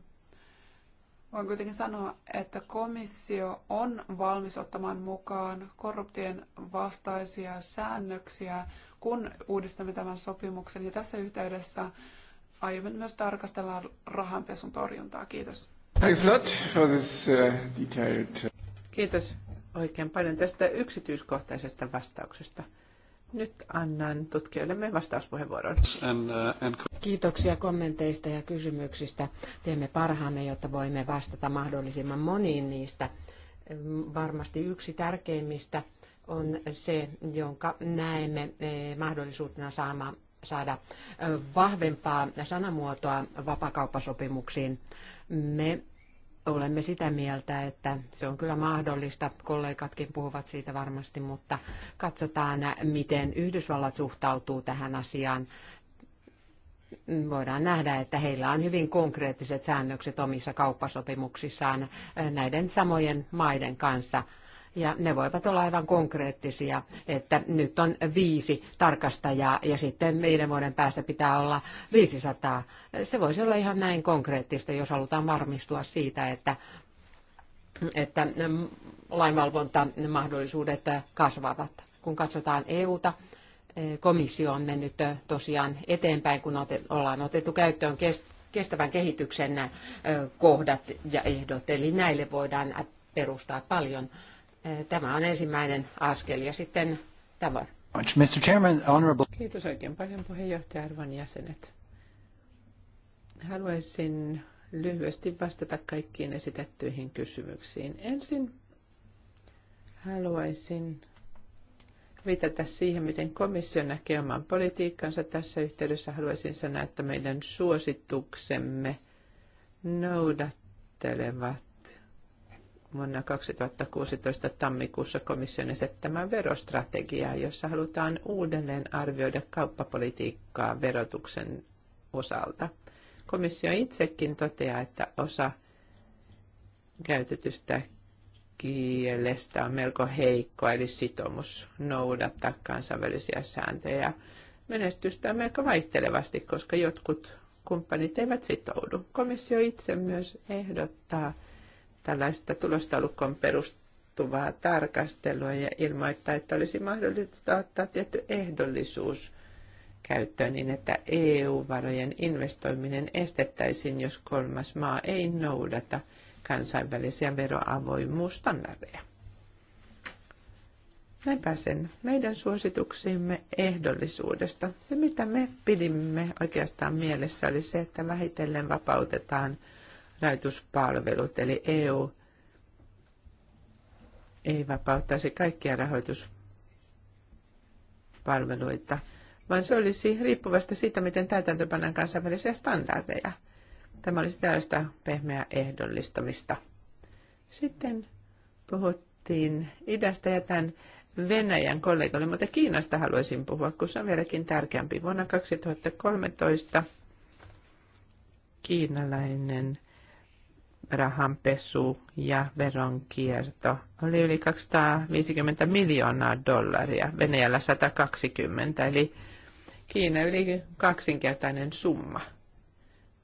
Voin kuitenkin sanoa, että komissio on valmis ottamaan mukaan korruptien vastaisia säännöksiä, kun uudistamme tämän sopimuksen. Ja tässä yhteydessä aiomme myös tarkastella rahanpesun torjuntaa. Kiitos. Thanks a lot for this uh, detailed... Uh, Kiitos oikein paljon tästä yksityiskohtaisesta vastauksesta. Nyt annan tutkijoillemme vastauspuheenvuoron. Uh, Kiitoksia kommenteista ja kysymyksistä. Teemme parhaamme, jotta voimme vastata mahdollisimman moniin niistä. Varmasti yksi tärkeimmistä on se, jonka näemme eh, mahdollisuutena saamaan saada vahvempaa sanamuotoa vapakauppasopimuksiin. Me olemme sitä mieltä, että se on kyllä mahdollista. Kollegatkin puhuvat siitä varmasti, mutta katsotaan, miten Yhdysvallat suhtautuu tähän asiaan. Voidaan nähdä, että heillä on hyvin konkreettiset säännökset omissa kauppasopimuksissaan näiden samojen maiden kanssa – ja ne voivat olla aivan konkreettisia, että nyt on viisi tarkastajaa ja sitten viiden vuoden päästä pitää olla 500. Se voisi olla ihan näin konkreettista, jos halutaan varmistua siitä, että, että lainvalvontamahdollisuudet kasvavat. Kun katsotaan EUta, komissio on mennyt tosiaan eteenpäin, kun ollaan otettu käyttöön kestävän kehityksen kohdat ja ehdot. Eli näille voidaan perustaa paljon Eh, tämä on ensimmäinen askel ja sitten tavar. Mr. Chairman, honorable. Kiitos oikein paljon puheenjohtaja arvon jäsenet. Haluaisin lyhyesti vastata kaikkiin esitettyihin kysymyksiin. Ensin haluaisin viitata siihen, miten komissio näkee oman politiikkansa. Tässä yhteydessä haluaisin sanoa, että meidän suosituksemme noudattelevat vuonna 2016 tammikuussa komission esittämään verostrategiaa, jossa halutaan uudelleen arvioida kauppapolitiikkaa verotuksen osalta. Komissio itsekin toteaa, että osa käytetystä kielestä on melko heikko, eli sitoumus noudattaa kansainvälisiä sääntöjä. Menestystä on melko vaihtelevasti, koska jotkut kumppanit eivät sitoudu. Komissio itse myös ehdottaa tällaista tulostalukon perustuvaa tarkastelua ja ilmoittaa, että olisi mahdollista ottaa tietty ehdollisuus käyttöön niin, että EU-varojen investoiminen estettäisiin, jos kolmas maa ei noudata kansainvälisiä veroavoimuustandardeja. Näinpä sen meidän suosituksiimme ehdollisuudesta. Se, mitä me pidimme oikeastaan mielessä, oli se, että vähitellen vapautetaan – rahoituspalvelut, eli EU ei vapauttaisi kaikkia rahoituspalveluita, vaan se olisi riippuvasta siitä, miten täytäntöpannaan kansainvälisiä standardeja. Tämä olisi tällaista pehmeää ehdollistamista. Sitten puhuttiin idästä ja tämän Venäjän kollegoille, mutta Kiinasta haluaisin puhua, kun se on vieläkin tärkeämpi. Vuonna 2013 kiinalainen rahanpesu ja veronkierto oli yli 250 miljoonaa dollaria, Venäjällä 120, eli Kiina yli kaksinkertainen summa.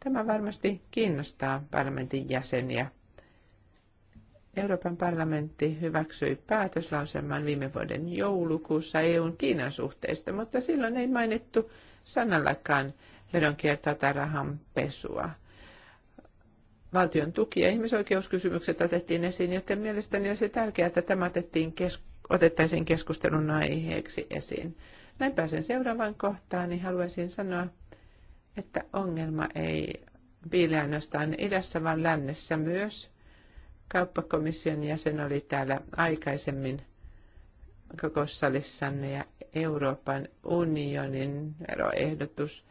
Tämä varmasti kiinnostaa parlamentin jäseniä. Euroopan parlamentti hyväksyi päätöslauselman viime vuoden joulukuussa EUn Kiinan suhteista, mutta silloin ei mainittu sanallakaan veronkiertoa tai rahanpesua. pesua valtion tuki ja ihmisoikeuskysymykset otettiin esiin, joten mielestäni olisi tärkeää, että tämä otettiin kesk- otettaisiin keskustelun aiheeksi esiin. Näin pääsen seuraavaan kohtaan, niin haluaisin sanoa, että ongelma ei piile ainoastaan idässä, vaan lännessä myös. Kauppakomission jäsen oli täällä aikaisemmin kokoussalissanne ja Euroopan unionin veroehdotus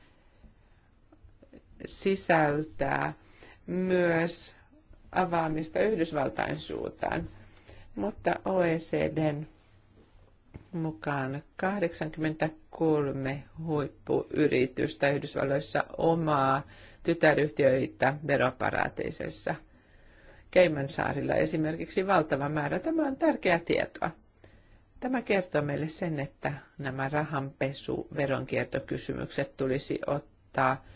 sisältää myös avaamista Yhdysvaltain suuntaan. Mutta OECDn mukaan 83 huippuyritystä Yhdysvalloissa omaa tytäryhtiöitä veroparatiiseissa. Keimansaarilla esimerkiksi valtava määrä. Tämä on tärkeää tietoa. Tämä kertoo meille sen, että nämä rahanpesu, veronkiertokysymykset tulisi ottaa –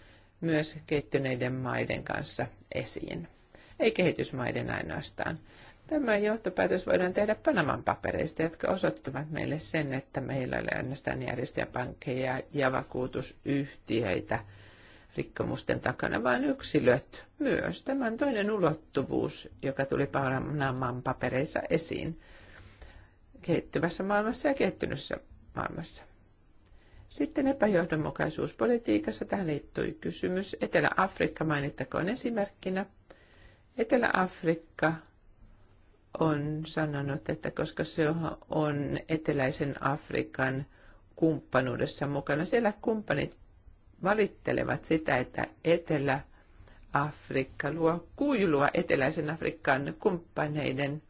myös kehittyneiden maiden kanssa esiin. Ei kehitysmaiden ainoastaan. Tämä johtopäätös voidaan tehdä Panaman papereista, jotka osoittavat meille sen, että meillä ei ole ainoastaan järjestäjäpankkeja ja vakuutusyhtiöitä rikkomusten takana, vaan yksilöt myös. Tämä on toinen ulottuvuus, joka tuli Panaman papereissa esiin kehittyvässä maailmassa ja kehittynyssä maailmassa. Sitten epäjohdonmukaisuuspolitiikassa tähän liittyy kysymys. Etelä-Afrikka mainittakoon esimerkkinä. Etelä-Afrikka on sanonut, että koska se on eteläisen Afrikan kumppanuudessa mukana, siellä kumppanit valittelevat sitä, että Etelä-Afrikka luo kuilua eteläisen Afrikan kumppaneiden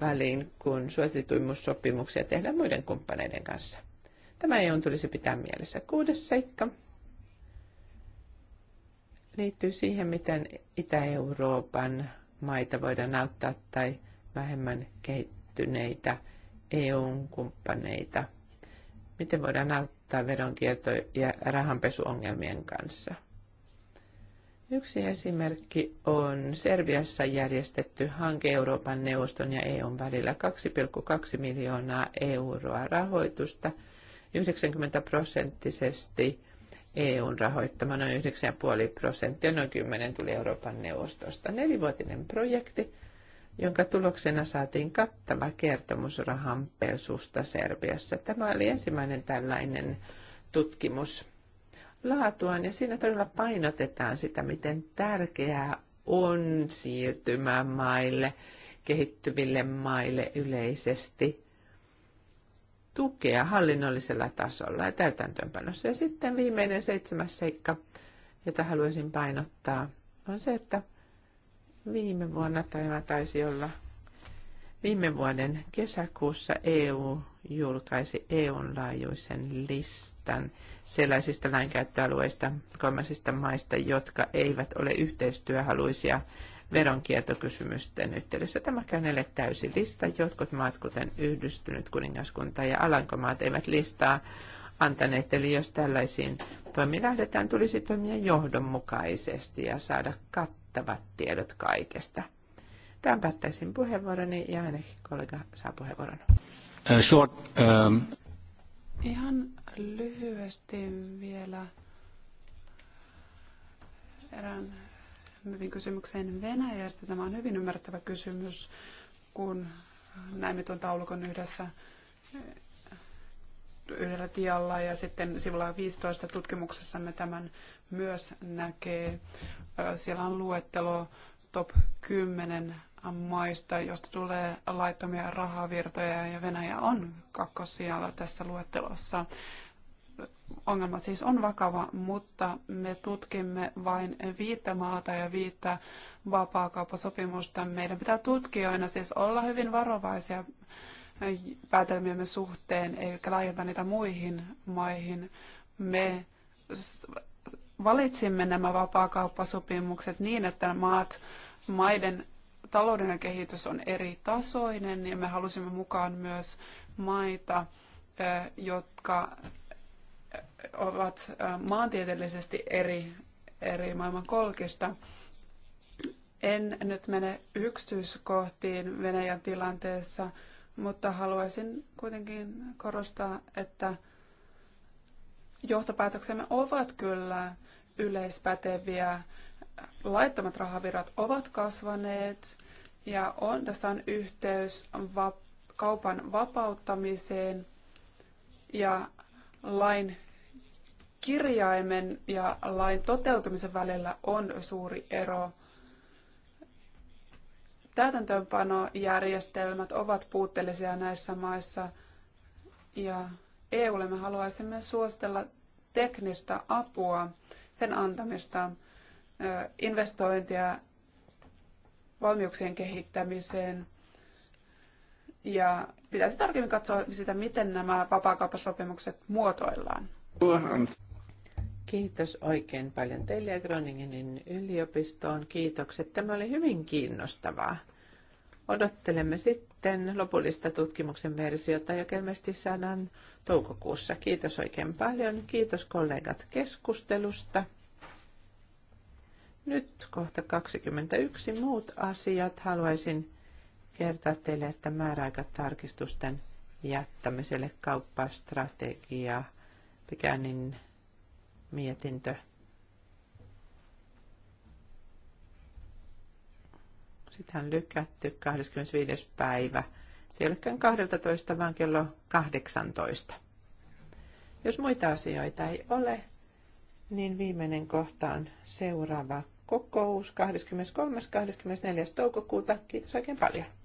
väliin, kun suosituimmussopimuksia tehdään muiden kumppaneiden kanssa. Tämä ei on tulisi pitää mielessä. Kuudes seikka liittyy siihen, miten Itä-Euroopan maita voidaan auttaa tai vähemmän kehittyneitä EU-kumppaneita. Miten voidaan auttaa veronkierto- ja rahanpesuongelmien kanssa? Yksi esimerkki on Serbiassa järjestetty hanke Euroopan neuvoston ja EUn välillä 2,2 miljoonaa euroa rahoitusta – 90 prosenttisesti EUn rahoittamana 9,5 prosenttia, noin 10 tuli Euroopan neuvostosta. Nelivuotinen projekti, jonka tuloksena saatiin kattava kertomus rahan pelsusta Serbiassa. Tämä oli ensimmäinen tällainen tutkimus laatuaan ja siinä todella painotetaan sitä, miten tärkeää on siirtymämaille, kehittyville maille yleisesti tukea hallinnollisella tasolla ja täytäntöönpanossa. Ja sitten viimeinen seitsemäs seikka, jota haluaisin painottaa, on se, että viime vuonna, tämä taisi olla viime vuoden kesäkuussa EU julkaisi EUn laajuisen listan sellaisista lainkäyttöalueista kolmansista maista, jotka eivät ole yhteistyöhaluisia veronkiertokysymysten yhteydessä. Tämäkään ei ole täysi lista. Jotkut maat, kuten Yhdistynyt kuningaskunta ja Alankomaat, eivät listaa antaneet. Eli jos tällaisiin toimiin lähdetään, tulisi toimia johdonmukaisesti ja saada kattavat tiedot kaikesta. Tämän päättäisin puheenvuoroni ja ainakin kollega saa puheenvuoron. Uh, short, um... Ihan lyhyesti vielä erään hyvin kysymykseen Venäjästä. Tämä on hyvin ymmärrettävä kysymys, kun näimme tuon taulukon yhdessä yhdellä tialla ja sitten sivulla 15 tutkimuksessamme tämän myös näkee. Siellä on luettelo top 10 maista, josta tulee laittomia rahavirtoja ja Venäjä on kakkosijalla tässä luettelossa ongelma siis on vakava, mutta me tutkimme vain viittä maata ja viittä vapaakauppasopimusta. Meidän pitää tutkijoina siis olla hyvin varovaisia päätelmiemme suhteen, eikä laajentaa niitä muihin maihin. Me valitsimme nämä vapaakauppasopimukset niin, että maat, maiden taloudellinen kehitys on eri tasoinen ja me halusimme mukaan myös maita, eh, jotka ovat maantieteellisesti eri, eri maailman kolkista. En nyt mene yksityiskohtiin Venäjän tilanteessa, mutta haluaisin kuitenkin korostaa, että johtopäätöksemme ovat kyllä yleispäteviä. Laittomat rahavirrat ovat kasvaneet ja on, tässä on yhteys va- kaupan vapauttamiseen ja lain kirjaimen ja lain toteutumisen välillä on suuri ero. Täytäntöönpanojärjestelmät ovat puutteellisia näissä maissa ja EUlle me haluaisimme suositella teknistä apua, sen antamista, investointia valmiuksien kehittämiseen ja pitäisi tarkemmin katsoa sitä, miten nämä vapaakauppasopimukset muotoillaan. Kiitos oikein paljon teille ja Groningenin yliopistoon. Kiitokset. Tämä oli hyvin kiinnostavaa. Odottelemme sitten lopullista tutkimuksen versiota, joka ilmeisesti saadaan toukokuussa. Kiitos oikein paljon. Kiitos kollegat keskustelusta. Nyt kohta 21 muut asiat. Haluaisin kertoa teille, että määräaikatarkistusten jättämiselle kauppastrategia Pikäänin mietintö. Sitten hän lykätty 25. päivä. Selkän 12, vaan kello 18. Jos muita asioita ei ole, niin viimeinen kohta on seuraava kokous 23.-24. toukokuuta. Kiitos oikein paljon.